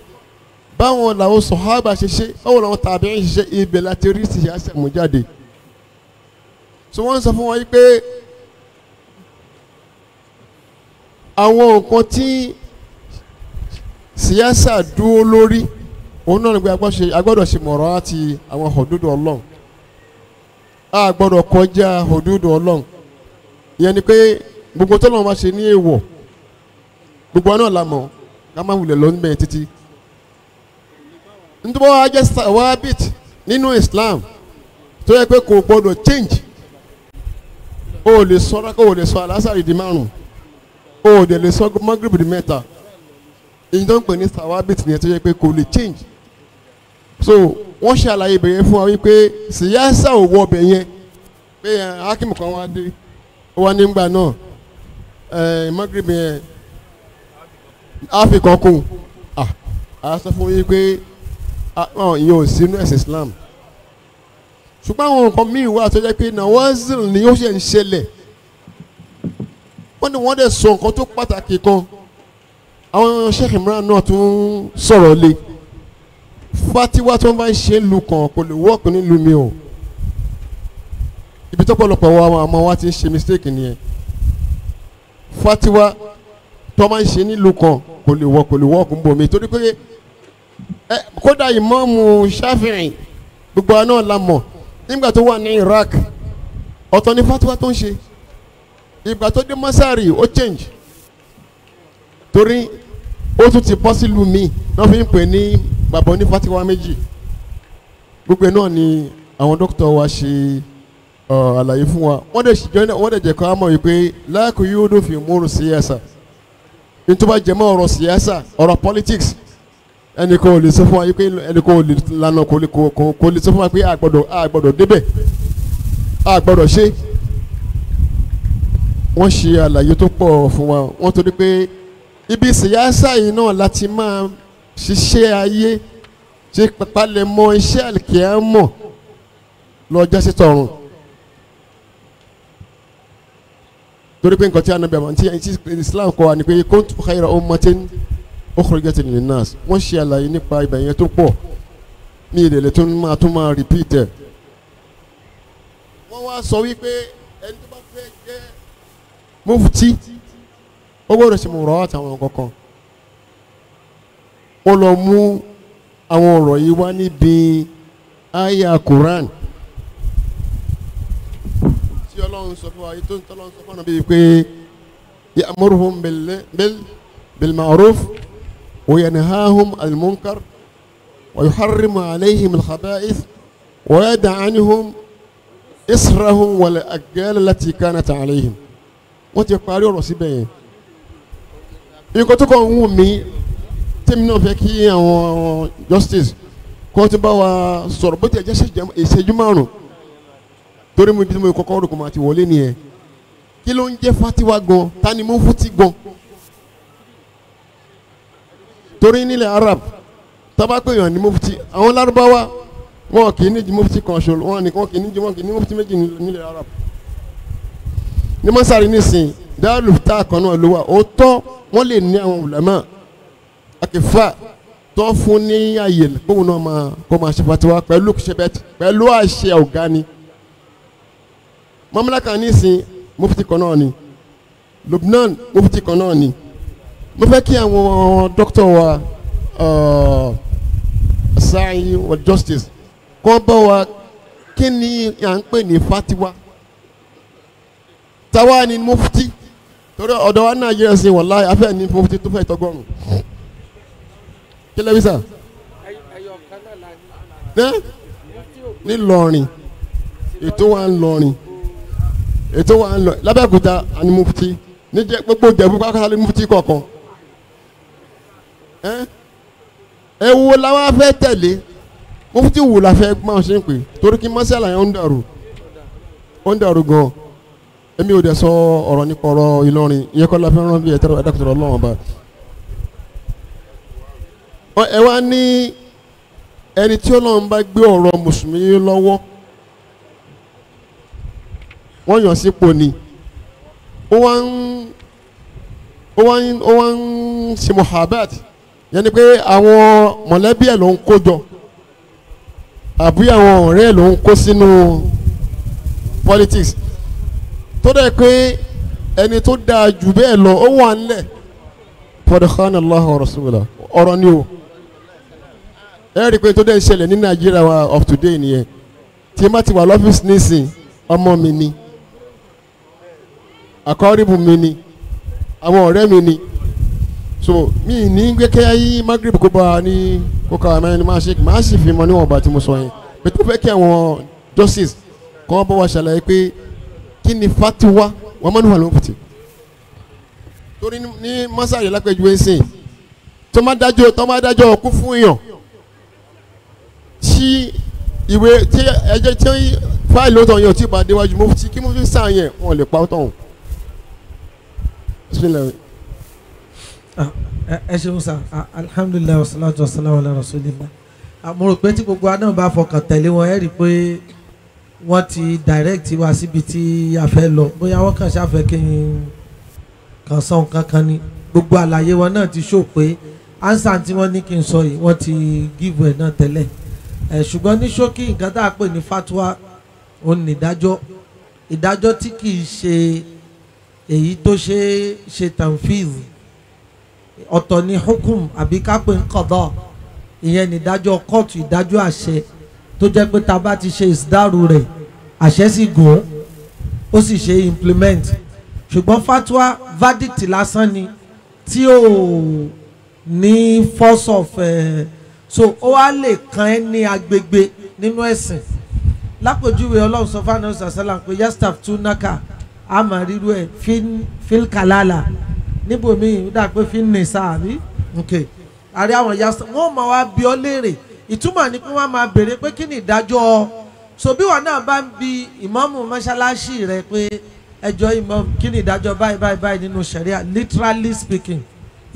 báwo làwọn sọ̀hábà ṣe ṣe báwo làwọn tàbíìn ṣe ṣe ibẹ̀ láti rí ṣìṣe àṣẹmújáde so wọ́n sọ fún wa pé àwọn nǹkan tí síyásà dúró lórí òun náà ni pé a gbọ́dọ̀ ṣe mọ̀rọ̀ láti àwọn hòdúdú ọlọ́run a gbọ́dọ̀ kọjá hòdúdú ọlọ́run ìyẹn ni pé gbogbo tọ́lọ́run bá ṣe ní èèwọ̀ gbogbo náà la mọ̀ ká má wulẹ̀ lọ níbẹ̀ títí. nítorí wọ́n jẹ́ sawabit nínú Islam tó yẹ pé kò gbọ́dọ̀ change o ò lè sọ rákò o ò lè sọ alásàrì di márùn o ò dẹ̀ lè sọ magrib di mẹ́ta èyí tó ń pè ní sawabit nìyẹn tó yẹ pé kò lè change so wọ́n ṣàlàyé ìbẹ̀yẹ fún wa wípé síyáṣà ò wọ ọbẹ̀ yẹn pé hakim kan wá dé ó wá nígbà náà mọ́gìrìbì yẹn á fi kan kún a sọ fún yín pé ìyẹn ò sínú ẹ̀sìn Islam ṣùgbọ́n àwọn nǹkan míì wà tó jẹ́ pé nawazil ni ó ṣe ń ṣẹlẹ̀ wọ́n ní wọ́n dẹ̀ sọ nǹkan tó pàtàkì kan àwọn Sheikh Imran náà tún sọ̀rọ̀ lé fatiwa tó ń bá ń ṣe lù kàn kò lè wọ́ọ̀kì nílùú mi o ibi tó pọ̀lọpọ̀ wa àwọn ọmọ wa ti ń ṣe mistake nìyẹn fatiwa tó máa ń ṣe nílùú kan kò lè wọ kò lè wọ ọkùnrin bòmí torí pé kódà ìmọ̀ọ́mù ṣáfìrìn gbogbo àná la mọ̀ nígbà tó wà ní Iraq ọ̀tọ̀ ni fatiwa tó ń ṣe ìgbà tó dé masari ó change torí ó tún ti bọ́ sílùú mi náà fi ń pè ní bàbá onífatiwa méjì gbogbo ẹ̀ náà ni àwọn dókítà wa ṣe. She Uh, àlàyé fún wa wọ́n dẹ̀ ṣìjọ́ wọ́n dẹ̀ jẹ́ kọ́ àmọ́ yìí pé láàkó yóò dó fi múrù síyàsà nítorí wọ́n ọ̀rọ̀ síyàsà ọ̀rọ̀ politics ẹnì kan ò lè sọ fún wa pé ẹnì kan ò lè lànà kò lè kò lè sọ fún wa pé àgbọ̀dọ̀ àgbọ̀dọ̀ débẹ̀ àgbọ̀dọ̀ ṣe wọ́n ṣe àlàyé tó pọ̀ fún wa wọ́n torí pé ibi síyàsà yìí náà láti máa ṣiṣẹ́ ayé ṣe pàpàlẹ̀ mọ iṣẹ́ àlìkẹ́ mọ̀ lọ́jọ́ sí torí pé nǹkan tí anabi àmọ́ tí islam kọ́ wa ni pé kuntu khayra ummatin ukhrijat linnas wọ́n ṣe àlàyé nípa ibẹ̀ yẹn tó pọ̀ ní ìrẹ̀lẹ̀ tó máa tó máa repeat ẹ̀. wọ́n wá sọ wípé ẹni tó bá fẹ́ jẹ́ mufti ó gbọ́dọ̀ ṣe mọ̀rọ̀ àtàwọn kankan ó lọ mú àwọn ọ̀rọ̀ yìí wá níbi àyà Quran tí ọlọ́run sọ fún wa yìí tó ń tọ́lọ́run sọ fún wa bíi pé ya'muruhum bil ma'ruf wa yanhahum al munkar wa yuharrimu alayhim al khaba'ith wa yada'u anhum israhum wal aghlal wọ́n ti parí ọ̀rọ̀ síbẹ̀ yẹn nǹkan tó kàn ń wù mí tèmi náà fẹ́ kí àwọn justice kó bá wa sọ̀rọ̀ bó ti ẹ̀ jẹ́ ìṣẹ́jú márùn-ún torí mo ibi tí mo kọ́kọ́ rò kó máa ti wọlé nìyẹn kí ló ń jẹ́ fatiwa gan ta ni mufti gan torí nílẹ̀ arab tabakọ̀yàn ni mufti àwọn lárúbáwá wọn kì í ní ju mufti kan ṣoṣo wọn nìkan kì í ní ju wọn kì í ní mufti méjì nílẹ̀ arab ní mọ́sárì nísìnyí dáàlù tá a kan náà ló wà ó tọ́ wọ́n lè ní àwọn ulama akẹ́fà tó fún ní àyè kóun náà máa kó máa ṣe fatiwa pẹ̀lú àṣẹ ọ̀gá ni mamlaka nísìn mufti kan náà ni Lubnan mufti kan náà ni mo fẹ́ kí àwọn dókítà wa uh, sáyé wa justice kọ́ bá wa kí ni à ń pè ní fatiwa tawa ni mufti torí ọ̀dọ̀ wa náà yẹra sí wàláhí afẹ́ ní mufti tó fẹ́ tọgọ́rùn tẹlifísà ní Ìlọrin ètò wa ń lọrin ètò wa ń lọ lábẹ́òkúta àni mufti níjẹ́ gbogbo jẹ̀bú pákásálí mufti kọ̀ọ̀kan ẹ wo làwọn afẹ́ tẹ̀lé mufti wò la fẹ́ máa ṣe ń pè torí kí mọ́sálà yẹn ń dàrú ó ń dàrú gan èmi ò dẹ̀ sọ ọ̀rọ̀ nípa ọ̀rọ̀ Ìlọrin ìyẹn kọ́ la fẹ́ rán bí ẹ̀tẹ́rọ ẹ̀dàkùtà ọlọ́wọ́n ba ẹ wá ní ẹni tí Ọlọ́run bá gbé ọ̀rọ̀ mùsùlùmí lọ́wọ́ wọ́n yàn sípò ni ó wá ń ó wá ń ó wá ń ṣe mohabbat yẹn ni pé àwọn mọ̀lẹ́bí ẹ̀ ló ń kó jọ àbí àwọn ọ̀rẹ́ ẹ̀ ló ń kó sínú politics tó dẹ̀ pé ẹni tó dáa jù bẹ́ẹ̀ lọ ó wà nílẹ̀ fọdùkánà lọ́hùn rasulullah ọ̀rọ̀ ni o ẹ rí i pé tó dẹ̀ ń ṣẹlẹ̀ ní nàìjíríà of today nìyẹn tí n bá ti wà lọ́fíìsì nísìn ọmọ mi ni àkọ́rìbù mi ni àwọn ọ̀rẹ́ mi ni so mi ní gbẹ́kẹ́ ayé magreb kó bá a ní kókà mẹ́rin máa ṣe máa sì fi mọ níwọ̀n bá tí mo sọ yẹn pẹ̀tù fẹ́ kí àwọn justice kọ́ bá wa ṣàlàyé pé kí ni fatiwa wọ́n mọ́ níwọ̀n ló ń fìtì torí ní mọ́sáàyè lápẹ̀jùwé sìn tó má dájọ́ tó má dájọ́ kú fún èèyàn tí ìwé tí ẹjẹ́ tí fáìlì ó tọ̀ yẹn tí ì bá déwájú mufti kí mufti sàn yẹn wọ́n lè pa ọ́ tọ̀hún bisimilayi. Ah, ẹ ṣeun sa ah, alihamudulilayi wasalaatu wasalaamu ala rasulillah ah, mo rò pé tí gbogbo anáà bá fọkàn tẹ̀lé wọn ẹ rí i pé wọ́n ti direct wa síbi tí a fẹ́ lọ bóyá wọ́n kàn ṣàfẹ́ kí n kàn sọ nǹkan kan ni gbogbo àlàyé wọn náà ti show pé ansa tí wọ́n ní kí n sọ yìí wọ́n ti give ẹ̀ náà tẹ́lẹ̀ ẹ̀ ṣùgbọ́n ní ṣókí nǹkan tá a pè ní fatwa òun ní ìdájọ́ ìdájọ́ tí kì í ṣe èyí tó ṣe ṣe tanfiz ọ̀tọ̀ ni hukum àbí kápẹ́ nkọ̀dọ̀ ìyẹn nídájọ́ kóòtù ìdájọ́ àṣẹ tó jẹ́ pé ta bá ti ṣe ìsídàrú rẹ̀ àṣẹ sì gùn ó sì ṣe implement ṣùgbọ́n fatwa verdict lásán ni tí ò ní force of uh, so ó wá lè kan ẹ́ ní agbègbè nínú ẹ̀sìn lápèjúwe ọlọ́run sọ fún àná ṣàṣàlà pé yastaf tún náka a máa ríru ẹ̀ fíl kàlálà níbòmíì ó dà pé fíl nìsa àbí okay àrí àwọn ìyá sọ wọn máa wá bi ọ́ léèrè ìtumọ̀ ni pé wọ́n máa béèrè pé kí ni ìdájọ́ ọ so bí wọn náà bá ń bi ìmáàmù mọ́ṣáláṣí rẹ pé ẹjọ́ ìmáàmù kí ni ìdájọ́ báyìí báyìí báyìí nínú sẹ̀ríà literally speaking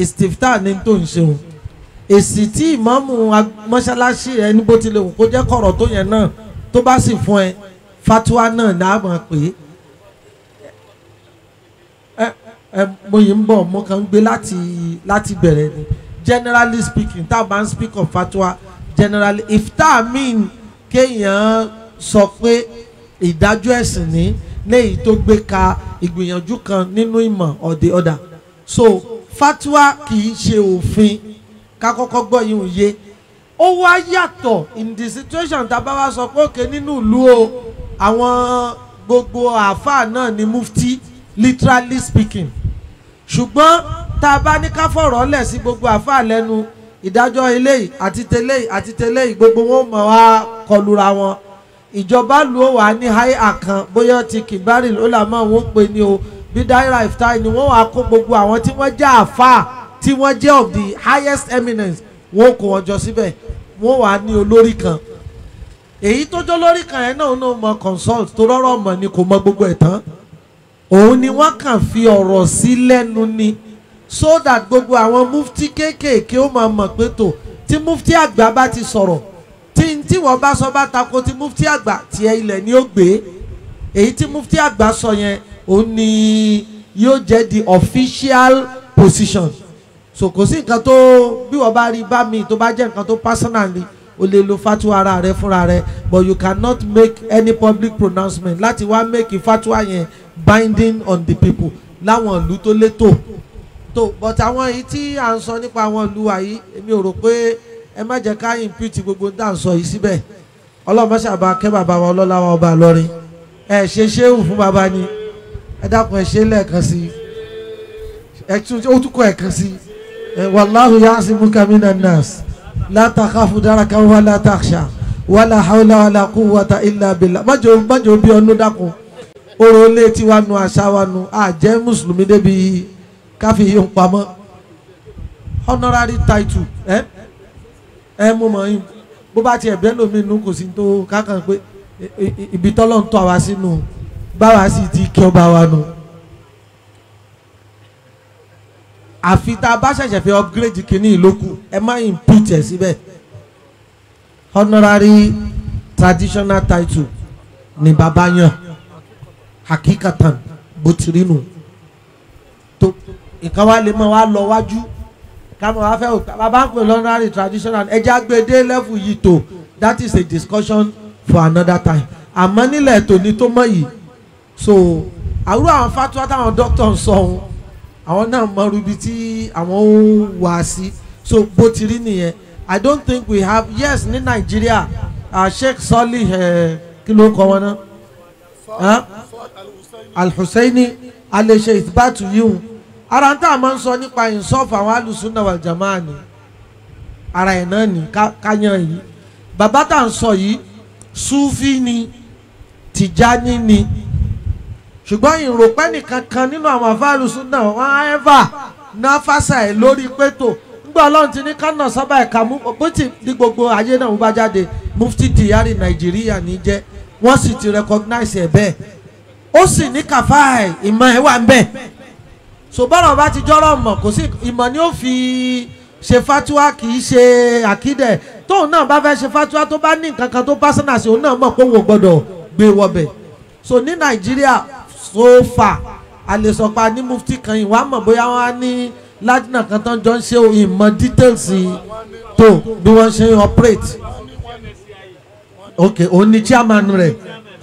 ìsìtìfítà ni tó ń ṣeun èsì tí ìmáàmù mọ́ṣáláṣí rẹ ní bó tilẹ̀ wù kó jẹ́ kọ̀rọ̀ tó yẹn náà tó bá sì fún ẹ fatuwa náà náà mọ̀ pé mo ń bọ̀ mo kàn ń gbé láti láti bẹ̀rẹ̀ ni generally speaking tá a bá ń speak of fatwa generally if ifta mean kéèyàn sọ pé ìdájọ́ ẹ̀sìn ní léyìí tó gbé ka ìgbìyànjú kan nínú ìmọ̀ ọ̀dẹ ọ̀dà so fatwa kì í ṣe òfin ká kọ́kọ́ gbọ́ yìí ò ó wá yàtọ̀ in the situation tá a bá wá sọ pé òkè nínú ìlú o àwọn gbogbo àáfàá náà ni mufti literally speaking ṣùgbọ́n tá a bá ní ká fọ̀rọ̀ lẹ̀ sí gbogbo àfa lẹ́nu ìdájọ́ eléyìí àti tẹléyìí àti tẹléyìí gbogbo wọn mọ̀ wá kọlura wọn ìjọba lu ó wà ní háyà kan bóyá ti kìbárì lólàmọ́ wọn pè ní o bí dáírà ìfitaì ni wọ́n wá kó gbogbo àwọn tí wọ́n jẹ́ àfa tí wọ́n jẹ́ of the highest eminence wọn kò wọ́n jọ síbẹ̀ wọ́n wà ní olórí kan èyí tó jọ lórí kan yẹn náà náà mọ consult tó rọrọ mọ ni kò mọ gbogbo ẹ̀ tán òun ni wọ́n kàn fi ọ̀rọ̀ sí lẹ́nu ni so that gbogbo àwọn mufti kéékèèké ó máa mọ̀ pé tó tí mufti àgbà bá ti sọ̀rọ̀ tí tí wọ́n bá sọ bá tako tí mufti àgbà tiẹ̀ ilẹ̀ ni ó gbé èyí tí mufti àgbà sọ yẹn òun ni yóò jẹ́ the official position so kò sí nǹkan tó bí wọ́n bá rí bá mi tó bá jẹ́ nǹkan tó personal o lè lo fatwa ara rẹ fúnra rẹ but you cannot make any public pronouncement láti wá make fatwa yẹn binding on the people láwọn ìlú tó létò tó but àwọn èyí tí à ń sọ nípa àwọn ìlú wa yìí èmi ò rò pé ẹ má jẹ́ ká impute gbogbo dá ń sọ yìí síbẹ̀ ọlọ́mọ ṣàbá kẹ́ bàbá wa ọlọ́lá wa ọba lọ́rin ẹ ṣe ṣéwù fún bàbá ni ẹ dákun ẹ ṣe lẹ́ẹ̀kan sí ẹ tún ó tún kọ ẹ̀kan sí ẹ wàláhù ya'simuka minan nas la takhafu daraka wala takhsha wala hawla wala quwwata illa billah májò májò bí ọdún dákun oró ilé tiwa nu àṣà wa nu àjẹ́ mùsùlùmí débi káfí yìí ń honorary title ẹ ẹ mú mọ yín bó bá tiẹ̀ bẹ́ẹ̀ lómi inú kò sí tó kákan pé ibi tọ́lọ̀ ń tọ́ àwa sínú báwa sì ti kí ọba wa nu. àfi tá a bá ṣẹ̀ṣẹ̀ fi upgrade kínní ìlókù ẹ má impeach ẹ̀ síbẹ̀ honorary traditional title ni bàbá yàn hakikatan bó tó nǹkan wa lè mọ wa lọ wájú ká mọ fẹ́ bàbá ń pè lọ́nàrì traditional ẹja gbèdé level yìí tó that is a discussion for another time àmọ́ nílẹ̀ tòní tó mọ̀ yìí so àwúrò àwọn fatuwa táwọn dókítà ń sọ ohun àwọn náà mọ rubi tí àwọn ń wá sí so bó nìyẹn i don't think we have yes ní nàìjíríà uh, sheikh solih uh, eh, kí ló kọ wọn náà. alhùsẹ́ni àlèṣe ìtìbátù yíhun ara ń tà máa ń sọ nípa ìsọ́ọ̀fù àwọn alùsùnà wàjàmáà ni ara ẹ̀ náà ní káyàn yìí bàbá tà ń sọ yìí súfì ni tìjáni ni ṣùgbọ́n ìròpẹ́ nìkan kan nínú àwọn afárùsùnà wọn á e náà fásà ẹ̀ lórí pétò nígbà ọlọ́run ti ní kánà sábà ẹ̀ka mú bó ti di gbogbo ayé náà mú bá jáde mufti Diyari Nàìjíríà ní wọ́n sì ti recognize ẹ̀ bẹ́ẹ̀ ó sì ní kàfáì ìmọ̀ ẹ̀ wà ń bẹ̀ ṣùgbọ́n ọba ti jọ́rọ̀ mọ̀ kò sí ìmọ̀ ni ó fi ṣe fatuwa kì í ṣe àkídẹ̀ tóun náà bá fẹ́ ṣe fatuwa tó bá ní nǹkan kan tó pásánà sí òun náà mọ̀ pé òun gbọ́dọ̀ gbé wọbẹ̀ so ní nàìjíríà so far àlèsọ̀pá ní mufti kan ìwà mọ̀ bóyá wọ́n á ní ládìnà kan tán jọ ń ṣe ìmọ̀ details tó bí wọ́n ṣe operate Okay, òun ni chairman rẹ̀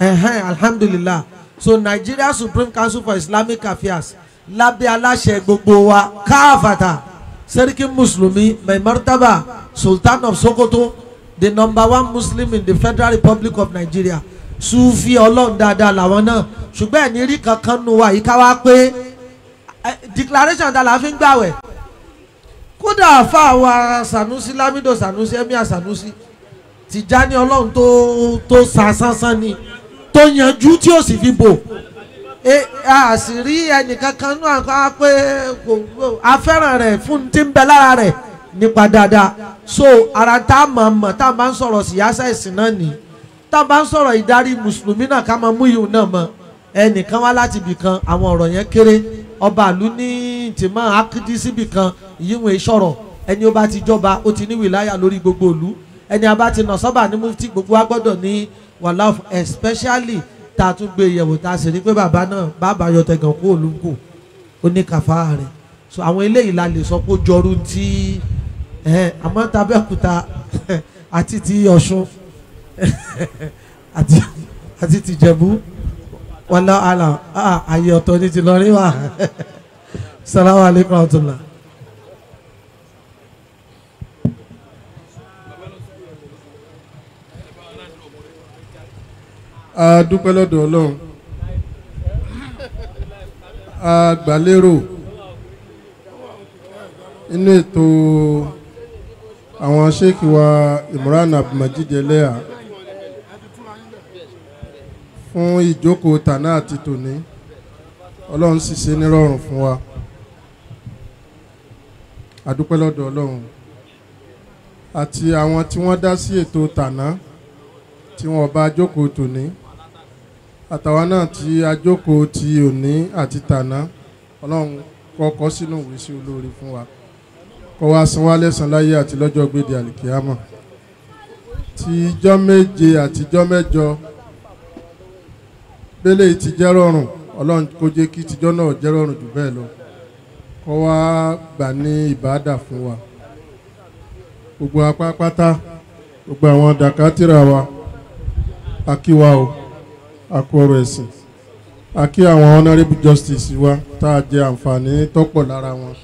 ẹ̀hẹ́n alhamdulillah so Nigeria Supreme Council for Islamic Affairs lábẹ́ aláṣẹ gbogbo wa káfàtà sẹ́ríkì mùsùlùmí maimartaba Sultan of Sokoto the number one Muslim in the Federal Republic of Nigeria sufi ọlọ́run dáadáa làwọn náà ṣùgbọ́n ẹ̀ní rí kankan nu wa yìí ká wá pé declaration da la fi ń gbàwẹ̀ kódà àfa àwa Sanusi Lamido Sanusi Emir Sanusi. Tìjání ọlọ́run tó tó sa sánsán ni tó yanjú tí ó sì fi bò e, a sì rí ẹnìkankan nínú àwọn apẹ afẹ́ràn rẹ̀ fún ti ń bẹ lára rẹ̀ nípa dáadáa so ara tá a mọ̀ mọ̀ tá a máa ń sọ̀rọ̀ síyáṣá ẹ̀sìn náà nìyí tá a bá ń sọ̀rọ̀ ìdarí mùsùlùmí náà ká máa mú ìhùn náà mọ̀ ẹnìkan wá láti ibì àwọn ọ̀rọ̀ yẹn kéré ọba àlú ní tìmọ̀ akídí síbì ìyíwọ̀n ìṣọ̀rọ̀ ẹni ó bá ti jọba ó ti ní lórí gbogbo ìlú ẹni a bá ti nà sọ́bà ní mufti gbogbo wa gbọ́dọ̀ ní wàhálà especially tá a tún gbé yẹ̀wò tá a sì rí pé bàbá náà bàbá yọtẹ̀gàn kó olùkọ́ ó ní kàfá rẹ̀ so àwọn eléyìí la lè sọ pé ó jọrú ti àmọ́ ta bẹ́ẹ̀kúta àti ti ọ̀ṣun àti ti jẹ̀bú wàhálà àyè ọ̀tọ̀ ni ti lọ rí wa salamu alaykum wa rahmatulah. a dúpẹ́ lọ́dọ̀ ọlọ́run a gbàlérò inú ètò àwọn ṣéèkì wa Imran Abdulmajid Eleha fún ìjókòó tàná àti tòní ọlọ́run sì ṣe nírọ̀rùn fún wa a dúpẹ́ lọ́dọ̀ ọlọ́run àti àwọn tí wọ́n dá sí ètò tàná tí wọ́n bá jókòó tòní àtàwa náà tí a jókòó ti òní àti tàná ọlọ́run kọ́kọ́ sínú ìwé sí olóore fún wa kọ́ wa san wá lẹ́san láyé àti lọ́jọ́ gbèdé àlìkíyàmọ̀ ti ijọ́ méje àti ijọ́ mẹ́jọ bẹ́lẹ̀ ti jẹ́ rọrùn ọlọ́run kó jẹ́ kí tijọ́ náà jẹ́ rọrùn jù bẹ́ẹ̀ lọ kọ́ wa gbà ní ìbáàdà fún wa gbogbo apá pátá gbogbo àwọn dàkátìrà wa akíwa o àkúrò ẹ̀sìn àkí àwọn honourable justice wa tá a jẹ àǹfààní tọ́pọ̀ lára wọn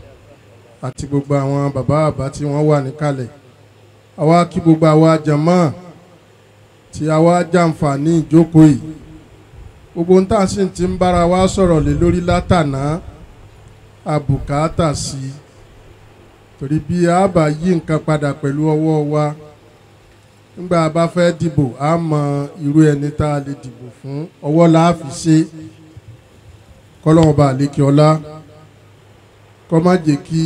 àti gbogbo àwọn bàbá àbá tí wọ́n wà níkàlẹ̀ àwa kí gbogbo àwa jàmọ́ tí àwa jàǹfààní ìjókòó yìí gbogbo ń tà ti ń bára wa sọ̀rọ̀ lé lórí látànà àbùkátà sí i torí bí a bá yí nǹkan padà pẹ̀lú ọwọ́ wa nígbà bá fẹ́ dìbò a mọ irú ẹni tá a lè dìbò fún ọwọ́ la fi ṣe kọ́lọ́wọ́n bá lékè ọlá kọ́ má jẹ́ kí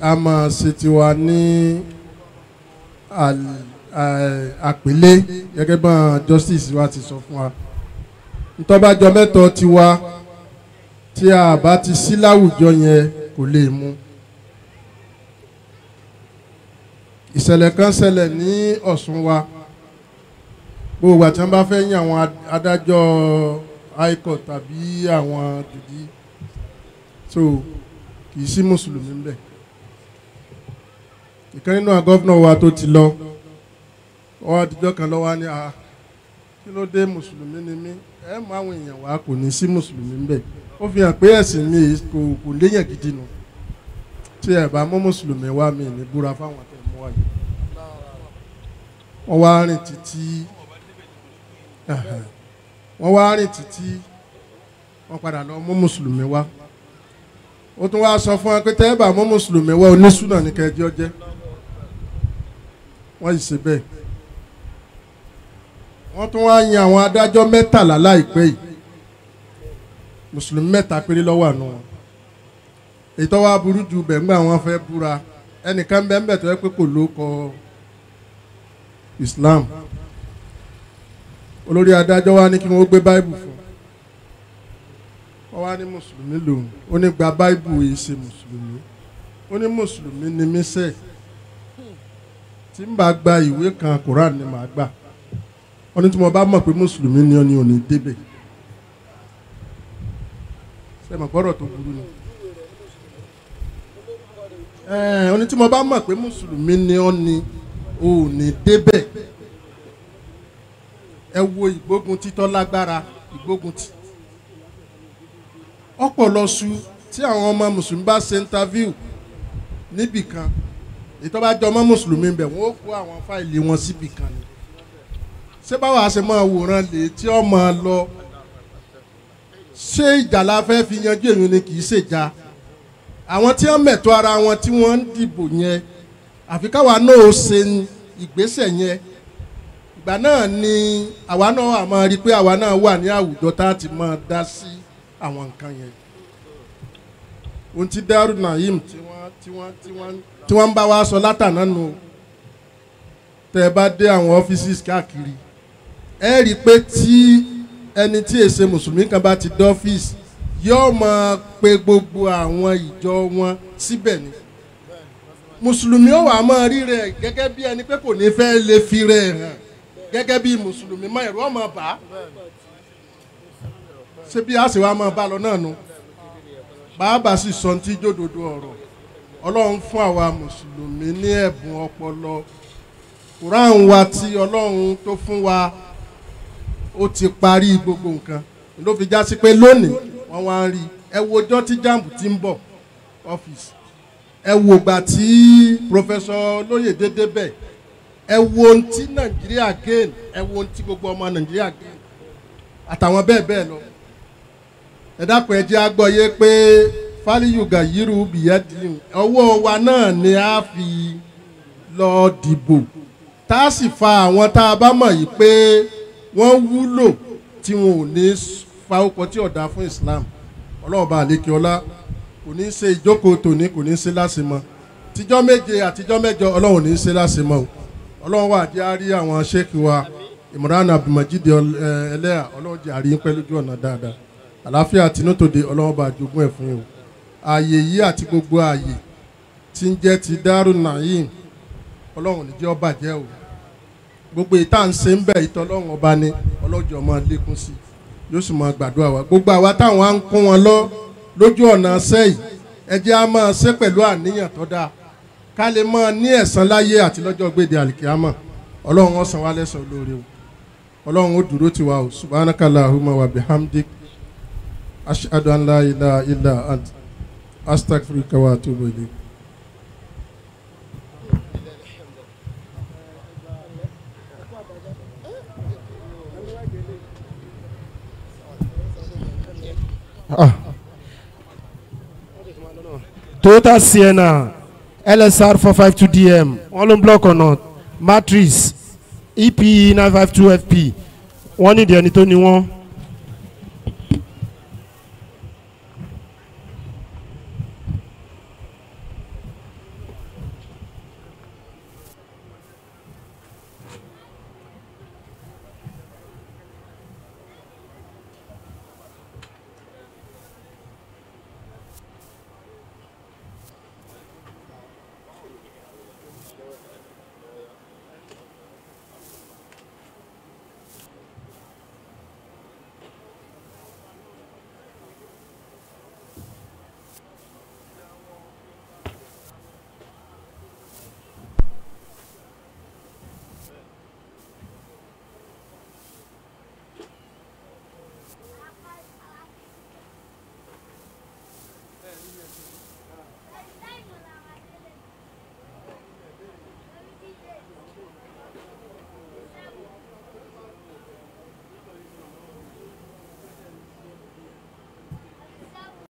a máa ṣe tiwa ní àpélé gẹ́gẹ́ bá justice wa ti sọ fún wa ntọ́bájọ mẹ́tọ́ tiwa tí a bá ti sí láwùjọ yẹn kò lè mú. ìṣẹ̀lẹ̀ kan ṣẹlẹ̀ ní Ọ̀ṣun wa gbogbo àti wọn bá fẹ́ yín àwọn adájọ́ high court tàbí àwọn dìdí so kì í sí mùsùlùmí ń bẹ̀ ìkan nínú gọ́vnà wa tó ti lọ ọwọ́ àtijọ́ kan lọ́wọ́ ní a ah, kí ló dé mùsùlùmí ni mí ẹ mọ àwọn èèyàn wa kò ní sí mùsùlùmí ń bẹ̀ ó fi hàn pé ẹ̀sìn mi kò léyàn gidi nù tí ẹ bá mú mùsùlùmí wá mi ní búra fáwọn àtẹ̀mú wa yìí wọ́n wá rìn títí wọ́n wá rìn títí wọ́n padà lọ mú mùsùlùmí wá ó tún wá sọ fún wa pé tẹ́ẹ̀bà mú mùsùlùmí wá onísùnà ní kẹjọ jẹ́ wọ́n yìí ṣe bẹ́ẹ̀ wọ́n tún wá yan àwọn adájọ́ mẹ́tàlá láìpẹ́ yìí mùsùlùmí mẹ́ta péré lọ́wọ́ àná wọn èyí tó wá burú ju bẹ̀ngbà wọn fẹ́ búra ẹnìkan bẹ́ẹ̀ bẹ́ẹ̀ tó yẹ pé kò ló Islam. Islam olórí adájọ́ wa ní kí wọ́n gbé báìbù fún wọ́n wá ní mùsùlùmí lòun ó ní gba báìbù yìí ṣe mùsùlùmí ó ní mùsùlùmí ni mí sẹ́ẹ̀ tí n bá gba ìwé kan koran ni màá gbà wọ́n ní tí mo bá mọ̀ pé mùsùlùmí ni ó ní òní débẹ̀ sẹ́mi gbọ́dọ̀ tó burú ni ó ní tí mo bá mọ̀ pé mùsùlùmí ni ó ní òní débẹ̀ ẹ wo ìgbógun títọ́ lágbára ìgbógun tì ọ̀pọ̀lọ́sù tí àwọn ọmọ mùsùlùmí bá ṣe interview níbì kan ìtọ́ bá jọ ọmọ mùsùlùmí bẹ̀ wọ́n kó àwọn fáìlì wọn síbì kan ni ṣé báwo a ṣe máa wòran lè tí ó máa lọ ṣé ìjà la fẹ́ fi yanjú èyí ni kì í ṣèjà àwọn tí wọ́n mẹ̀tọ́ ara wọn tí wọ́n ń dìbò yẹn àfi káwa náà ó ṣe ìgbésẹ̀ yẹn ìgbà náà ni àwa náà àmọ́ rí i pé àwa náà wà ní àwùjọ tá a ti máa dá sí àwọn nǹkan yẹn ohun tí Daaru Naim tí wọ́n ń bá wa sọ látàná nu tẹ́ ẹ bá dé àwọn offices káàkiri ẹ rí i pé tí ẹni tí èsè mùsùlùmí kan bá ti dé ọ́fíìsì yóò máa pe gbogbo àwọn ìjọ wọn síbẹ̀ ni mùsùlùmí ó wà máa rí rẹ̀ gẹ́gẹ́ bí ẹni pé kò ní fẹ́ lè fi rẹ̀ hàn gẹ́gẹ́ bí mùsùlùmí mọ́ ẹ̀rù ọmọ bá ṣé bí a sì wá mọ́ bá lọ náà nu bàbá sì sọ ní tí jódodo ọ̀rọ̀ ọlọ́run fún àwa mùsùlùmí ní ẹ̀bùn ọpọlọ quran wa tí ọlọ́run tó fún wa ó ti parí gbogbo nǹkan ló fi já sí pé lónìí wọ́n wá ń rí ẹ wo ọjọ́ tí jamb ti ń bọ̀ ọ́fíìsì ẹ wo ìgbà tí professor lóyèdé débẹ̀ ẹ wo ohun tí nàìjíríà gain ẹ wo ohun tí gbogbo ọmọ nàìjíríà gain àtàwọn bẹ́ẹ̀ bẹ́ẹ̀ lọ ẹ dákun ẹ jẹ́ agbọ́yé pé fáliyùgà yírù bìyà dìhùn ọwọ́ wa náà ni a fi lọ dìbò tá a sì fa àwọn tá a bá mọ̀ yìí pé wọ́n wúlò tí wọn ò ní fa ọkọ̀ tí ọ̀dà fún Islam ọlọ́run bá àlékè ọlá kò ní ṣe ìjókòó tòní kò ní ṣe láṣìmọ́ tíjọ́ méje àtijọ́ mẹ́jọ ọlọ́run ò ní ṣe láṣìmọ́ o. ọlọ́run wà jẹ́ àárí àwọn wa Imran Abdulmajid Eleha ọlọ́run jẹ́ àárí pẹ́ lójú ọ̀nà dáadáa àlàáfíà tinútòde ọlọ́run bá jogún ẹ̀ fún o ààyè yìí àti gbogbo ààyè tí ń jẹ́ ti Naim ọlọ́run níjẹ́ o gbogbo ìta ń ṣe ń bẹ̀ ọba ni ọlọ́jọ́ máa lékún sí yóò sì máa gbàdúrà gbogbo àwa táwọn á lọ lójú ọ̀nà ẹ jẹ́ á máa ṣe pẹ̀lú àníyàn tó ká lè mọ ní ẹ̀san láyé àti lọ́jọ́ gbèdé àlìkíámà ọlọ́run ó san wá olóore o ọlọ́run ó dúró tiwa o subhanaka allahumma wa bihamdik ashhadu an la ilaha illa ant astaghfiruka wa atubu ilayk. Ah. Toyota Sienna LSR 452DM wọ́n ló ń block ọ̀nà matrix EPE 952FP wọ́n nídìí ẹni tó ní wọ́n.